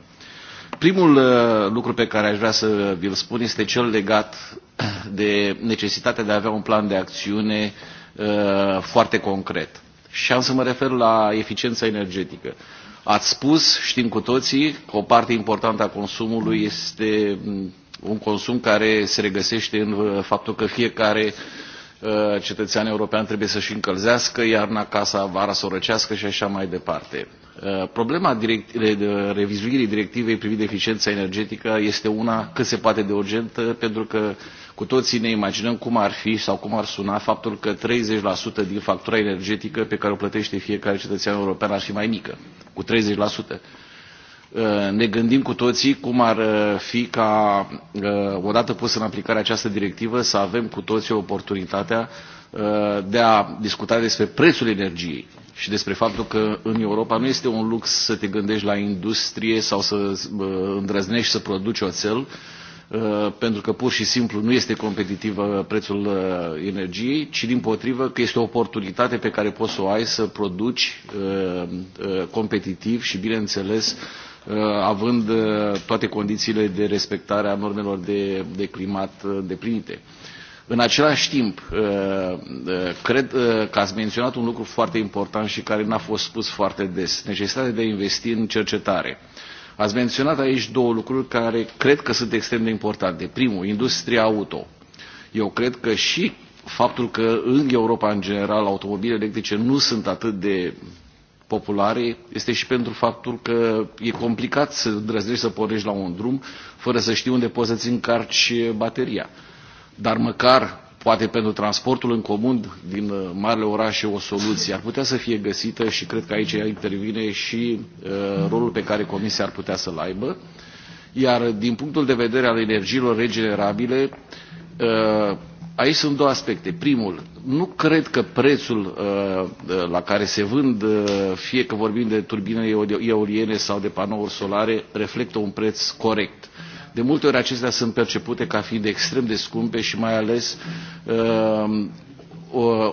Primul uh, lucru pe care aș vrea să vi-l spun este cel legat de necesitatea de a avea un plan de acțiune uh, foarte concret. Și am să mă refer la eficiența energetică. Ați spus, știm cu toții, că o parte importantă a consumului este mm, un consum care se regăsește în uh, faptul că fiecare cetățean european trebuie să-și încălzească iarna casa, vara să o răcească și așa mai departe. Uh, problema direct, revizuirii directivei privind eficiența energetică este una cât se poate de urgentă, pentru că cu toții ne imaginăm cum ar fi sau cum ar suna faptul că 30% din factura energetică pe care o plătește fiecare cetățean european ar fi mai mică, cu 30%. Uh, ne gândim cu toții cum ar uh, fi ca, odată pusă în aplicare această directivă, să avem cu toții oportunitatea Uh, de a discuta despre prețul energiei și despre faptul că în Europa nu este un lux să te gândești la industrie sau să uh, îndrăznești să produci oțel, uh, pentru că pur și simplu nu este competitiv prețul energiei, ci din potrivă că este o oportunitate pe care poți să o ai să produci competitiv și, bineînțeles, având toate condițiile de respectare a normelor de, de climat deplinite. În același timp, uh, uh, cred uh, că ați menționat un lucru foarte important și care n-a fost spus foarte des, necesitatea de a investi în cercetare. Ați menționat aici două lucruri care cred că sunt extrem de importante. Primul, industria auto. Eu cred că și faptul că în Europa, în general, automobile electrice nu sunt atât de populare este și pentru faptul că e complicat să îndrăznești să pornești la un drum fără să știi unde poți să-ți încarci bateria dar măcar poate pentru transportul în comun din uh, marile orașe o soluție ar putea să fie găsită și cred că aici intervine și uh, rolul pe care Comisia ar putea să-l aibă. Iar uh, din punctul de vedere al energiilor regenerabile, aici sunt două aspecte. Primul, nu cred că prețul la care se vând, fie că vorbim de turbine eoliene sau de panouri solare, reflectă un preț corect de multe ori acestea sunt percepute ca fiind extrem de scumpe și mai ales uh,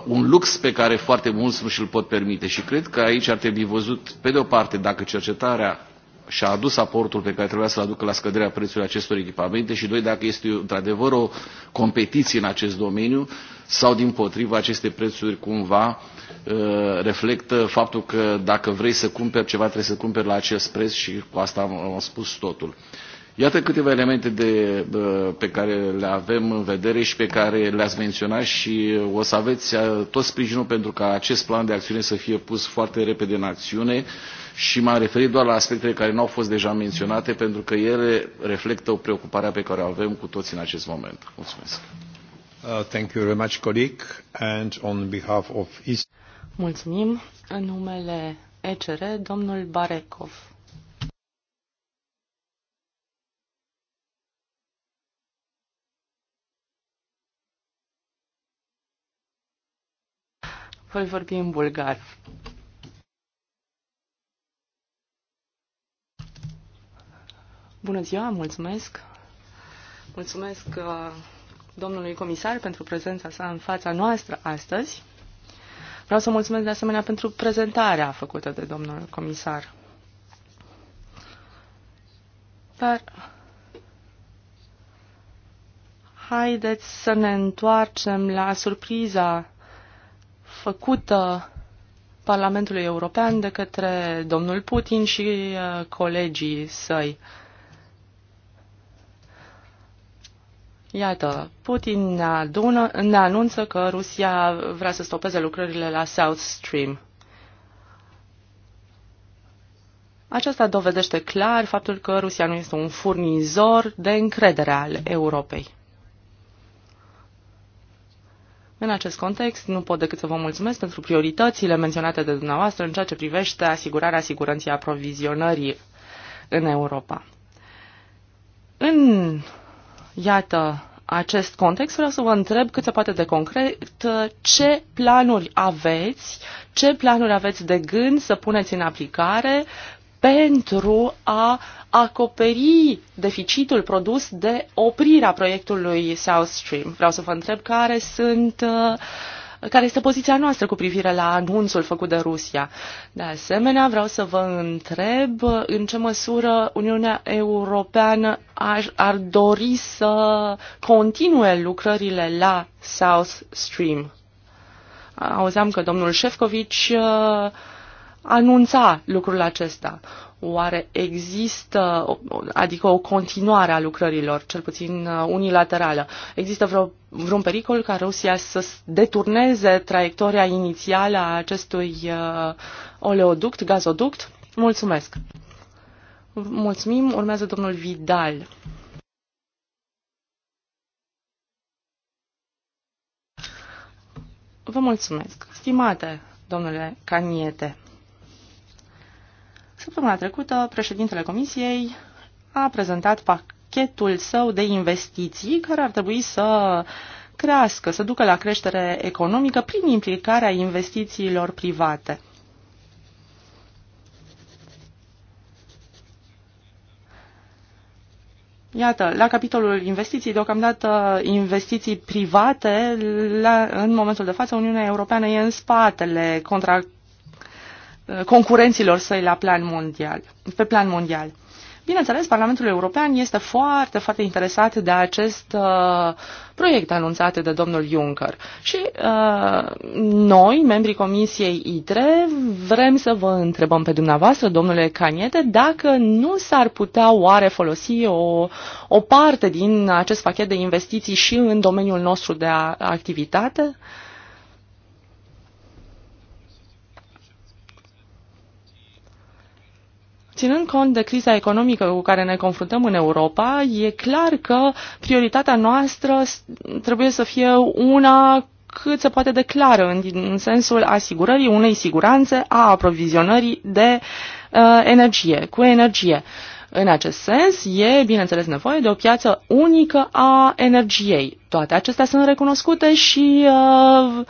un lux pe care foarte mulți nu și-l pot permite. Și cred că aici ar trebui văzut, pe de o parte, dacă cercetarea și-a adus aportul pe care trebuia să-l aducă la scăderea prețului acestor echipamente și, doi, dacă este într-adevăr o competiție în acest domeniu sau, din potrivă, aceste prețuri cumva uh, reflectă faptul că dacă vrei să cumperi ceva, trebuie să cumperi la acest preț și cu asta am spus totul. Iată câteva elemente de, pe care le avem în vedere și pe care le-ați menționat și o să aveți uh, tot sprijinul pentru ca acest plan de acțiune să fie pus foarte repede în acțiune și m-am referit doar la aspectele care nu au fost deja menționate pentru că ele reflectă o preocupare pe care o avem cu toți în acest moment. Mulțumesc. Uh, thank you very much, colleague. And on behalf of East... Mulțumim. În numele ECR, domnul Barekov. Voi vorbi în bulgar. Bună ziua, mulțumesc. Mulțumesc uh, domnului comisar pentru prezența sa în fața noastră astăzi. Vreau să mulțumesc de asemenea pentru prezentarea făcută de domnul comisar. Dar haideți să ne întoarcem la surpriza făcută Parlamentului European de către domnul Putin și uh, colegii săi. Iată, Putin ne, adună, ne anunță că Rusia vrea să stopeze lucrările la South Stream. Aceasta dovedește clar faptul că Rusia nu este un furnizor de încredere al Europei. În acest context, nu pot decât să vă mulțumesc pentru prioritățile menționate de dumneavoastră în ceea ce privește asigurarea siguranței aprovizionării în Europa. În, iată, acest context, vreau să vă întreb cât se poate de concret ce planuri aveți, ce planuri aveți de gând să puneți în aplicare pentru a acoperi deficitul produs de oprirea proiectului South Stream. Vreau să vă întreb care sunt uh, care este poziția noastră cu privire la anunțul făcut de Rusia. De asemenea, vreau să vă întreb în ce măsură Uniunea Europeană ar, ar dori să continue lucrările la South Stream. Auzeam că domnul Șefcovici uh, anunța lucrul acesta? Oare există, adică o continuare a lucrărilor, cel puțin uh, unilaterală? Există vreo, vreun pericol ca Rusia să deturneze traiectoria inițială a acestui uh, oleoduct, gazoduct? Mulțumesc! Mulțumim, urmează domnul Vidal. Vă mulțumesc, stimate domnule Caniete. Săptămâna trecută, președintele Comisiei a prezentat pachetul său de investiții care ar trebui să crească, să ducă la creștere economică prin implicarea investițiilor private. Iată, la capitolul investiții, deocamdată investiții private, la, în momentul de față, Uniunea Europeană e în spatele, contract, Uh, concurenților săi la plan mondial, pe plan mondial. Bineînțeles, Parlamentul European este foarte, foarte interesat de acest uh, proiect anunțat de domnul Juncker. Și uh, noi, membrii Comisiei ITRE, vrem să vă întrebăm pe dumneavoastră, domnule Caniete, dacă nu s-ar putea oare folosi o, o parte din acest pachet de investiții și în domeniul nostru de a, activitate? Uh, Ținând cont de criza economică cu care ne confruntăm în Europa, e clar că prioritatea noastră trebuie să fie una cât se poate declară în, în sensul asigurării unei siguranțe a aprovizionării de uh, energie, cu energie. În acest sens, e, bineînțeles, nevoie de o piață unică a energiei. Toate acestea sunt recunoscute și uh,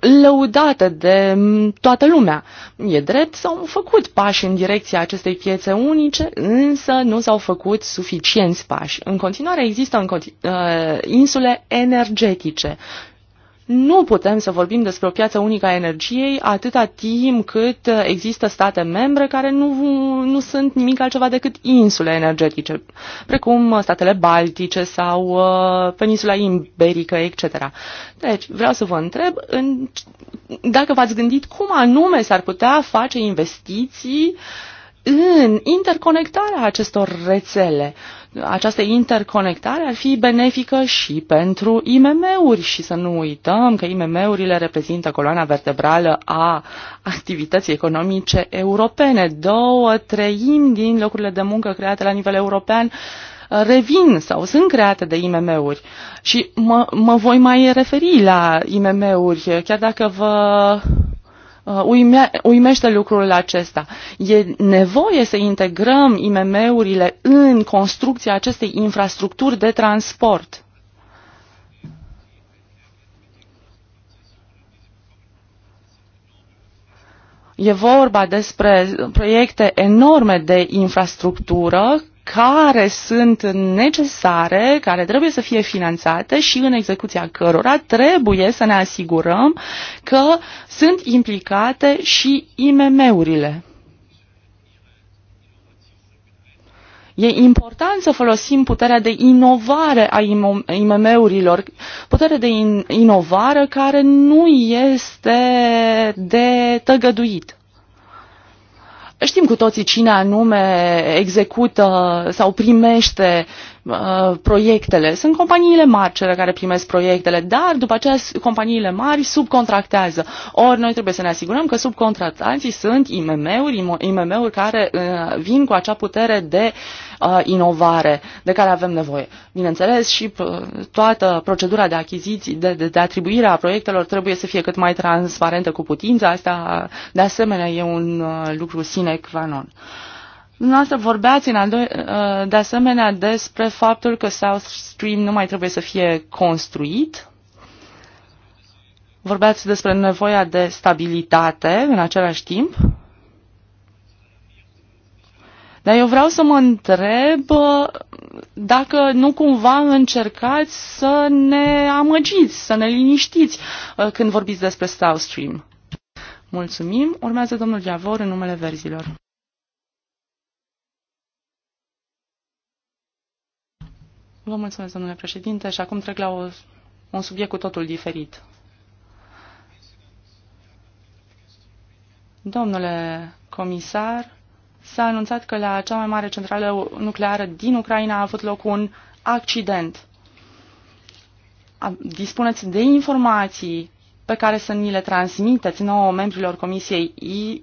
lăudată de mm, toată lumea. E drept, s-au făcut pași în direcția acestei piețe unice, însă nu s-au făcut suficienți pași. În continuare există în continu- uh, insule energetice nu putem să vorbim despre o piață unică a energiei atâta timp cât există state membre care nu, nu sunt nimic altceva decât insule energetice, precum statele Baltice sau uh, peninsula Iberică, etc. Deci, vreau să vă întreb în, dacă v-ați gândit cum anume s-ar putea face investiții uh, în interconectarea acestor rețele. Această interconectare ar fi benefică și pentru IMM-uri și să nu uităm că IMM-urile reprezintă coloana vertebrală a activității economice europene. Două treimi din locurile de muncă create la nivel european uh, revin sau sunt create de IMM-uri și mă, mă voi mai referi la IMM-uri, chiar dacă vă Uh, uimește lucrul acesta. E nevoie să integrăm IMM-urile în construcția acestei infrastructuri de transport. E vorba despre proiecte enorme de infrastructură care sunt necesare, care trebuie să fie finanțate și în execuția cărora trebuie să ne asigurăm că sunt implicate și IMM-urile. E important să folosim puterea de inovare a IMM-urilor, puterea de in inovare care nu este de tăgăduit. Știm cu toții cine anume execută sau primește uh, proiectele. Sunt companiile mari cele care primesc proiectele, dar după aceea companiile mari subcontractează. Ori noi trebuie să ne asigurăm că subcontractanții sunt IMM-uri, IMM-uri care uh, vin cu acea putere de uh, uh, inovare de care avem nevoie. Bineînțeles, și toată procedura de achiziții, de, de, de atribuire a proiectelor trebuie să fie cât mai transparentă cu putință. Asta, de asemenea, e un uh, lucru sine qua non. Dumneavoastră vorbeați în al doi, de asemenea despre faptul că South Stream nu mai trebuie să fie construit, vorbeați despre nevoia de stabilitate în același timp. Dar eu vreau să mă întreb uh, dacă nu cumva încercați să ne amăgiți, să ne liniștiți uh, când vorbiți despre South Stream. Mulțumim. Urmează domnul Javor în numele verzilor. Vă mulțumesc, domnule președinte, și acum trec la o, un subiect cu totul diferit. Domnule comisar, s-a anunțat că la cea mai mare centrală nucleară din Ucraina a avut loc un accident. Dispuneți de informații pe care să ni le transmiteți nouă membrilor Comisiei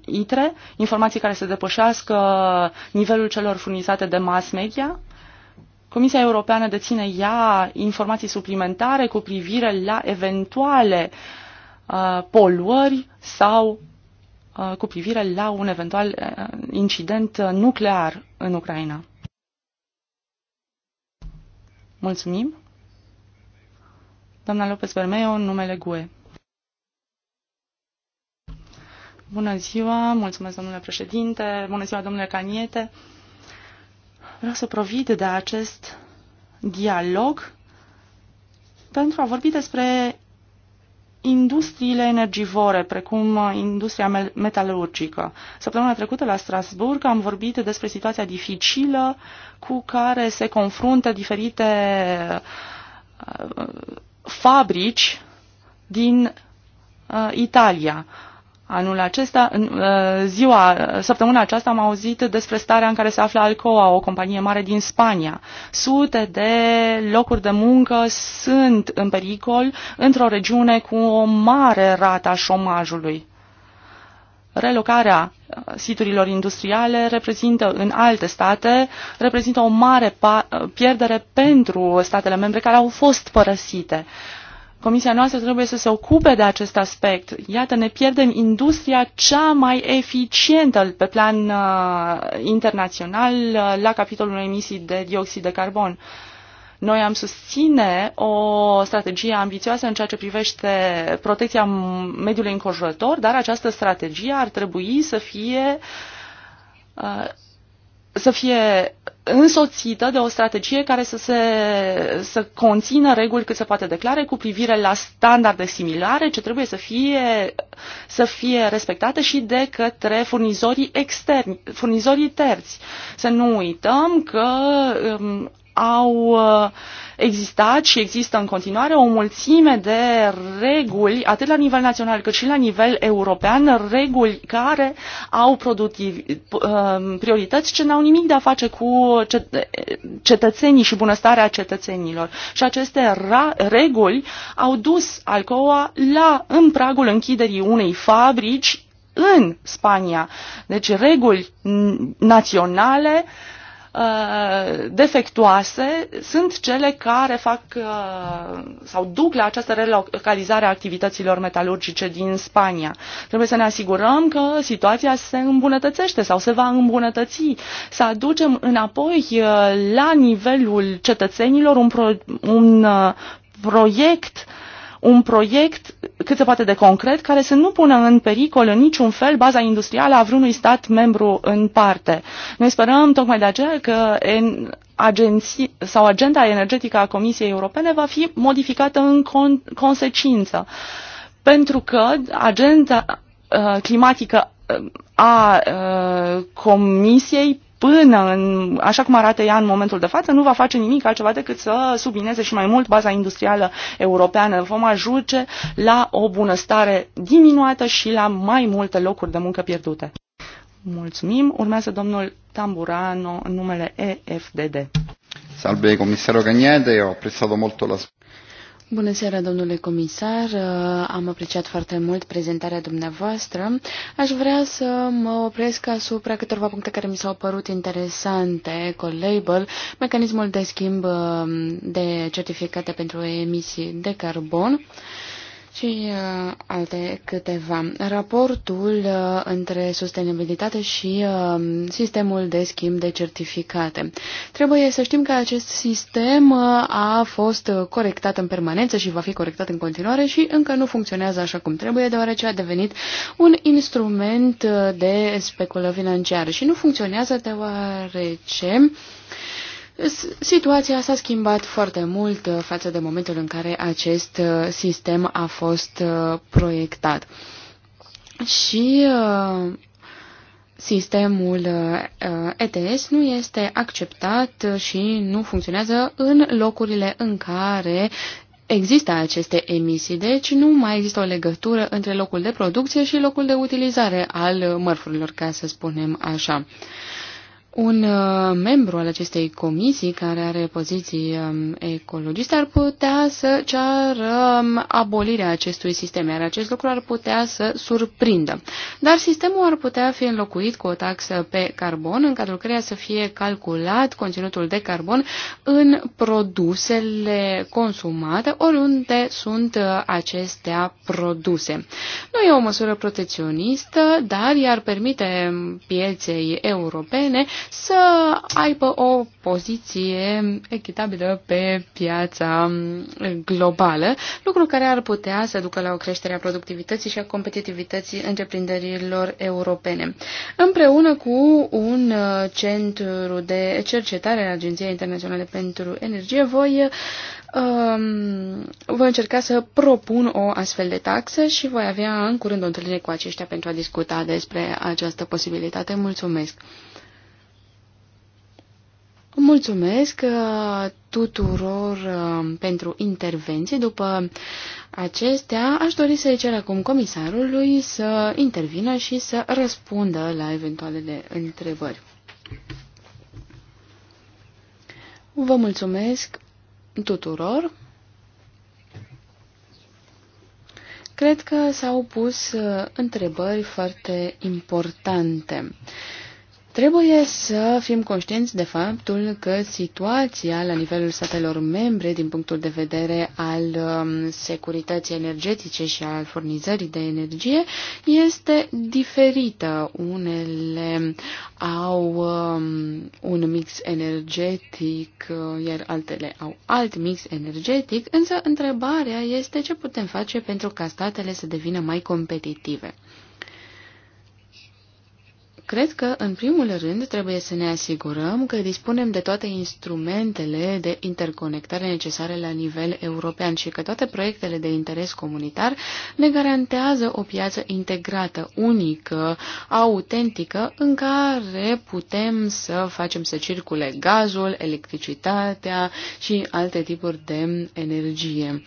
ITRE, informații care să depășească nivelul celor furnizate de mass media? Comisia Europeană deține ea informații suplimentare cu privire la eventuale uh, poluări sau Uh, cu privire la un eventual uh, incident uh, nuclear în Ucraina. Mulțumim. Doamna Lopez Bermeo, numele GUE. Bună ziua, mulțumesc domnule președinte, bună ziua domnule Caniete. Vreau să provid de acest dialog pentru a vorbi despre industriile energivore, precum uh, industria metalurgică. Săptămâna trecută la Strasburg am vorbit despre situația dificilă cu care se confruntă diferite uh, fabrici din uh, Italia. Anul acesta, în uh, ziua, săptămâna aceasta am auzit despre starea în care se află Alcoa, o companie mare din Spania. Sute de locuri de muncă sunt în pericol într-o regiune cu o mare rată a șomajului. Relocarea uh, siturilor industriale reprezintă în alte state, reprezintă o mare uh, pierdere pentru statele membre care au fost părăsite. Uh, Comisia noastră trebuie să se ocupe de acest aspect. Iată, ne pierdem industria cea mai eficientă pe plan uh, internațional uh, la capitolul emisii de dioxid de carbon. Noi am susține o strategie ambițioasă în ceea ce privește protecția mediului înconjurător, dar această strategie ar trebui să fie uh, să fie însoțită de o strategie care să, se, să conțină reguli cât se poate declare cu privire la standarde similare ce trebuie să fie, să fie respectate și de către furnizorii externi, furnizorii terți. Să nu uităm că um, au uh, existat și există în continuare o mulțime de reguli, atât la nivel național cât și la nivel european, reguli care au productiv, um, priorități ce n-au nimic de a face cu cetățenii și bunăstarea cetățenilor. Și aceste reguli au dus Alcoa la, în pragul închiderii unei fabrici în Spania. Deci reguli naționale uh, Uh, defectuoase sunt cele care fac uh, sau duc la această relocalizare a activităților metalurgice din Spania. Trebuie să ne asigurăm că situația se îmbunătățește sau se va îmbunătăți, să aducem înapoi uh, la nivelul cetățenilor un, pro, un uh, proiect un proiect cât se poate de concret, care să nu pună în pericol în niciun fel baza industrială a vreunui stat membru în parte. Noi sperăm tocmai de aceea că în agenții, sau agenda energetică a Comisiei Europene va fi modificată în con- consecință. Pentru că agenda uh, climatică uh, a uh, Comisiei până în, așa cum arată ea în momentul de față, nu va face nimic altceva decât să submineze și mai mult baza industrială europeană. Vom ajunge la o bunăstare diminuată și la mai multe locuri de muncă pierdute. Mulțumim. Urmează domnul Tamburano în numele EFDD. Salve comisaro Cagnete, ho apprezzato molto la Bună seara, domnule comisar. Uh, am apreciat foarte mult prezentarea dumneavoastră. Aș vrea să mă opresc asupra câteva puncte care mi s-au părut interesante, cu label, mecanismul de schimb uh, de certificate pentru emisii de carbon și uh, alte câteva. Raportul uh, între sustenabilitate și uh, sistemul de schimb de certificate. Trebuie să știm că acest sistem uh, a fost corectat în permanență și va fi corectat în continuare și încă nu funcționează așa cum trebuie, deoarece a devenit un instrument uh, de speculă financiară și nu funcționează deoarece Situația s-a schimbat foarte mult uh, față de momentul în care acest uh, sistem a fost uh, proiectat. Și sistemul ETS nu este acceptat și nu funcționează în locurile în care Există aceste emisii, deci nu mai există o legătură între locul de producție și locul de utilizare al mărfurilor, ca să spunem așa un uh, membru al acestei comisii care are poziții um, ecologiste ar putea să ceară um, abolirea acestui sistem, iar acest lucru ar putea să surprindă. Dar sistemul ar putea fi înlocuit cu o taxă pe carbon, în cadrul căreia să fie calculat conținutul de carbon în produsele consumate, oriunde sunt uh, acestea produse. Nu e o măsură protecționistă, dar i-ar permite um, pieței europene să aibă o poziție echitabilă pe piața globală, lucru care ar putea să ducă la o creștere a productivității și a competitivității întreprinderilor europene. Împreună cu un centru de cercetare al Agenției Internaționale pentru Energie, voi um, voi încerca să propun o astfel de taxă și voi avea în curând o întâlnire cu aceștia pentru a discuta despre această posibilitate. Mulțumesc! Mulțumesc uh, tuturor uh, pentru intervenții. După acestea, aș dori să-i cer acum comisarului să intervină și să răspundă la eventualele întrebări. Vă mulțumesc tuturor. Cred că s-au pus uh, întrebări foarte importante. Uh, Trebuie să fim conștienți de faptul că situația la nivelul statelor membre din punctul de vedere al um, securității energetice și al furnizării de energie este diferită. Unele au um, un mix energetic, uh, iar altele au alt mix energetic, însă întrebarea este ce putem face pentru ca statele să devină mai competitive. Cred că, în primul rând, trebuie să ne asigurăm că dispunem de toate instrumentele de interconectare necesare la nivel european și că toate proiectele de interes comunitar ne garantează o piață integrată, unică, autentică, în care putem să facem să circule gazul, electricitatea și alte tipuri de energie.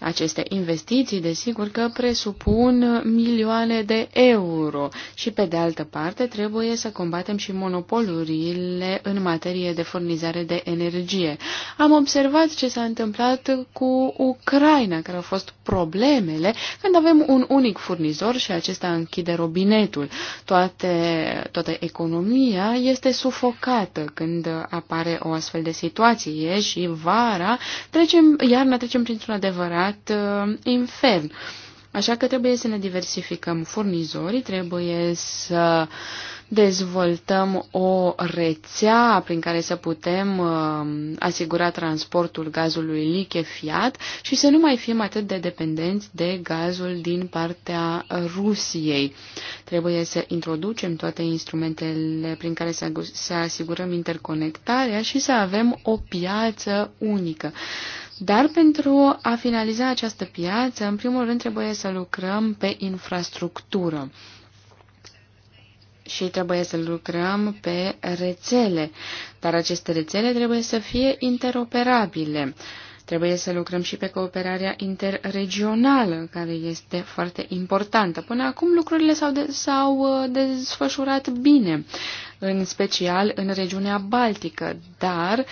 Aceste investiții, desigur că presupun milioane de euro și, pe de altă parte, trebuie să combatem și monopolurile în materie de furnizare de energie. Am observat ce s-a întâmplat cu Ucraina, care au fost problemele când avem un unic furnizor și acesta închide robinetul. Toate, toată economia este sufocată când apare o astfel de situație și vara trecem, iarna trecem printr-un adevărat adevărat uh, infern. Așa că trebuie să ne diversificăm furnizorii, trebuie să dezvoltăm o rețea prin care să putem uh, asigura transportul gazului lichefiat și să nu mai fim atât de dependenți de gazul din partea Rusiei. Trebuie să introducem toate instrumentele prin care să, să asigurăm interconectarea și să avem o piață unică. Dar pentru a finaliza această piață, în primul rând trebuie să lucrăm pe infrastructură și trebuie să lucrăm pe rețele. Dar aceste rețele trebuie să fie interoperabile. Trebuie să lucrăm și pe cooperarea interregională, care este foarte importantă. Până acum lucrurile s-au, de- s-au uh, desfășurat bine, în special în regiunea Baltică, dar uh,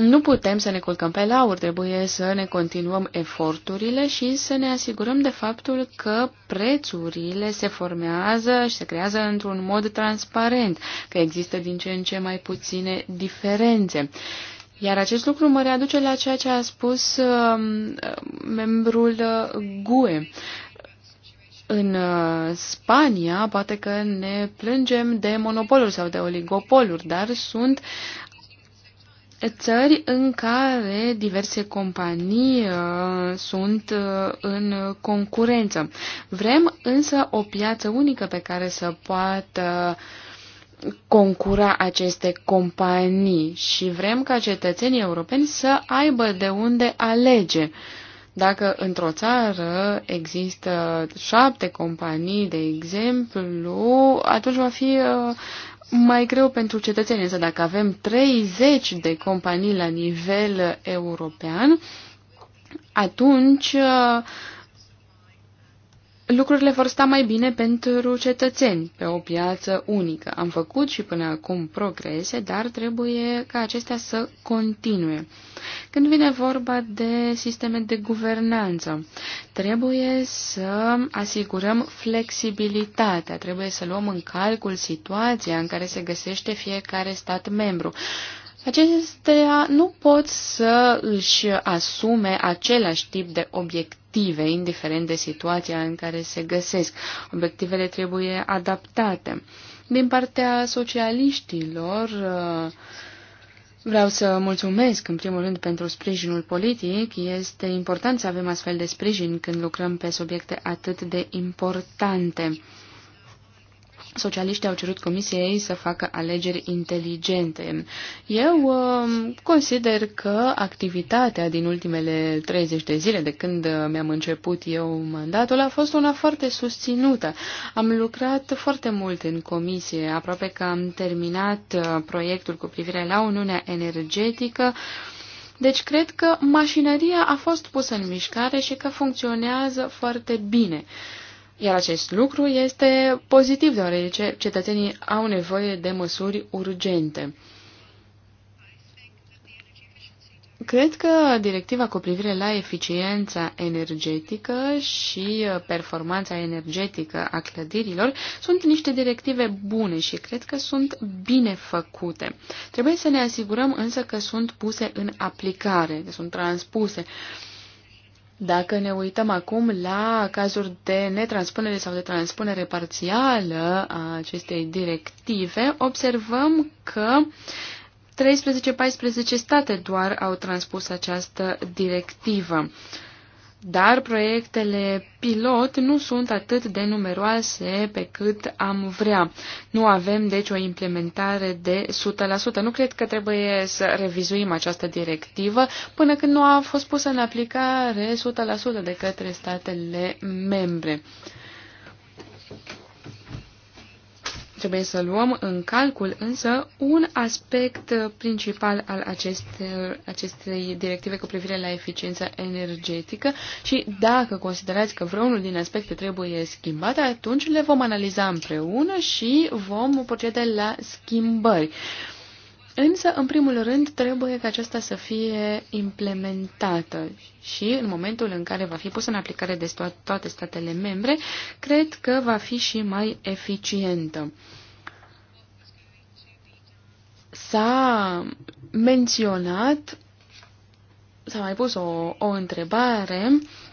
nu putem să ne culcăm pe lauri, trebuie să ne continuăm eforturile și să ne asigurăm de faptul că prețurile se formează și se creează într-un mod transparent, că există din ce în ce mai puține diferențe. Iar acest lucru mă readuce la ceea ce a spus um, uh, membrul uh, GUE. În Spania, poate că ne plângem de monopoluri sau de oligopoluri, dar sunt țări în care diverse companii uh, sunt uh, în concurență. Vrem însă o piață unică pe care să poată concura aceste companii și vrem ca cetățenii europeni să aibă de unde alege. Dacă într-o țară există șapte companii, de exemplu, atunci va fi uh, mai greu pentru cetățenii însă dacă avem 30 de companii la nivel european, atunci uh, lucrurile vor sta mai bine pentru cetățeni pe o piață unică. Am făcut și până acum progrese, dar trebuie ca acestea să continue. Când vine vorba de sisteme de guvernanță, trebuie să asigurăm flexibilitatea, trebuie să luăm în calcul situația în care se găsește fiecare stat membru acestea nu pot să își asume același tip de obiective, indiferent de situația în care se găsesc. Obiectivele trebuie adaptate. Din partea socialiștilor, vreau să mulțumesc în primul rând pentru sprijinul politic. Este important să avem astfel de sprijin când lucrăm pe subiecte atât de importante. Socialiștii au cerut comisiei să facă alegeri inteligente. Eu um, consider că activitatea din ultimele 30 de zile, de când mi-am început eu mandatul, a fost una foarte susținută. Am lucrat foarte mult în comisie, aproape că am terminat uh, proiectul cu privire la Uniunea Energetică. Deci cred că mașinăria a fost pusă în mișcare și că funcționează foarte bine. Iar acest lucru este pozitiv, deoarece cetățenii au nevoie de măsuri urgente. Cred că directiva cu privire la eficiența energetică și uh, performanța energetică a clădirilor sunt niște directive bune și cred că sunt bine făcute. Trebuie să ne asigurăm însă că sunt puse în aplicare, că sunt transpuse. Uh, dacă ne uităm acum la cazuri de netranspunere sau de transpunere parțială a acestei directive, observăm că 13-14 state doar au transpus această directivă dar proiectele pilot nu sunt atât de numeroase pe cât am vrea. Nu avem, deci, o implementare de 100%. Nu cred că trebuie să revizuim această directivă până când nu a fost pusă în aplicare 100% de către statele membre. Trebuie să luăm în calcul însă un aspect principal al acestei, acestei directive cu privire la eficiența energetică și dacă considerați că vreunul din aspecte trebuie schimbat, atunci le vom analiza împreună și vom proceda la schimbări. Uh, Însă, în primul rând, trebuie ca aceasta să fie implementată și în momentul în care va fi pusă în aplicare de toate statele membre, cred că va fi și mai eficientă. S-a menționat, s-a mai pus o, o întrebare uh,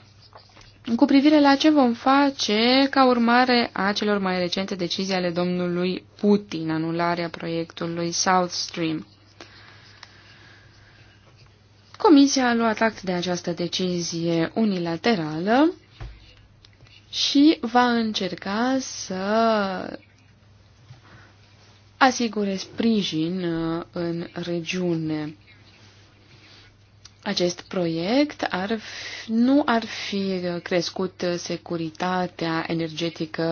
cu privire la ce vom face ca urmare a celor mai recente decizii ale domnului Putin, anularea proiectului South Stream. Comisia a luat act de această decizie unilaterală și va încerca să asigure sprijin uh, în regiune acest proiect ar, nu ar fi crescut securitatea energetică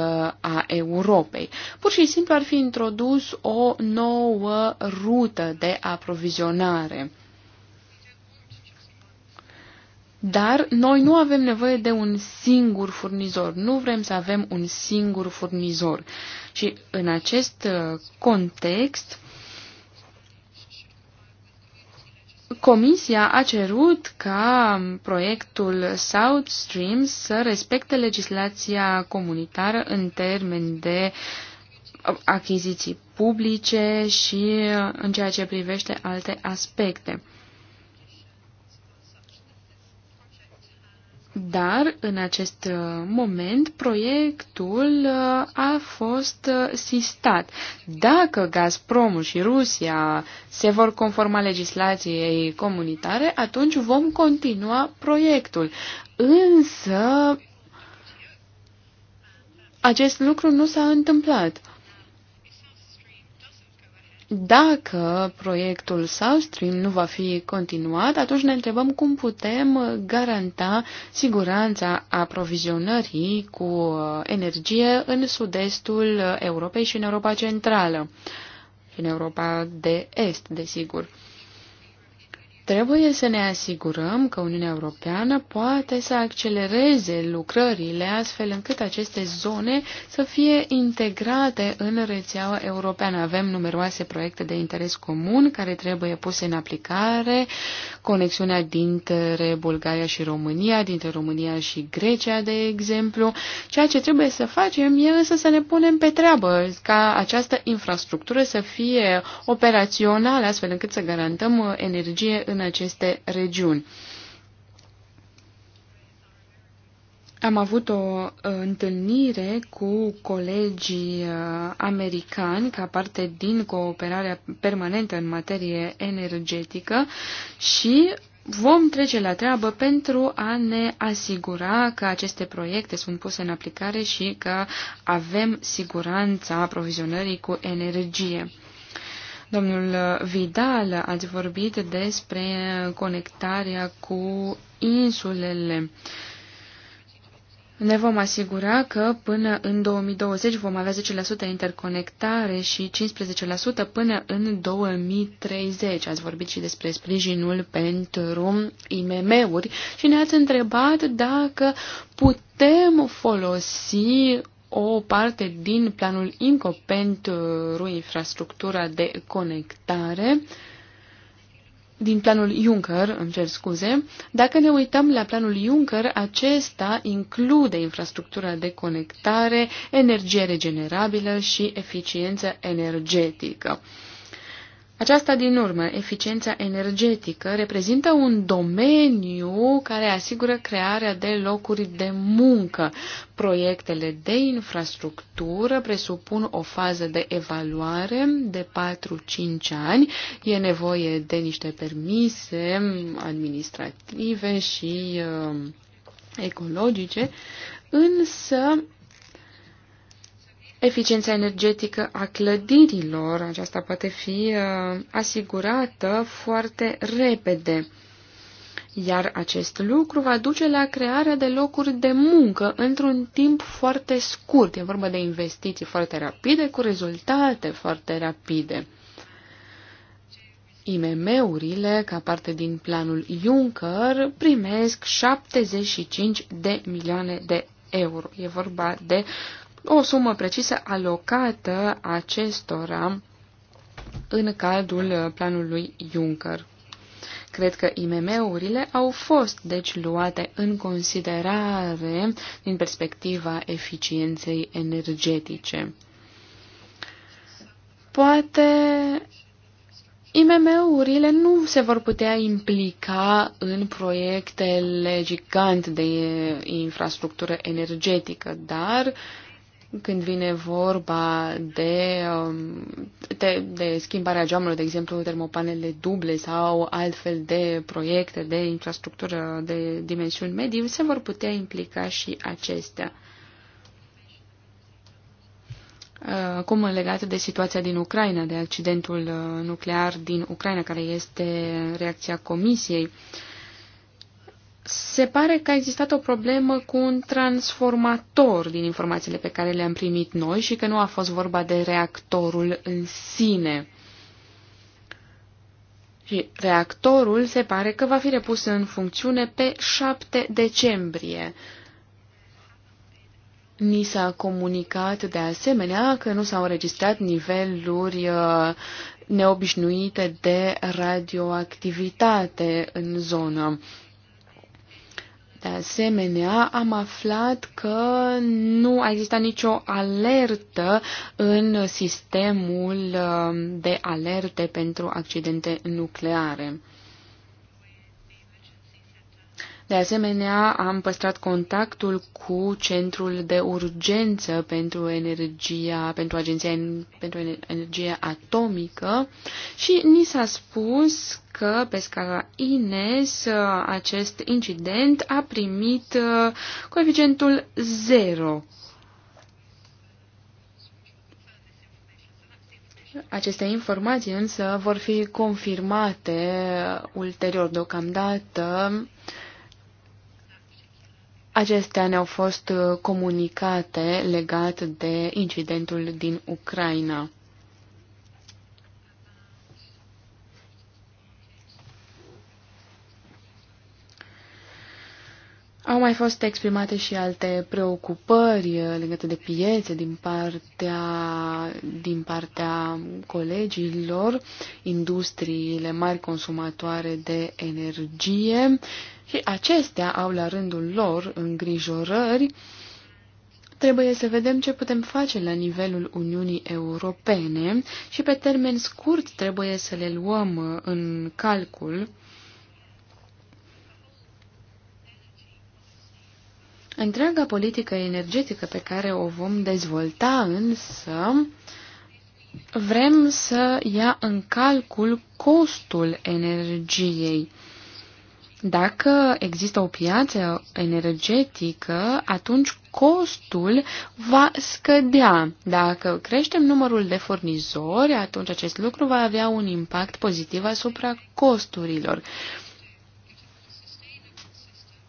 a Europei. Pur și simplu ar fi introdus o nouă rută de aprovizionare. Dar noi nu avem nevoie de un singur furnizor, nu vrem să avem un singur furnizor. Și în acest context, Comisia a cerut ca proiectul South Stream să respecte legislația comunitară în termen de achiziții publice și în ceea ce privește alte aspecte. Dar, în acest uh, moment, proiectul uh, a fost uh, sistat. Dacă Gazpromul și Rusia se vor conforma legislației comunitare, atunci vom continua proiectul. Însă, acest lucru nu s-a întâmplat. Dacă proiectul South Stream nu va fi continuat, atunci ne întrebăm cum putem garanta siguranța aprovizionării cu energie în sud-estul Europei și în Europa Centrală, și în Europa de Est, desigur. Trebuie să ne asigurăm că Uniunea Europeană poate să accelereze lucrările astfel încât aceste zone să fie integrate în rețeaua europeană. Avem numeroase proiecte de interes comun care trebuie puse în aplicare, conexiunea dintre Bulgaria și România, dintre România și Grecia, de exemplu. Ceea ce trebuie să facem e însă să ne punem pe treabă ca această infrastructură să fie operațională astfel încât să garantăm energie în aceste regiuni. Am avut o uh, întâlnire cu colegii uh, americani ca parte din cooperarea permanentă în materie energetică și vom trece la treabă pentru a ne asigura că aceste proiecte sunt puse în aplicare și că avem siguranța aprovizionării cu energie. Domnul Vidal, ați vorbit despre conectarea cu insulele. Ne vom asigura că până în 2020 vom avea 10% interconectare și 15% până în 2030. Ați vorbit și despre sprijinul pentru IMM-uri și ne-ați întrebat dacă putem folosi o parte din planul INCO pentru infrastructura de conectare, din planul Juncker, îmi cer scuze, dacă ne uităm la planul Juncker, acesta include infrastructura de conectare, energie regenerabilă și eficiență energetică. Aceasta din urmă, eficiența energetică, reprezintă un domeniu care asigură crearea de locuri de muncă. Proiectele de infrastructură presupun o fază de evaluare de 4-5 ani. E nevoie de niște permise administrative și uh, ecologice, însă eficiența energetică a clădirilor. Aceasta poate fi uh, asigurată foarte repede. Iar acest lucru va duce la crearea de locuri de muncă într-un timp foarte scurt. E vorba de investiții foarte rapide cu rezultate foarte rapide. IMM-urile, ca parte din planul Juncker, primesc 75 de milioane de euro. E vorba de o sumă precisă alocată acestora în cadrul planului Juncker. Cred că IMM-urile au fost, deci, luate în considerare din perspectiva eficienței energetice. Poate IMM-urile nu se vor putea implica în proiectele gigante de infrastructură energetică, dar când vine vorba de, de, um, de schimbarea geamului, de exemplu, termopanele duble sau altfel de proiecte de infrastructură de dimensiuni medii, se vor putea implica și acestea. Uh, acum, legat de situația din Ucraina, de accidentul uh, nuclear din Ucraina, care este reacția Comisiei, uh, se pare că a existat o problemă cu un transformator din informațiile pe care le-am primit noi și că nu a fost vorba de reactorul în sine. Și reactorul se pare că va fi repus în funcțiune pe 7 decembrie. Ni s-a comunicat de asemenea că nu s-au înregistrat niveluri uh, neobișnuite de radioactivitate în zonă. De asemenea, am aflat că nu a existat nicio alertă în sistemul uh, de alerte pentru accidente nucleare. De asemenea, am păstrat contactul cu centrul de urgență pentru energia, pentru Agenția pentru Energie Atomică și ni s-a spus că pe scara INES acest incident a primit uh, coeficientul 0. Aceste informații însă vor fi confirmate ulterior deocamdată. Acestea ne-au fost uh, comunicate legat de incidentul din Ucraina. Au mai fost exprimate și alte preocupări uh, legate de piețe din partea, din partea colegilor, industriile mari consumatoare de energie și acestea au la rândul lor îngrijorări. Trebuie să vedem ce putem face la nivelul Uniunii Europene și pe termen scurt trebuie să le luăm uh, în calcul Întreaga politică energetică pe care o vom dezvolta însă vrem să ia în calcul costul energiei. Dacă există o piață energetică, atunci costul va scădea. Dacă creștem numărul de furnizori, atunci acest lucru va avea un impact pozitiv asupra costurilor.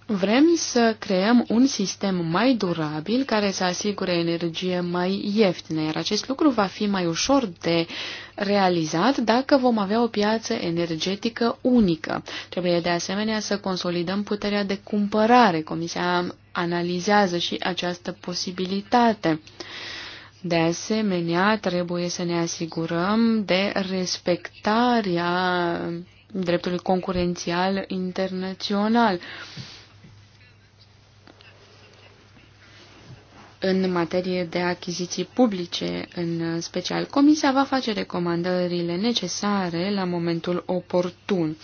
Vrem să creăm un sistem mai durabil care să asigure energie mai ieftină, iar acest lucru va fi mai ușor de realizat dacă vom avea o piață energetică unică. Trebuie de asemenea să consolidăm puterea de cumpărare. Comisia analizează și această posibilitate. De asemenea, trebuie să ne asigurăm de respectarea dreptului concurențial internațional. în materie de achiziții publice, în special. Comisia va face recomandările necesare la momentul oportun.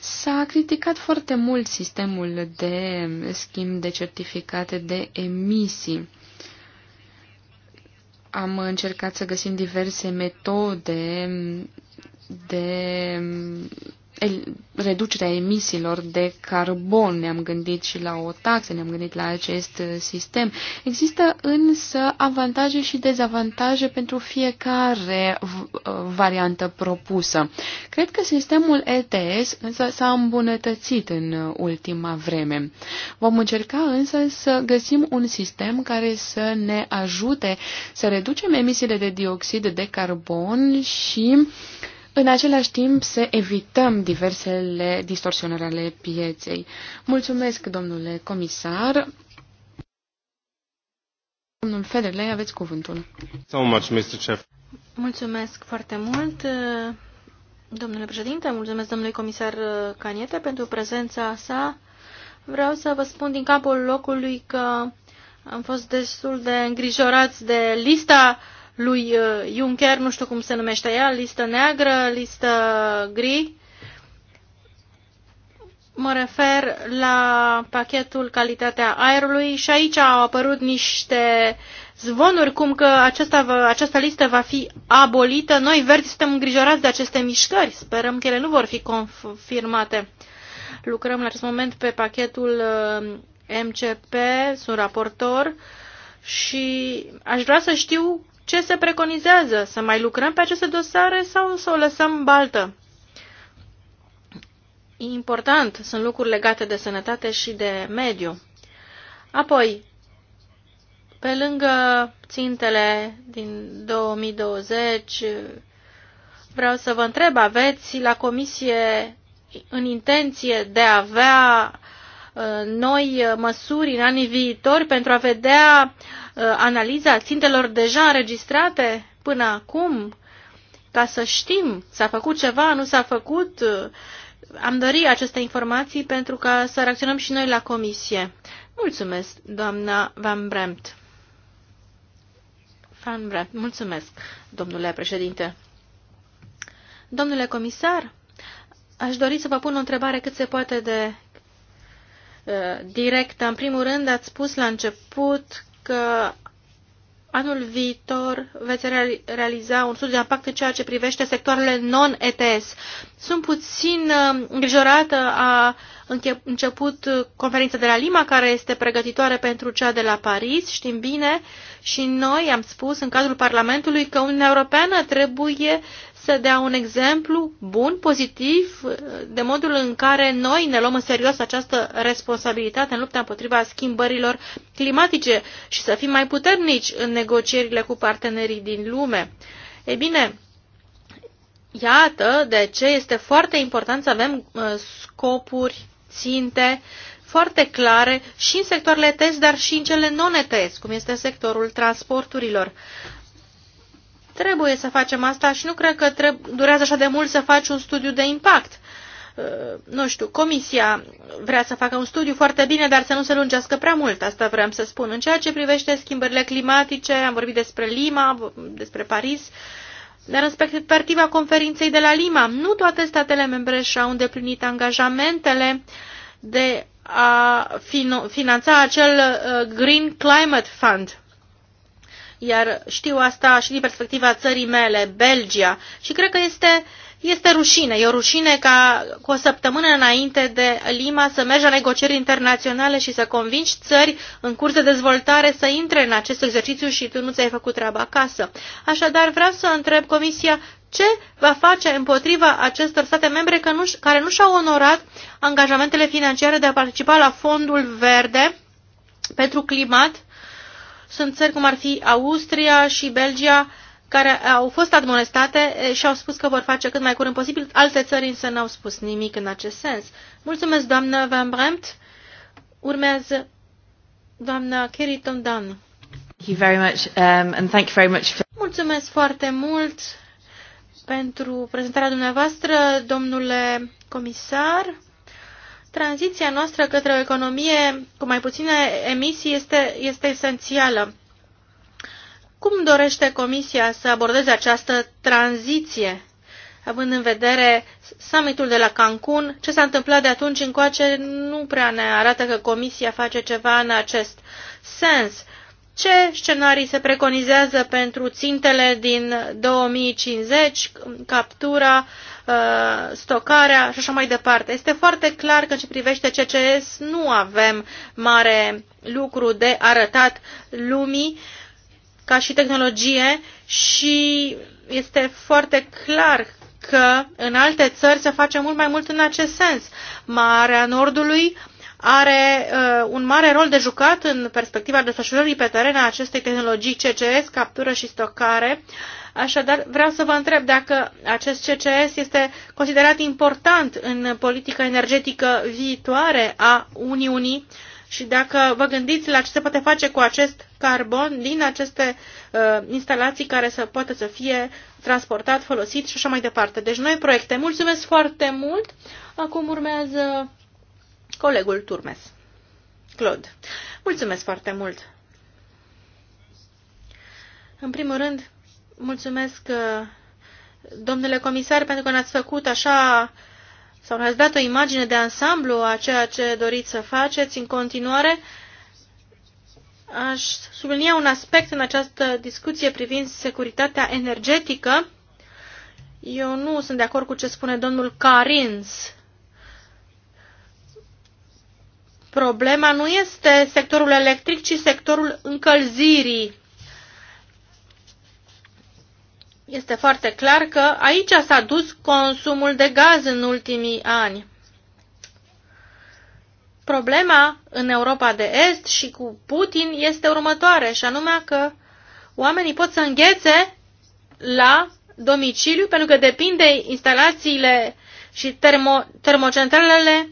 S-a criticat foarte mult sistemul de schimb de certificate de emisii. Am încercat să găsim diverse metode de reducerea emisiilor de carbon. Ne-am gândit și la o taxă, ne-am gândit la acest sistem. Există însă avantaje și dezavantaje pentru fiecare uh, variantă propusă. Cred că sistemul ETS însă s-a îmbunătățit în ultima vreme. Vom încerca însă să găsim un sistem care să ne ajute să reducem emisiile de dioxid de carbon și uh, în același timp, să evităm diversele distorsionări ale pieței. Mulțumesc, domnule comisar. Domnul Federle, aveți cuvântul. So much, Mr. Chef. Mulțumesc foarte mult, domnule președinte, mulțumesc domnului comisar Caniete pentru prezența sa. Vreau să vă spun din capul locului că am fost destul de îngrijorați de lista uh, lui uh, Juncker, nu știu cum se numește ea, listă neagră, listă gri. Mă refer la pachetul calitatea aerului și aici au apărut niște zvonuri cum că acesta, această listă va fi abolită. Noi, verzi, suntem îngrijorați de aceste mișcări. Sperăm că ele nu vor fi confirmate. Lucrăm la acest moment pe pachetul uh, MCP, sunt raportor și aș vrea să știu ce se preconizează? Să mai lucrăm pe aceste dosare sau să o lăsăm baltă? Important sunt lucruri legate de sănătate și de mediu. Apoi, pe lângă țintele din 2020, vreau să vă întreb, aveți la comisie în intenție de a avea Uh, noi uh, măsuri în anii viitori pentru a vedea uh, analiza țintelor deja înregistrate până acum, ca să știm, s-a făcut ceva, nu s-a făcut, am dorit aceste informații pentru ca să reacționăm și noi la comisie. Mulțumesc, doamna Van Bremt. Van Bremt, mulțumesc, domnule președinte. Domnule comisar, aș dori să vă pun o întrebare cât se poate de Uh, directă. În primul rând, ați spus la început că anul viitor veți realiza un studiu de impact în ceea ce privește sectoarele non-ETS. Sunt puțin uh, îngrijorată a început conferința de la Lima, care este pregătitoare pentru cea de la Paris, știm bine, și noi am spus în cadrul Parlamentului că Uniunea Europeană trebuie să dea un exemplu bun, pozitiv, de modul în care noi ne luăm în serios această responsabilitate în lupta împotriva schimbărilor climatice și să fim mai puternici în negocierile cu partenerii din lume. Ei bine, iată de ce este foarte important să avem uh, scopuri, ținte foarte clare și în sectoarele ETS, dar și în cele non-ETS, cum este sectorul transporturilor. Trebuie să facem asta și nu cred că durează așa de mult să faci un studiu de impact. Uh, nu știu, comisia vrea să facă un studiu foarte bine, dar să nu se lungească prea mult, asta vreau să spun. În ceea ce privește schimbările climatice, am vorbit despre Lima, despre Paris, dar în perspectiva conferinței de la Lima, nu toate statele membre și-au îndeplinit angajamentele de a finanța acel uh, Green Climate Fund iar știu asta și din perspectiva țării mele, Belgia, și cred că este, este rușine. E o rușine ca cu o săptămână înainte de Lima să mergi la negocieri internaționale și să convingi țări în curs de dezvoltare să intre în acest exercițiu și tu nu ți-ai făcut treaba acasă. Așadar, vreau să întreb Comisia ce va face împotriva acestor state membre că nu, care nu și-au onorat angajamentele financiare de a participa la Fondul Verde pentru Climat sunt țări cum ar fi Austria și Belgia care au fost admonestate și au spus că vor face cât mai curând posibil. Alte țări însă n-au spus nimic în acest sens. Mulțumesc, doamnă Van Bremt. Urmează doamna Keriton Dan. Um, Mulțumesc foarte mult pentru prezentarea dumneavoastră, domnule comisar tranziția noastră către o economie cu mai puține emisii este, este esențială. Cum dorește Comisia să abordeze această tranziție, având în vedere summitul de la Cancun? Ce s-a întâmplat de atunci încoace nu prea ne arată că Comisia face ceva în acest sens. Ce scenarii se preconizează pentru țintele din 2050, captura, Uh, stocarea și așa mai departe. Este foarte clar că în ce privește CCS nu avem mare lucru de arătat lumii ca și tehnologie și este foarte clar că în alte țări se face mult mai mult în acest sens. Marea Nordului are uh, un mare rol de jucat în perspectiva desfășurării pe teren a acestei tehnologii CCS, captură și stocare. Uh, Așadar, vreau să vă întreb dacă acest CCS este considerat important în politica energetică viitoare a Uniunii și dacă vă gândiți la ce se poate face cu acest carbon din aceste uh, instalații care să poată să fie transportat, folosit și așa mai departe. Deci noi proiecte. Mulțumesc foarte mult. Acum urmează colegul Turmes. Claude. Mulțumesc foarte mult. În primul rând, Mulțumesc, uh, domnule comisar, pentru că ne-ați făcut așa sau ne-ați dat o imagine de ansamblu a ceea ce doriți să faceți în continuare. Aș sublinia un aspect în această discuție privind securitatea energetică. Eu nu sunt de acord cu ce spune domnul Carins. Problema nu este sectorul electric, ci sectorul încălzirii este foarte clar că aici s-a dus consumul de gaz în ultimii ani. Problema în Europa de Est și cu Putin este următoare, și anume că oamenii pot să înghețe la domiciliu, pentru că depinde instalațiile și termo, termocentralele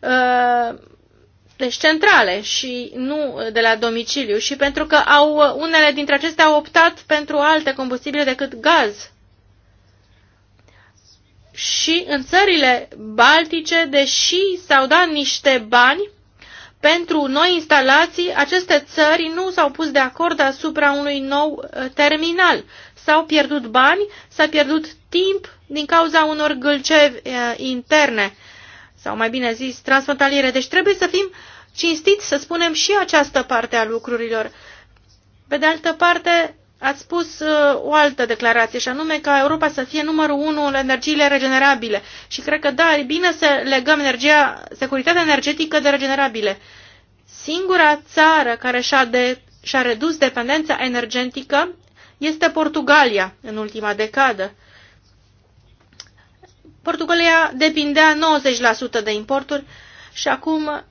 uh, deci centrale și nu uh, de la domiciliu și pentru că au, uh, unele dintre acestea au optat pentru alte combustibile decât gaz. Și în țările baltice, deși s-au dat niște bani pentru noi instalații, aceste țări nu s-au pus de acord asupra unui nou uh, terminal. S-au pierdut bani, s-a pierdut timp din cauza unor gâlcevi interne sau mai bine zis, transfrontaliere. Deci trebuie să fim cinstit să spunem și această parte a lucrurilor. Pe de altă parte, ați spus uh, o altă declarație, și anume ca Europa să fie numărul unu în energiile regenerabile. Și cred că da, e bine să legăm energia, securitatea energetică de regenerabile. Singura țară care și-a, de, și-a redus dependența energetică este Portugalia în ultima decadă. Portugalia depindea 90% de importuri și acum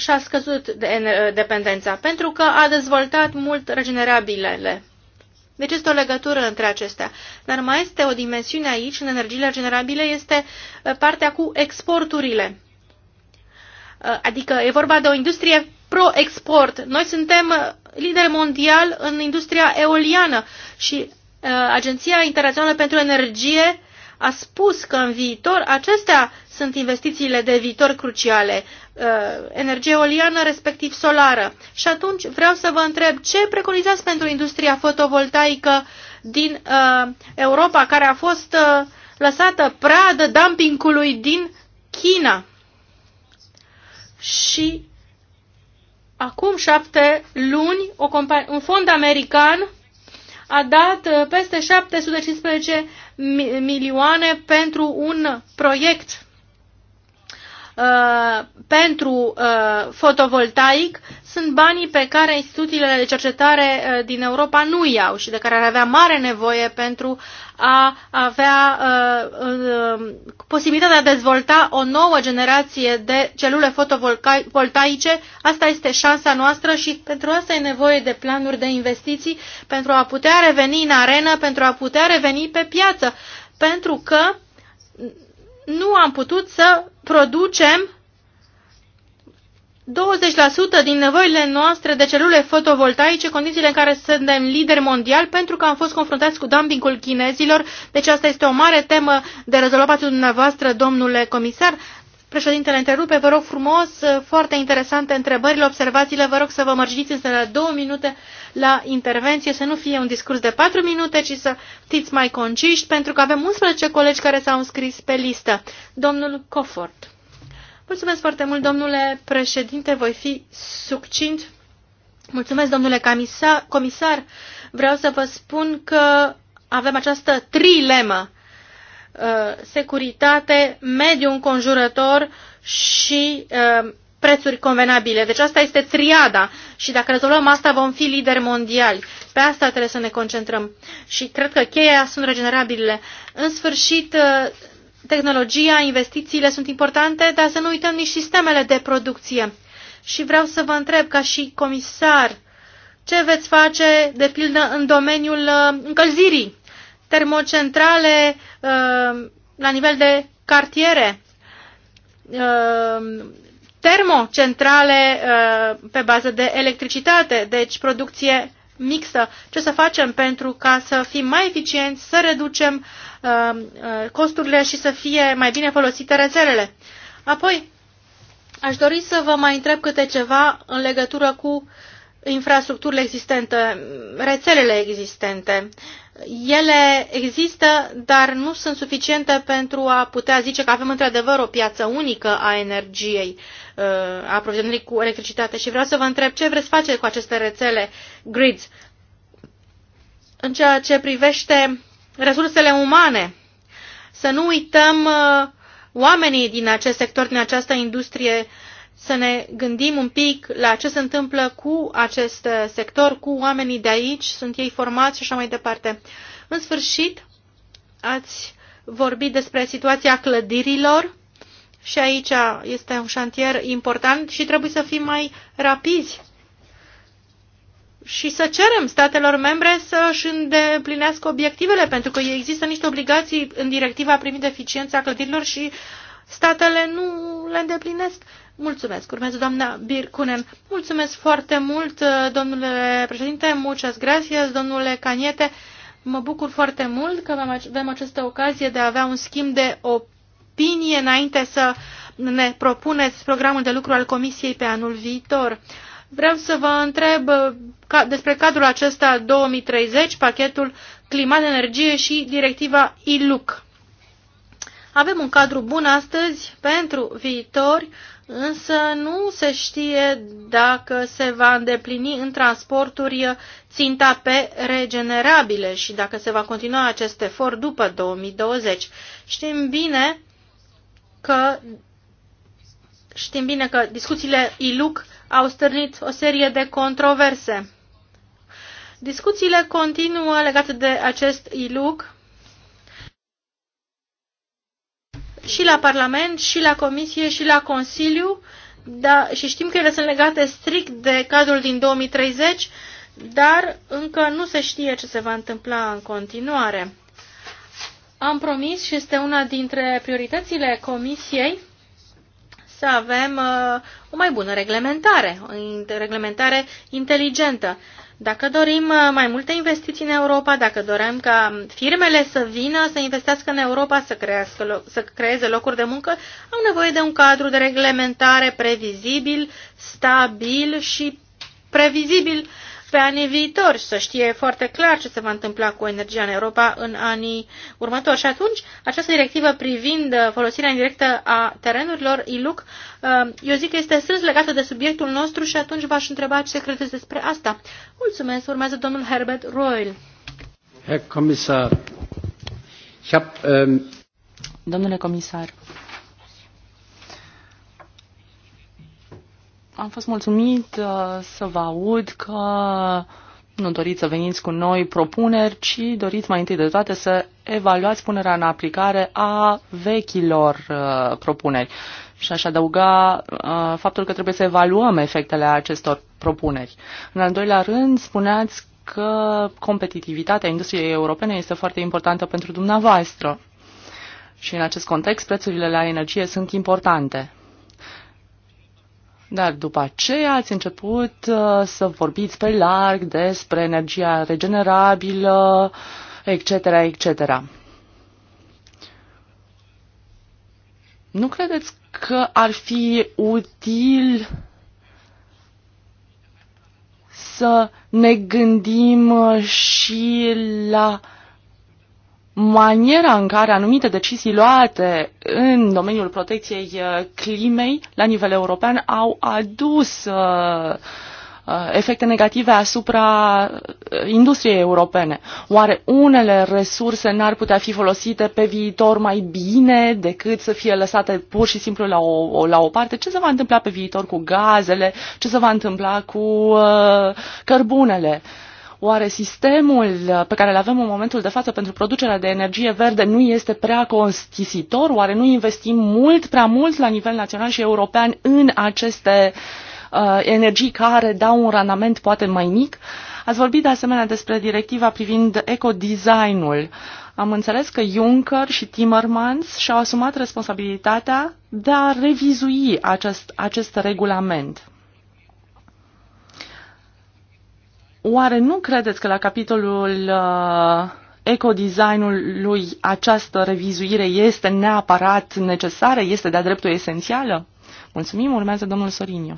și-a scăzut de dependența pentru că a dezvoltat mult regenerabilele. Deci este o legătură între acestea. Dar mai este o dimensiune aici, în energiile regenerabile, este uh, partea cu exporturile. Uh, adică e vorba de o industrie pro-export. Noi suntem uh, lider mondial în industria eoliană și Agenția Internațională pentru Energie a spus că în viitor acestea sunt investițiile de viitor cruciale, uh, energie eoliană respectiv solară. Și atunci vreau să vă întreb ce preconizați pentru industria fotovoltaică din uh, Europa care a fost uh, lăsată pradă dumpingului din China. Și acum șapte luni o un fond american a dat uh, peste 715 milioane pentru un proiect Uh, pentru uh, fotovoltaic sunt banii pe care instituțiile de cercetare uh, din Europa nu iau și de care ar avea mare nevoie pentru a avea uh, uh, posibilitatea de a dezvolta o nouă generație de celule fotovoltaice. Asta este șansa noastră și pentru asta e nevoie de planuri de investiții pentru a putea reveni în arenă, pentru a putea reveni pe piață. Pentru că nu am putut să producem 20% din nevoile noastre de celule fotovoltaice, condițiile în care suntem lideri mondial, pentru că am fost confruntați cu dumpingul chinezilor. Deci asta este o mare temă de rezolvat dumneavoastră, domnule comisar. Președintele întrerupe, vă rog frumos, uh, foarte interesante întrebările, observațiile, vă rog să vă mărgiți însă la două minute la intervenție, să nu fie un discurs de patru minute, ci să fiți mai conciști, pentru că avem 11 colegi care s-au înscris pe listă. Domnul Cofort. Mulțumesc foarte mult, domnule președinte, voi fi succint. Mulțumesc, domnule comisar. Vreau să vă spun că avem această trilemă Uh, securitate, mediu înconjurător și uh, prețuri convenabile. Deci asta este triada și dacă rezolvăm asta vom fi lideri mondiali. Pe asta trebuie să ne concentrăm și cred că cheia sunt regenerabile. În sfârșit, uh, tehnologia, investițiile sunt importante, dar să nu uităm nici sistemele de producție. Și vreau să vă întreb ca și comisar, ce veți face, de pildă, în domeniul încălzirii? termocentrale uh, la nivel de cartiere, uh, termocentrale uh, pe bază de electricitate, deci producție mixtă. Ce să facem pentru ca să fim mai eficienți, să reducem costurile și să fie mai bine folosite rețelele. Apoi, aș dori să vă mai întreb câte ceva în legătură cu infrastructurile existente, rețelele existente ele există, dar nu sunt suficiente pentru a putea zice că avem într-adevăr o piață unică a energiei, uh, a aprovizionării cu electricitate. Și vreau să vă întreb ce vreți face cu aceste rețele grids în ceea ce privește resursele umane. Să nu uităm uh, oamenii din acest sector, din această industrie să ne gândim un pic la ce se întâmplă cu acest uh, sector, cu oamenii de aici, sunt ei formați și așa mai departe. În sfârșit, ați vorbit despre situația clădirilor și aici este un șantier important și trebuie să fim mai rapizi și să cerem statelor membre să își îndeplinească obiectivele, pentru că există niște obligații în directiva privind eficiența clădirilor și statele nu le îndeplinesc. Mulțumesc. Urmează doamna Birkunen. Mulțumesc foarte mult, uh, domnule președinte. Muchas gracias, domnule Caniete. Mă bucur foarte mult că avem această ocazie de a avea un schimb de opinie înainte să ne propuneți programul de lucru al Comisiei pe anul viitor. Vreau să vă întreb uh, despre cadrul acesta 2030, pachetul climat, energie și directiva ILUC. Avem un cadru bun astăzi pentru viitori însă nu se știe dacă se va îndeplini în transporturi ținta pe regenerabile și dacă se va continua acest efort după 2020. Știm bine că știm bine că discuțiile ILUC au stârnit o serie de controverse. Discuțiile continuă legate de acest ILUC și la Parlament, și la Comisie, și la Consiliu, da, și știm că ele sunt legate strict de cadrul din 2030, dar încă nu se știe ce se va întâmpla în continuare. Am promis și este una dintre prioritățile Comisiei să avem uh, o mai bună reglementare, o reglementare inteligentă. Dacă dorim uh, mai multe investiții în Europa, dacă dorim ca firmele să vină să investească în Europa, să, crească, să creeze locuri de muncă, au nevoie de un cadru de reglementare previzibil, stabil și previzibil pe anii viitori și să știe foarte clar ce se va întâmpla cu energia în Europa în anii următori. Și atunci, această directivă privind uh, folosirea indirectă a terenurilor ILUC, uh, eu zic că este strâns legată de subiectul nostru și atunci v-aș întreba ce credeți despre asta. Mulțumesc. Urmează domnul Herbert Royal. Herr Comisar, ich hab, ähm... Domnule comisar, am fost mulțumit uh, să vă aud că nu doriți să veniți cu noi propuneri, ci doriți mai întâi de toate să evaluați punerea în aplicare a vechilor uh, propuneri. Și aș adăuga uh, faptul că trebuie să evaluăm efectele acestor propuneri. În al doilea rând, spuneați că competitivitatea industriei europene este foarte importantă pentru dumneavoastră. Și în acest context, prețurile la energie sunt importante. Dar după aceea ați început uh, să vorbiți pe larg despre energia regenerabilă, etc., etc. Nu credeți că ar fi util să ne gândim și la uh, maniera în care anumite decizii luate în domeniul protecției uh, climei la nivel european au adus uh, uh, efecte negative asupra industriei europene. Oare unele resurse n-ar putea fi folosite pe viitor mai bine decât să fie lăsate pur și simplu la o, la o parte? Ce se va întâmpla pe viitor cu gazele? Ce se va întâmpla cu uh, cărbunele? Uh, Oare sistemul uh, pe care îl avem în momentul de față pentru producerea de energie verde nu este prea costisitor? Oare nu investim mult prea mult la nivel național și european în aceste uh, energii care dau un randament poate mai mic? Ați vorbit de asemenea despre directiva privind ecodesignul. Am înțeles că Juncker și Timmermans și-au asumat responsabilitatea de a revizui acest, acest regulament. Oare nu credeți că la capitolul uh, ecodesignului această revizuire este neapărat necesară, este de-a dreptul esențială? Mulțumim, urmează domnul Sorinio.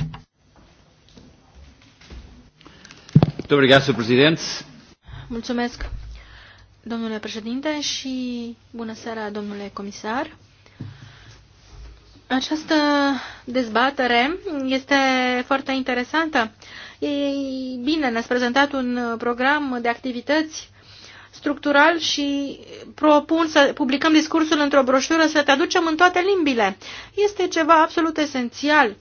Mulțumesc, domnule președinte, și bună seara, domnule comisar. Această dezbatere este foarte interesantă E bine, ne-ați prezentat un uh, program de activități structural și propun să publicăm discursul într-o broșură, să aducem în toate limbile. Este ceva absolut esențial.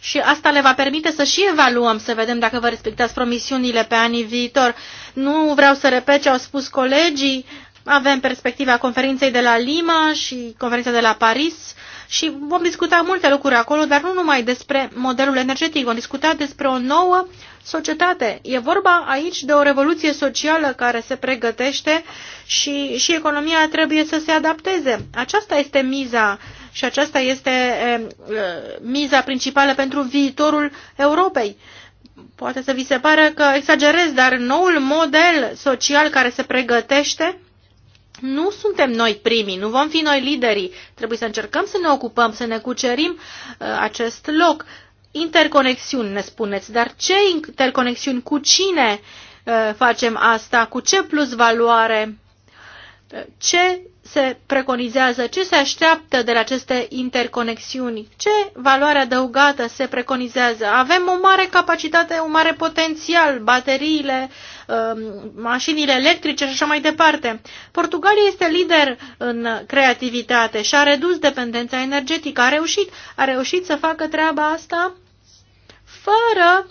Și asta le va permite să și evaluăm, să vedem dacă vă respectați promisiunile pe anii viitor. Nu vreau să repet ce au spus colegii, avem perspectiva conferinței de la Lima și conferința de la Paris și vom discuta multe lucruri acolo, dar nu numai despre modelul energetic, vom discuta despre o nouă societate. E vorba aici de o revoluție socială care se pregătește și, și economia trebuie să se adapteze. Aceasta este miza și aceasta este e, miza principală pentru viitorul Europei. Poate să vi se pare că exagerez, dar noul model social care se pregătește nu suntem noi primii, nu vom fi noi liderii. Trebuie să încercăm să ne ocupăm, să ne cucerim uh, acest loc. Interconexiuni, ne spuneți, dar ce interconexiuni, cu cine uh, facem asta, cu ce plus valoare ce se preconizează, ce se așteaptă de la aceste interconexiuni, ce valoare adăugată se preconizează. Avem o mare capacitate, un mare potențial, bateriile, um, mașinile electrice și așa mai departe. Portugalia este lider în creativitate și a redus dependența energetică. A reușit, a reușit să facă treaba asta fără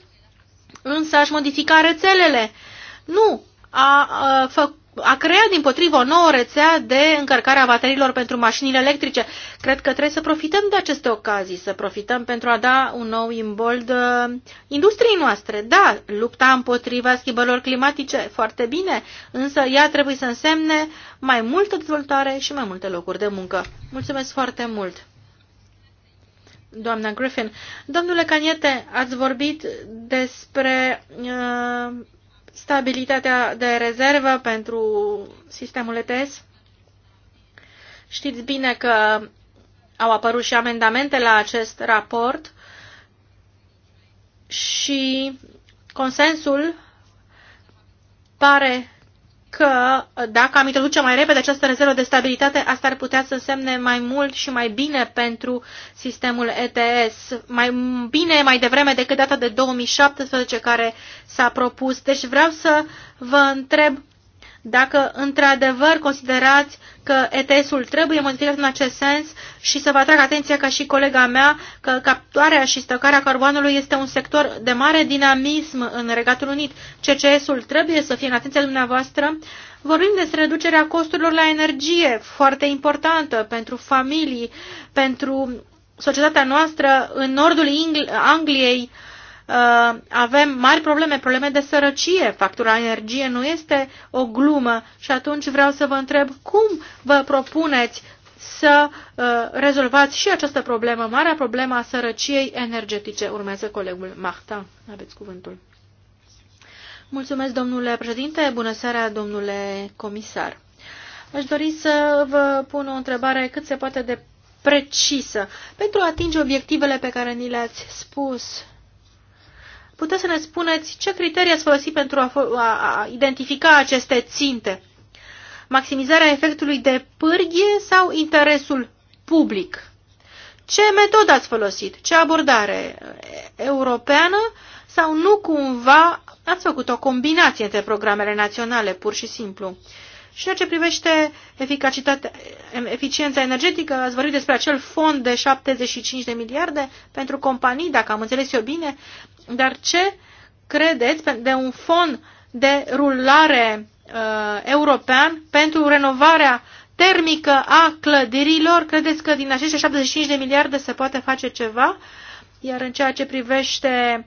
însă aș modifica rețelele. Nu, a, a făcut a creat din potrivă o nouă rețea de încărcare a bateriilor pentru mașinile electrice. Cred că trebuie să profităm de aceste ocazii, să profităm pentru a da un nou imbold uh, industriei noastre. Da, lupta împotriva schimbărilor climatice, foarte bine, însă ea trebuie să însemne mai multă dezvoltare și mai multe locuri de muncă. Mulțumesc foarte mult! doamna Griffin. Domnule Caniete, ați vorbit despre uh, stabilitatea de rezervă pentru sistemul ETS. Știți bine că au apărut și amendamente la acest raport și consensul pare că dacă am introduce mai repede această rezervă de stabilitate, asta ar putea să însemne mai mult și mai bine pentru sistemul ETS, mai bine, mai devreme decât data de 2017 care s-a propus. Deci vreau să vă întreb dacă într-adevăr considerați că ETS-ul trebuie modificat în acest sens și să vă atrag atenția ca și colega mea că captarea și stocarea carbonului este un sector de mare dinamism în Regatul Unit. CCS-ul trebuie să fie în atenția dumneavoastră. Vorbim despre reducerea costurilor la energie, foarte importantă pentru familii, pentru societatea noastră în nordul Angliei, Uh, avem mari probleme, probleme de sărăcie, factura energie nu este o glumă și atunci vreau să vă întreb cum vă propuneți să uh, rezolvați și această problemă, marea problemă a sărăciei energetice. Urmează colegul Mahta. Aveți cuvântul. Mulțumesc, domnule președinte. Bună seara, domnule comisar. Aș dori să vă pun o întrebare cât se poate de precisă. Pentru a atinge obiectivele pe care ni le-ați spus, puteți să ne spuneți ce criterii ați folosit pentru a, a identifica aceste ținte? Maximizarea efectului de pârghie sau interesul public? Ce metodă ați folosit? Ce abordare europeană sau nu cumva ați făcut o combinație între programele naționale, pur și simplu? Și ceea ce privește eficacitatea, eficiența energetică, ați vorbit despre acel fond de 75 de miliarde pentru companii, dacă am înțeles eu bine, dar ce credeți de un fond de rulare uh, european pentru renovarea termică a clădirilor? Credeți că din acești 75 de miliarde se poate face ceva? Iar în ceea ce privește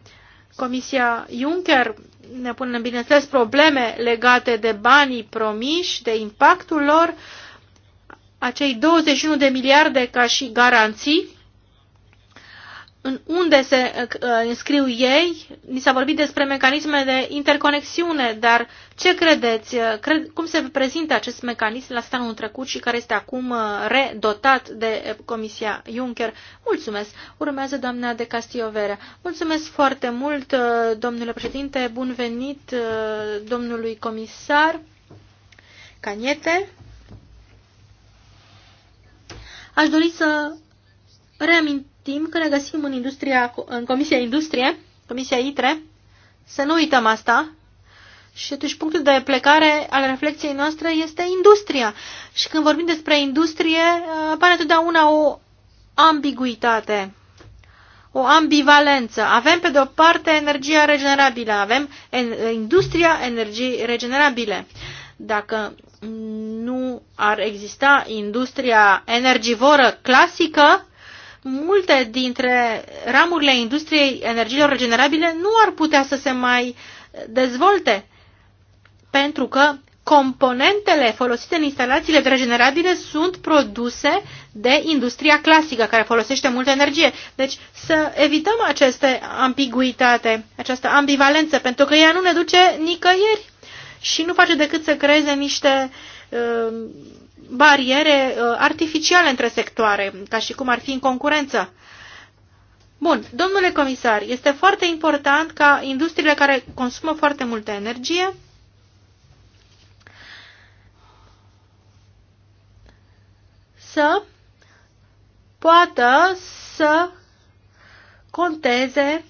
Comisia Juncker, ne punem, bineînțeles, probleme legate de banii promiși, de impactul lor, acei 21 de miliarde ca și garanții în unde se uh, înscriu ei. Ni s-a vorbit despre mecanisme de interconexiune, dar ce credeți? Uh, cred, cum se prezintă acest mecanism la stanul trecut și care este acum uh, redotat de Comisia Juncker? Mulțumesc! Urmează doamna de Castiovere. Mulțumesc foarte mult, domnule președinte, bun venit domnului comisar Caniete. Aș dori să reamintesc știm că ne găsim în, industria, în Comisia Industrie, Comisia ITRE, să nu uităm asta, și atunci punctul de plecare al reflexiei noastre este industria. Și când vorbim despre industrie, uh, apare întotdeauna o ambiguitate, o ambivalență. Avem, pe de-o parte, energia regenerabilă, avem industria energiei regenerabile. Dacă nu ar exista industria energivoră clasică, multe dintre ramurile industriei energiilor regenerabile nu ar putea să se mai dezvolte, pentru că componentele folosite în instalațiile regenerabile sunt produse de industria clasică, care folosește multă energie. Deci să evităm aceste ambiguitate, această ambivalență, pentru că ea nu ne duce nicăieri și nu face decât să creeze niște uh, bariere uh, artificiale între sectoare, ca și cum ar fi în concurență. Bun, domnule comisar, este foarte important ca industriile care consumă foarte multă energie să poată să conteze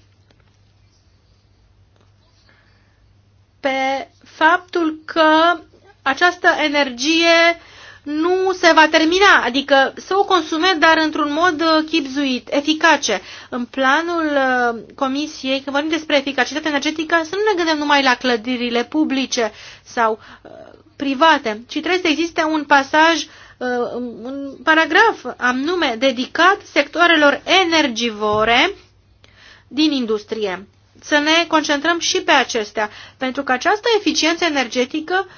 pe faptul că această energie nu se va termina, adică să o consume, dar într-un mod uh, chipzuit, eficace. În planul uh, comisiei, când vorbim despre eficacitate energetică, să nu ne gândim numai la clădirile publice sau uh, private, ci trebuie să existe un pasaj, un paragraf am nume dedicat sectoarelor energivore din industrie. Să ne concentrăm și pe acestea, pentru că această eficiență energetică uh,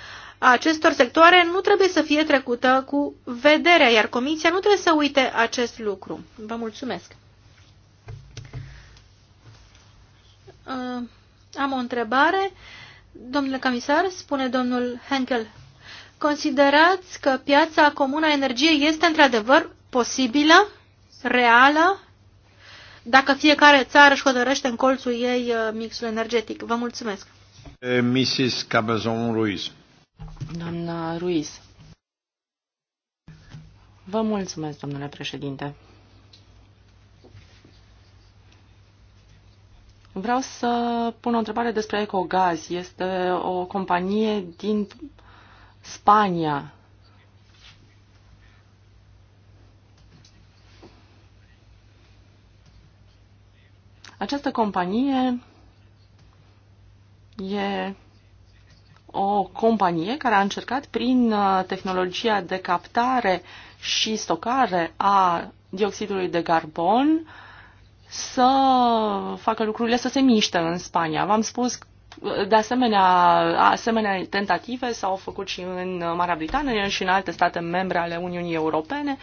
a acestor sectoare nu trebuie să fie trecută cu vederea, iar Comisia nu trebuie să uite acest lucru. Vă mulțumesc. Uh, am o întrebare. Domnule comisar, spune domnul Henkel, considerați că piața comună a energiei este într-adevăr posibilă, reală, dacă fiecare țară își hotărăște în colțul ei uh, mixul energetic? Vă mulțumesc. Eh, Mrs. Cabezon Ruiz. Doamna Ruiz. Vă mulțumesc, domnule președinte. Vreau să pun o întrebare despre Ecogaz. Este o companie din Spania. Această companie e o companie care a încercat prin uh, tehnologia de captare și stocare a dioxidului de carbon să facă lucrurile să se miște în Spania. V-am spus uh, de asemenea, asemenea tentative s-au făcut și în Marea Britanie și în alte state membre ale Uniunii Europene.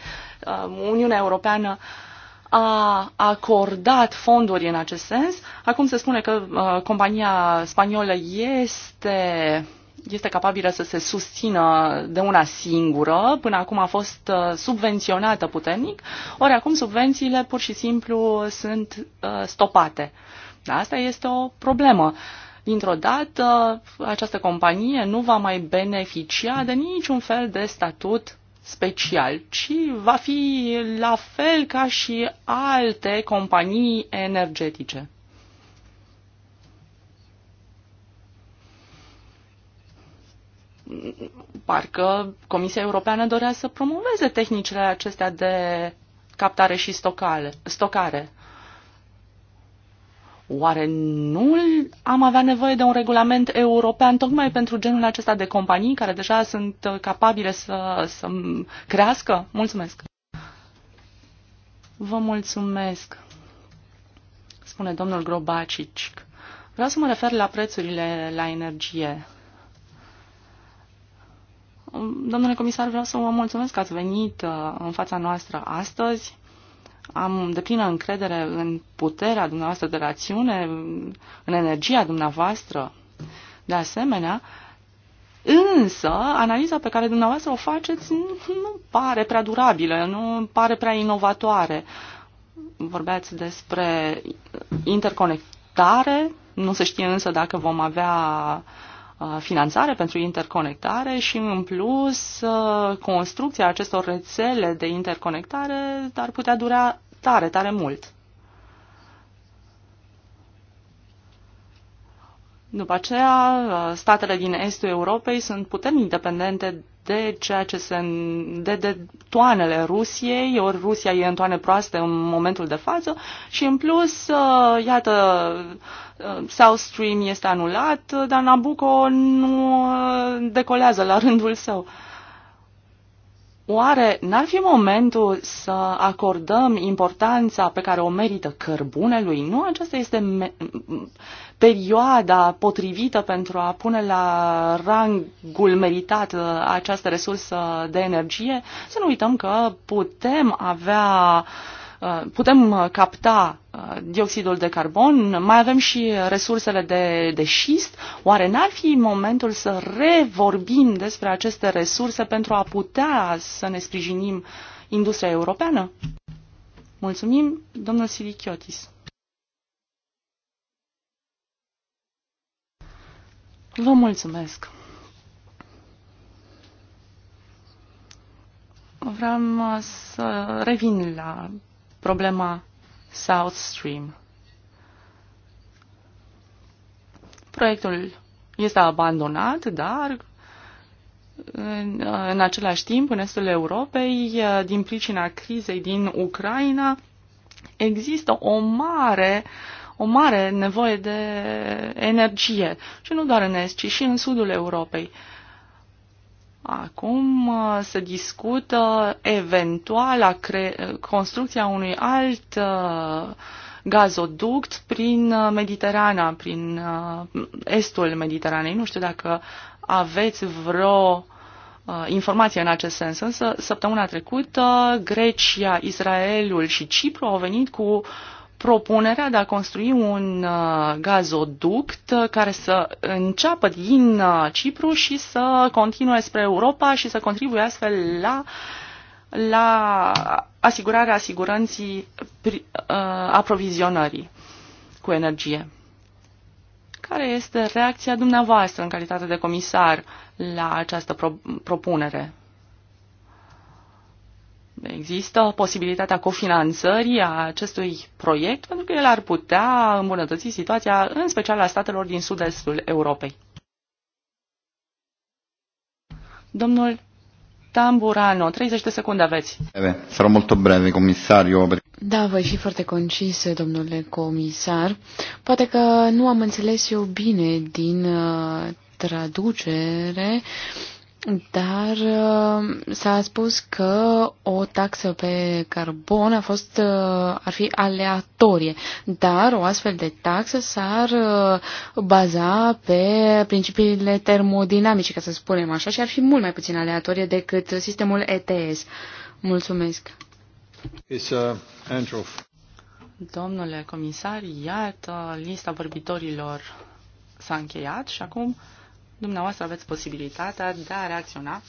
Uh, Uniunea Europeană a acordat fonduri în acest sens. Acum se spune că compania spaniolă este este capabilă să se susțină de una singură, până acum a fost uh, subvenționată puternic, ori acum subvențiile pur și simplu sunt uh, stopate. Asta este o problemă. Dintr-o dată, uh, această companie nu va mai beneficia de niciun fel de statut special, ci va fi la fel ca și alte companii energetice. parcă Comisia Europeană dorea să promoveze tehnicile acestea de captare și stocale, stocare. Oare nu am avea nevoie de un regulament european tocmai pentru genul acesta de companii care deja sunt capabile să, să crească? Mulțumesc! Vă mulțumesc, spune domnul Grobacic. Vreau să mă refer la prețurile la energie. Domnule comisar, vreau să vă mulțumesc că ați venit uh, în fața noastră astăzi. Am deplină încredere în puterea dumneavoastră de rațiune, în energia dumneavoastră. De asemenea, Însă, analiza pe care dumneavoastră o faceți nu pare prea durabilă, nu pare prea inovatoare. Vorbeați despre interconectare, nu se știe însă dacă vom avea uh, Uh, finanțare pentru interconectare și, în plus, uh, construcția acestor rețele de interconectare ar putea dura tare, tare mult. După aceea, statele din estul Europei sunt puternic independente de ceea ce se de, de toanele Rusiei, ori Rusia e în toane proaste în momentul de față și în plus, uh, iată, uh, South Stream este anulat, dar Nabucco nu uh, decolează la rândul său. Oare n-ar fi momentul să acordăm importanța pe care o merită cărbunelui? Nu aceasta este perioada potrivită pentru a pune la rangul meritat uh, această resursă de energie, să nu uităm că putem avea uh, putem uh, capta dioxidul de carbon, mai avem și resursele de, de șist. Oare n-ar fi momentul să revorbim despre aceste resurse pentru a putea să ne sprijinim industria europeană? Mulțumim, domnul Silichiotis. Vă mulțumesc! Vreau să revin la problema South Stream. Proiectul este abandonat, dar în, în același timp, în estul Europei, din pricina crizei din Ucraina, există o mare uh, o mare nevoie de energie și nu doar în Est, ci și în Sudul Europei. Acum uh, se discută eventuala construcția unui alt uh, gazoduct prin uh, Mediterana, prin estul Mediteranei. Nu știu dacă aveți vreo informație în acest sens, însă săptămâna trecută Grecia, Israelul și Cipru au venit cu uh, propunerea de a construi un uh, gazoduct uh, care să înceapă din uh, Cipru și să continue spre Europa și să contribuie astfel la la asigurarea asiguranții aprovizionării cu energie. Care este reacția dumneavoastră în calitate de comisar la această pro- propunere? există posibilitatea cofinanțării a acestui proiect, pentru că el ar putea îmbunătăți situația, în special a statelor din sud-estul Europei. Domnul Tamburano, 30 de secunde aveți. Breve. Sarò molto breve, comisario. Da, voi fi foarte concis, domnule comisar. Poate că nu am înțeles eu bine din uh, traducere. Uh, dar uh, s-a spus că o taxă pe carbon a fost, uh, ar fi aleatorie, dar o astfel de taxă s-ar uh, baza pe principiile termodinamice, ca să spunem așa, și ar fi mult mai puțin aleatorie decât sistemul ETS. Mulțumesc. It's, uh, Domnule comisar, iată, lista vorbitorilor s-a încheiat și acum dumneavoastră aveți posibilitatea de a reacționa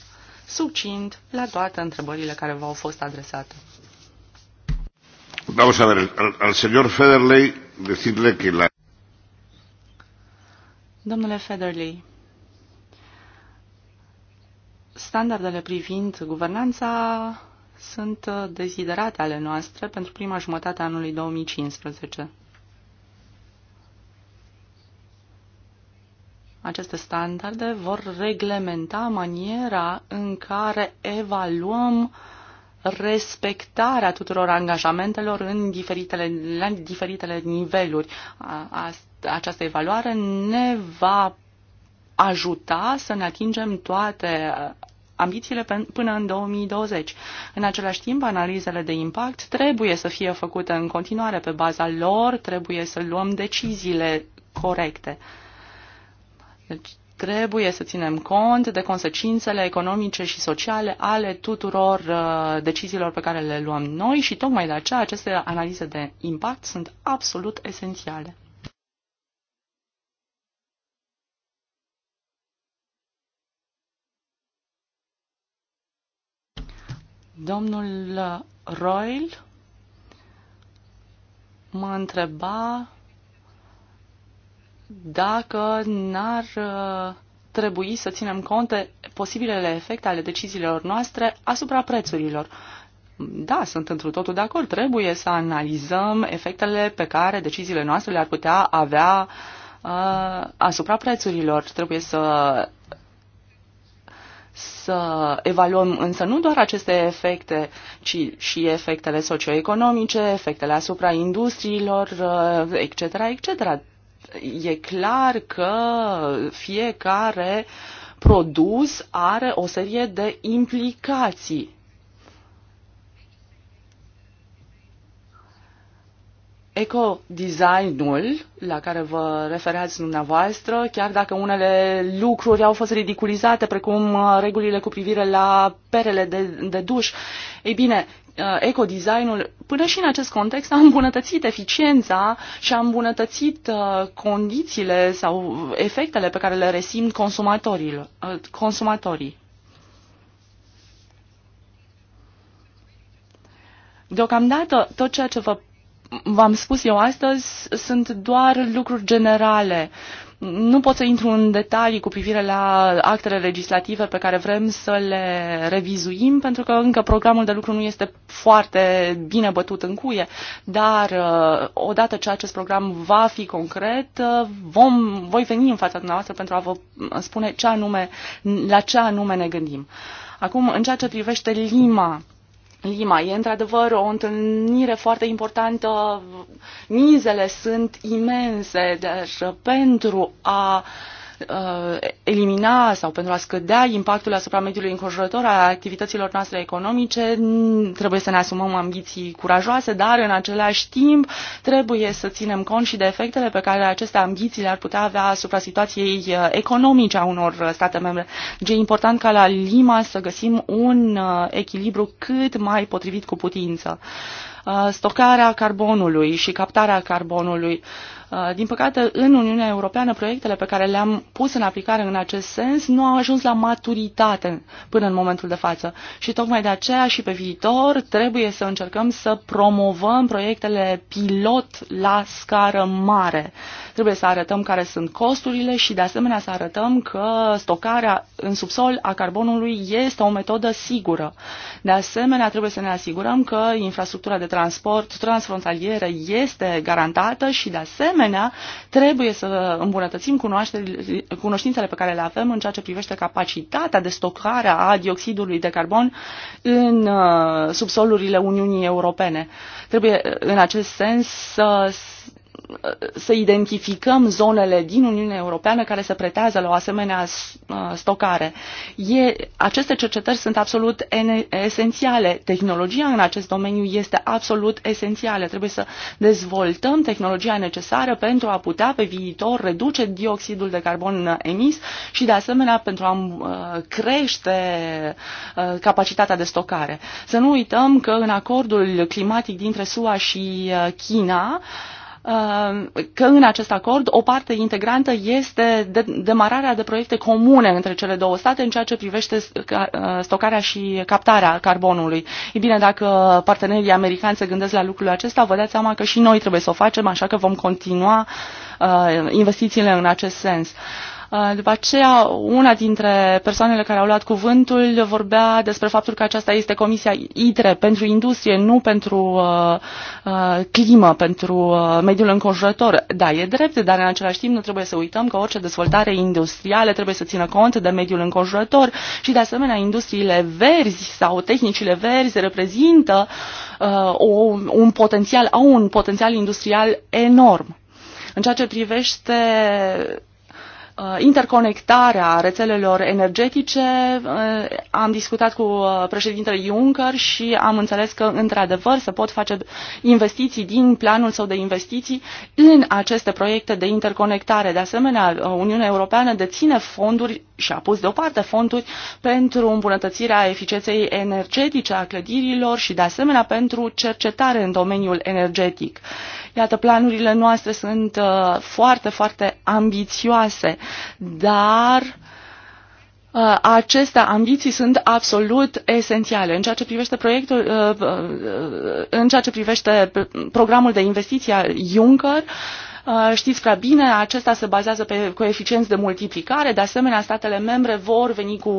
succint la toate întrebările care v-au fost adresate. Vamos a ver, al, al señor Federley decirle que la... Domnule Federley, standardele privind guvernanța sunt uh, deziderate ale noastre pentru prima jumătate a anului 2015. Aceste standarde vor reglementa maniera în care evaluăm respectarea tuturor angajamentelor în diferitele, la diferitele niveluri. Această evaluare ne va ajuta să ne atingem toate uh, ambițiile până în 2020. În același timp, analizele de impact trebuie să fie făcute în continuare pe baza lor, trebuie să luăm deciziile corecte. Deci trebuie să ținem cont de consecințele economice și sociale ale tuturor uh, deciziilor pe care le luăm noi și tocmai de aceea aceste analize de impact sunt absolut esențiale. Domnul Royal mă întreba dacă n-ar uh, trebui să ținem cont de posibilele efecte ale deciziilor noastre asupra prețurilor. Da, sunt întru totul de acord. Trebuie să analizăm efectele pe care deciziile noastre le-ar putea avea uh, asupra prețurilor. Trebuie să să evaluăm însă nu doar aceste efecte, ci și efectele socioeconomice, efectele asupra industriilor, etc., uh, etc e clar că fiecare produs are o serie de implicații. Eco-designul la care vă refereați dumneavoastră, chiar dacă unele lucruri au fost ridiculizate, precum uh, regulile cu privire la perele de, de duș, ei bine, Uh, ecodesignul, până și în acest context a îmbunătățit eficiența și a îmbunătățit uh, condițiile sau efectele pe care le resimt uh, consumatorii. Deocamdată, tot ceea ce vă v-am spus eu astăzi sunt doar lucruri generale. Nu pot să intru în detalii cu privire la actele legislative pe care vrem să le revizuim, pentru că încă programul de lucru nu este foarte bine bătut în cuie, dar uh, odată ce acest program va fi concret, uh, vom, voi veni în fața dumneavoastră pentru a vă spune ce anume, la ce anume ne gândim. Acum, în ceea ce privește Lima, Lima. E într-adevăr o întâlnire foarte importantă. Mizele sunt imense, dar deci, pentru a uh, Uh, elimina sau pentru a scădea impactul asupra mediului înconjurător a activităților noastre economice, trebuie să ne asumăm ambiții curajoase, dar în același timp trebuie să ținem cont și de efectele pe care aceste ambiții le-ar putea avea asupra situației uh, economice a unor uh, state membre. Deci e important ca la Lima să găsim un echilibru cât mai potrivit cu putință. Stocarea carbonului și captarea carbonului uh, Uh, din păcate, în Uniunea Europeană, proiectele pe care le-am pus în aplicare în acest sens nu au ajuns la maturitate până în momentul de față. Și tocmai de aceea și pe viitor trebuie să încercăm să promovăm proiectele pilot la scară mare. Trebuie să arătăm care sunt costurile și de asemenea să arătăm că stocarea în subsol a carbonului este o metodă sigură. De asemenea, trebuie să ne asigurăm că infrastructura de transport transfrontalieră este garantată și de asemenea asemenea, trebuie să îmbunătățim cunoștințele pe care le avem în ceea ce privește capacitatea de stocare a dioxidului de carbon în uh, subsolurile Uniunii Europene. Trebuie, uh, în acest sens, să să identificăm zonele din Uniunea Europeană care se pretează la o asemenea uh, stocare. E, aceste cercetări sunt absolut esențiale. Tehnologia în acest domeniu este absolut esențială. Trebuie să dezvoltăm tehnologia necesară pentru a putea pe viitor reduce dioxidul de carbon emis și de asemenea pentru a uh, crește uh, capacitatea de stocare. Să nu uităm că în acordul climatic dintre SUA și China, Um, că în acest acord o parte integrantă este demararea de proiecte comune între cele două state în ceea ce privește uh, stocarea și captarea carbonului. E bine, dacă partenerii americani se gândesc la lucrul acesta, vă dați seama că și noi trebuie să o facem, așa că vom continua uh, investițiile în acest sens. Uh, Uh, după aceea, una dintre persoanele care au luat cuvântul vorbea despre faptul că aceasta este Comisia ITRE pentru industrie, nu pentru uh, uh climă, pentru uh, mediul înconjurător. Da, e drept, dar în același timp nu trebuie să uităm că orice dezvoltare industrială trebuie să țină cont de mediul înconjurător și, de asemenea, industriile verzi sau tehnicile verzi reprezintă uh, o, un potențial, au un potențial industrial enorm. În ceea ce privește Uh, interconectarea rețelelor energetice. Uh, am discutat cu uh, președintele Juncker și am înțeles că, într-adevăr, se pot face investiții din planul său de investiții în aceste proiecte de interconectare. De asemenea, Uniunea Europeană deține fonduri și-a pus deoparte fonduri pentru îmbunătățirea eficienței energetice a clădirilor și, de asemenea, pentru cercetare în domeniul energetic. Iată, planurile noastre sunt uh, foarte, foarte ambițioase, dar uh, aceste ambiții sunt absolut esențiale în ceea ce privește proiectul, uh, uh în ceea ce privește programul de investiție Juncker. Uh, Uh, știți prea bine, acesta se bazează pe coeficienți de multiplicare, de asemenea statele membre vor veni cu,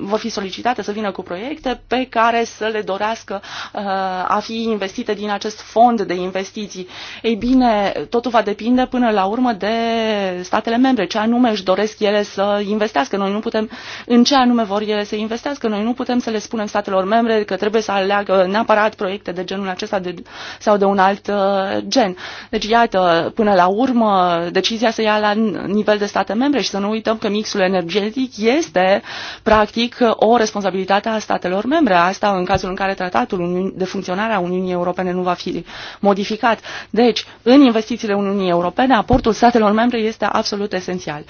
vor fi solicitate să vină cu proiecte pe care să le dorească uh, a fi investite din acest fond de investiții. Ei bine, totul va depinde până la urmă de statele membre, ce anume își doresc ele să investească. Noi nu putem, în ce anume vor ele să investească, noi nu putem să le spunem statelor membre că trebuie să aleagă neapărat proiecte de genul acesta de, sau de un alt uh, gen. Deci, iată, până până la urmă decizia se ia la nivel de state membre și să nu uităm că mixul energetic este practic o responsabilitate a statelor membre. Asta în cazul în care tratatul de funcționare a Uniunii Europene nu va fi modificat. Deci, în investițiile Uniunii Europene, aportul statelor membre este absolut esențial.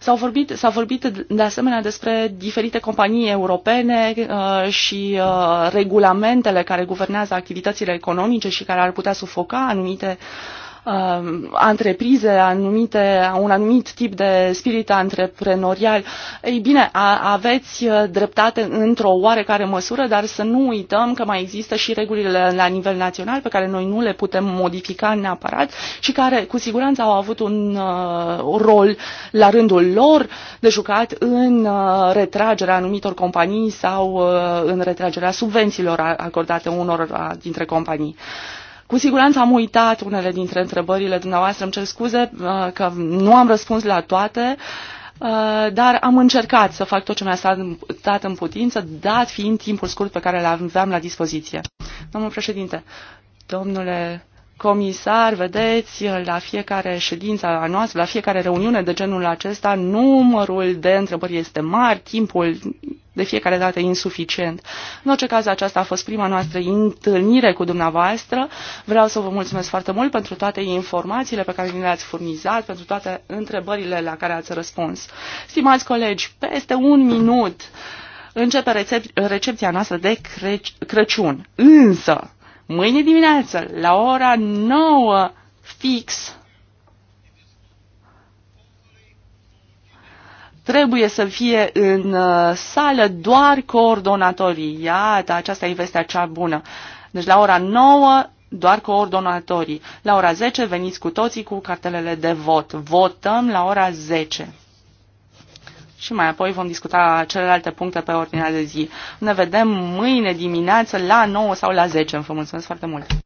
s au vorbit, s vorbit de asemenea despre diferite companii europene uh, și uh, regulamentele care guvernează activitățile economice și care ar putea sufoca anumite uh, uh, um, antreprize, anumite, un anumit tip de spirit antreprenorial. Ei bine, a, aveți uh, dreptate într-o oarecare măsură, dar să nu uităm că mai există și regulile la nivel național pe care noi nu le putem modifica neapărat și care cu siguranță au avut un uh, rol la rândul lor de jucat în uh, retragerea anumitor companii sau uh, în retragerea subvențiilor acordate unor dintre companii. Uh, cu siguranță am uitat unele dintre întrebările dumneavoastră, îmi cer scuze uh, că nu am răspuns la toate, uh, dar am încercat să fac tot ce mi-a stat în putință, dat fiind timpul scurt pe care l aveam la dispoziție. Domnul președinte, domnule comisar, vedeți, la fiecare ședință a noastră, la fiecare reuniune de genul acesta, numărul de întrebări este mare, timpul de fiecare dată insuficient. În orice caz, aceasta a fost prima noastră întâlnire cu dumneavoastră. Vreau să vă mulțumesc foarte mult pentru toate informațiile pe care le-ați furnizat, pentru toate întrebările la care ați răspuns. Stimați colegi, peste un minut începe recep- recepția noastră de Cre- Crăciun. Însă, mâine dimineață, la ora 9 fix, trebuie să fie în uh, sală doar coordonatorii. Iată, aceasta e vestea cea bună. Deci la ora 9 doar coordonatorii. La ora 10 veniți cu toții cu cartelele de vot. Votăm la ora 10 și mai apoi vom discuta celelalte puncte pe ordinea de zi. Ne vedem mâine dimineață la 9 sau la 10. Vă mulțumesc foarte mult!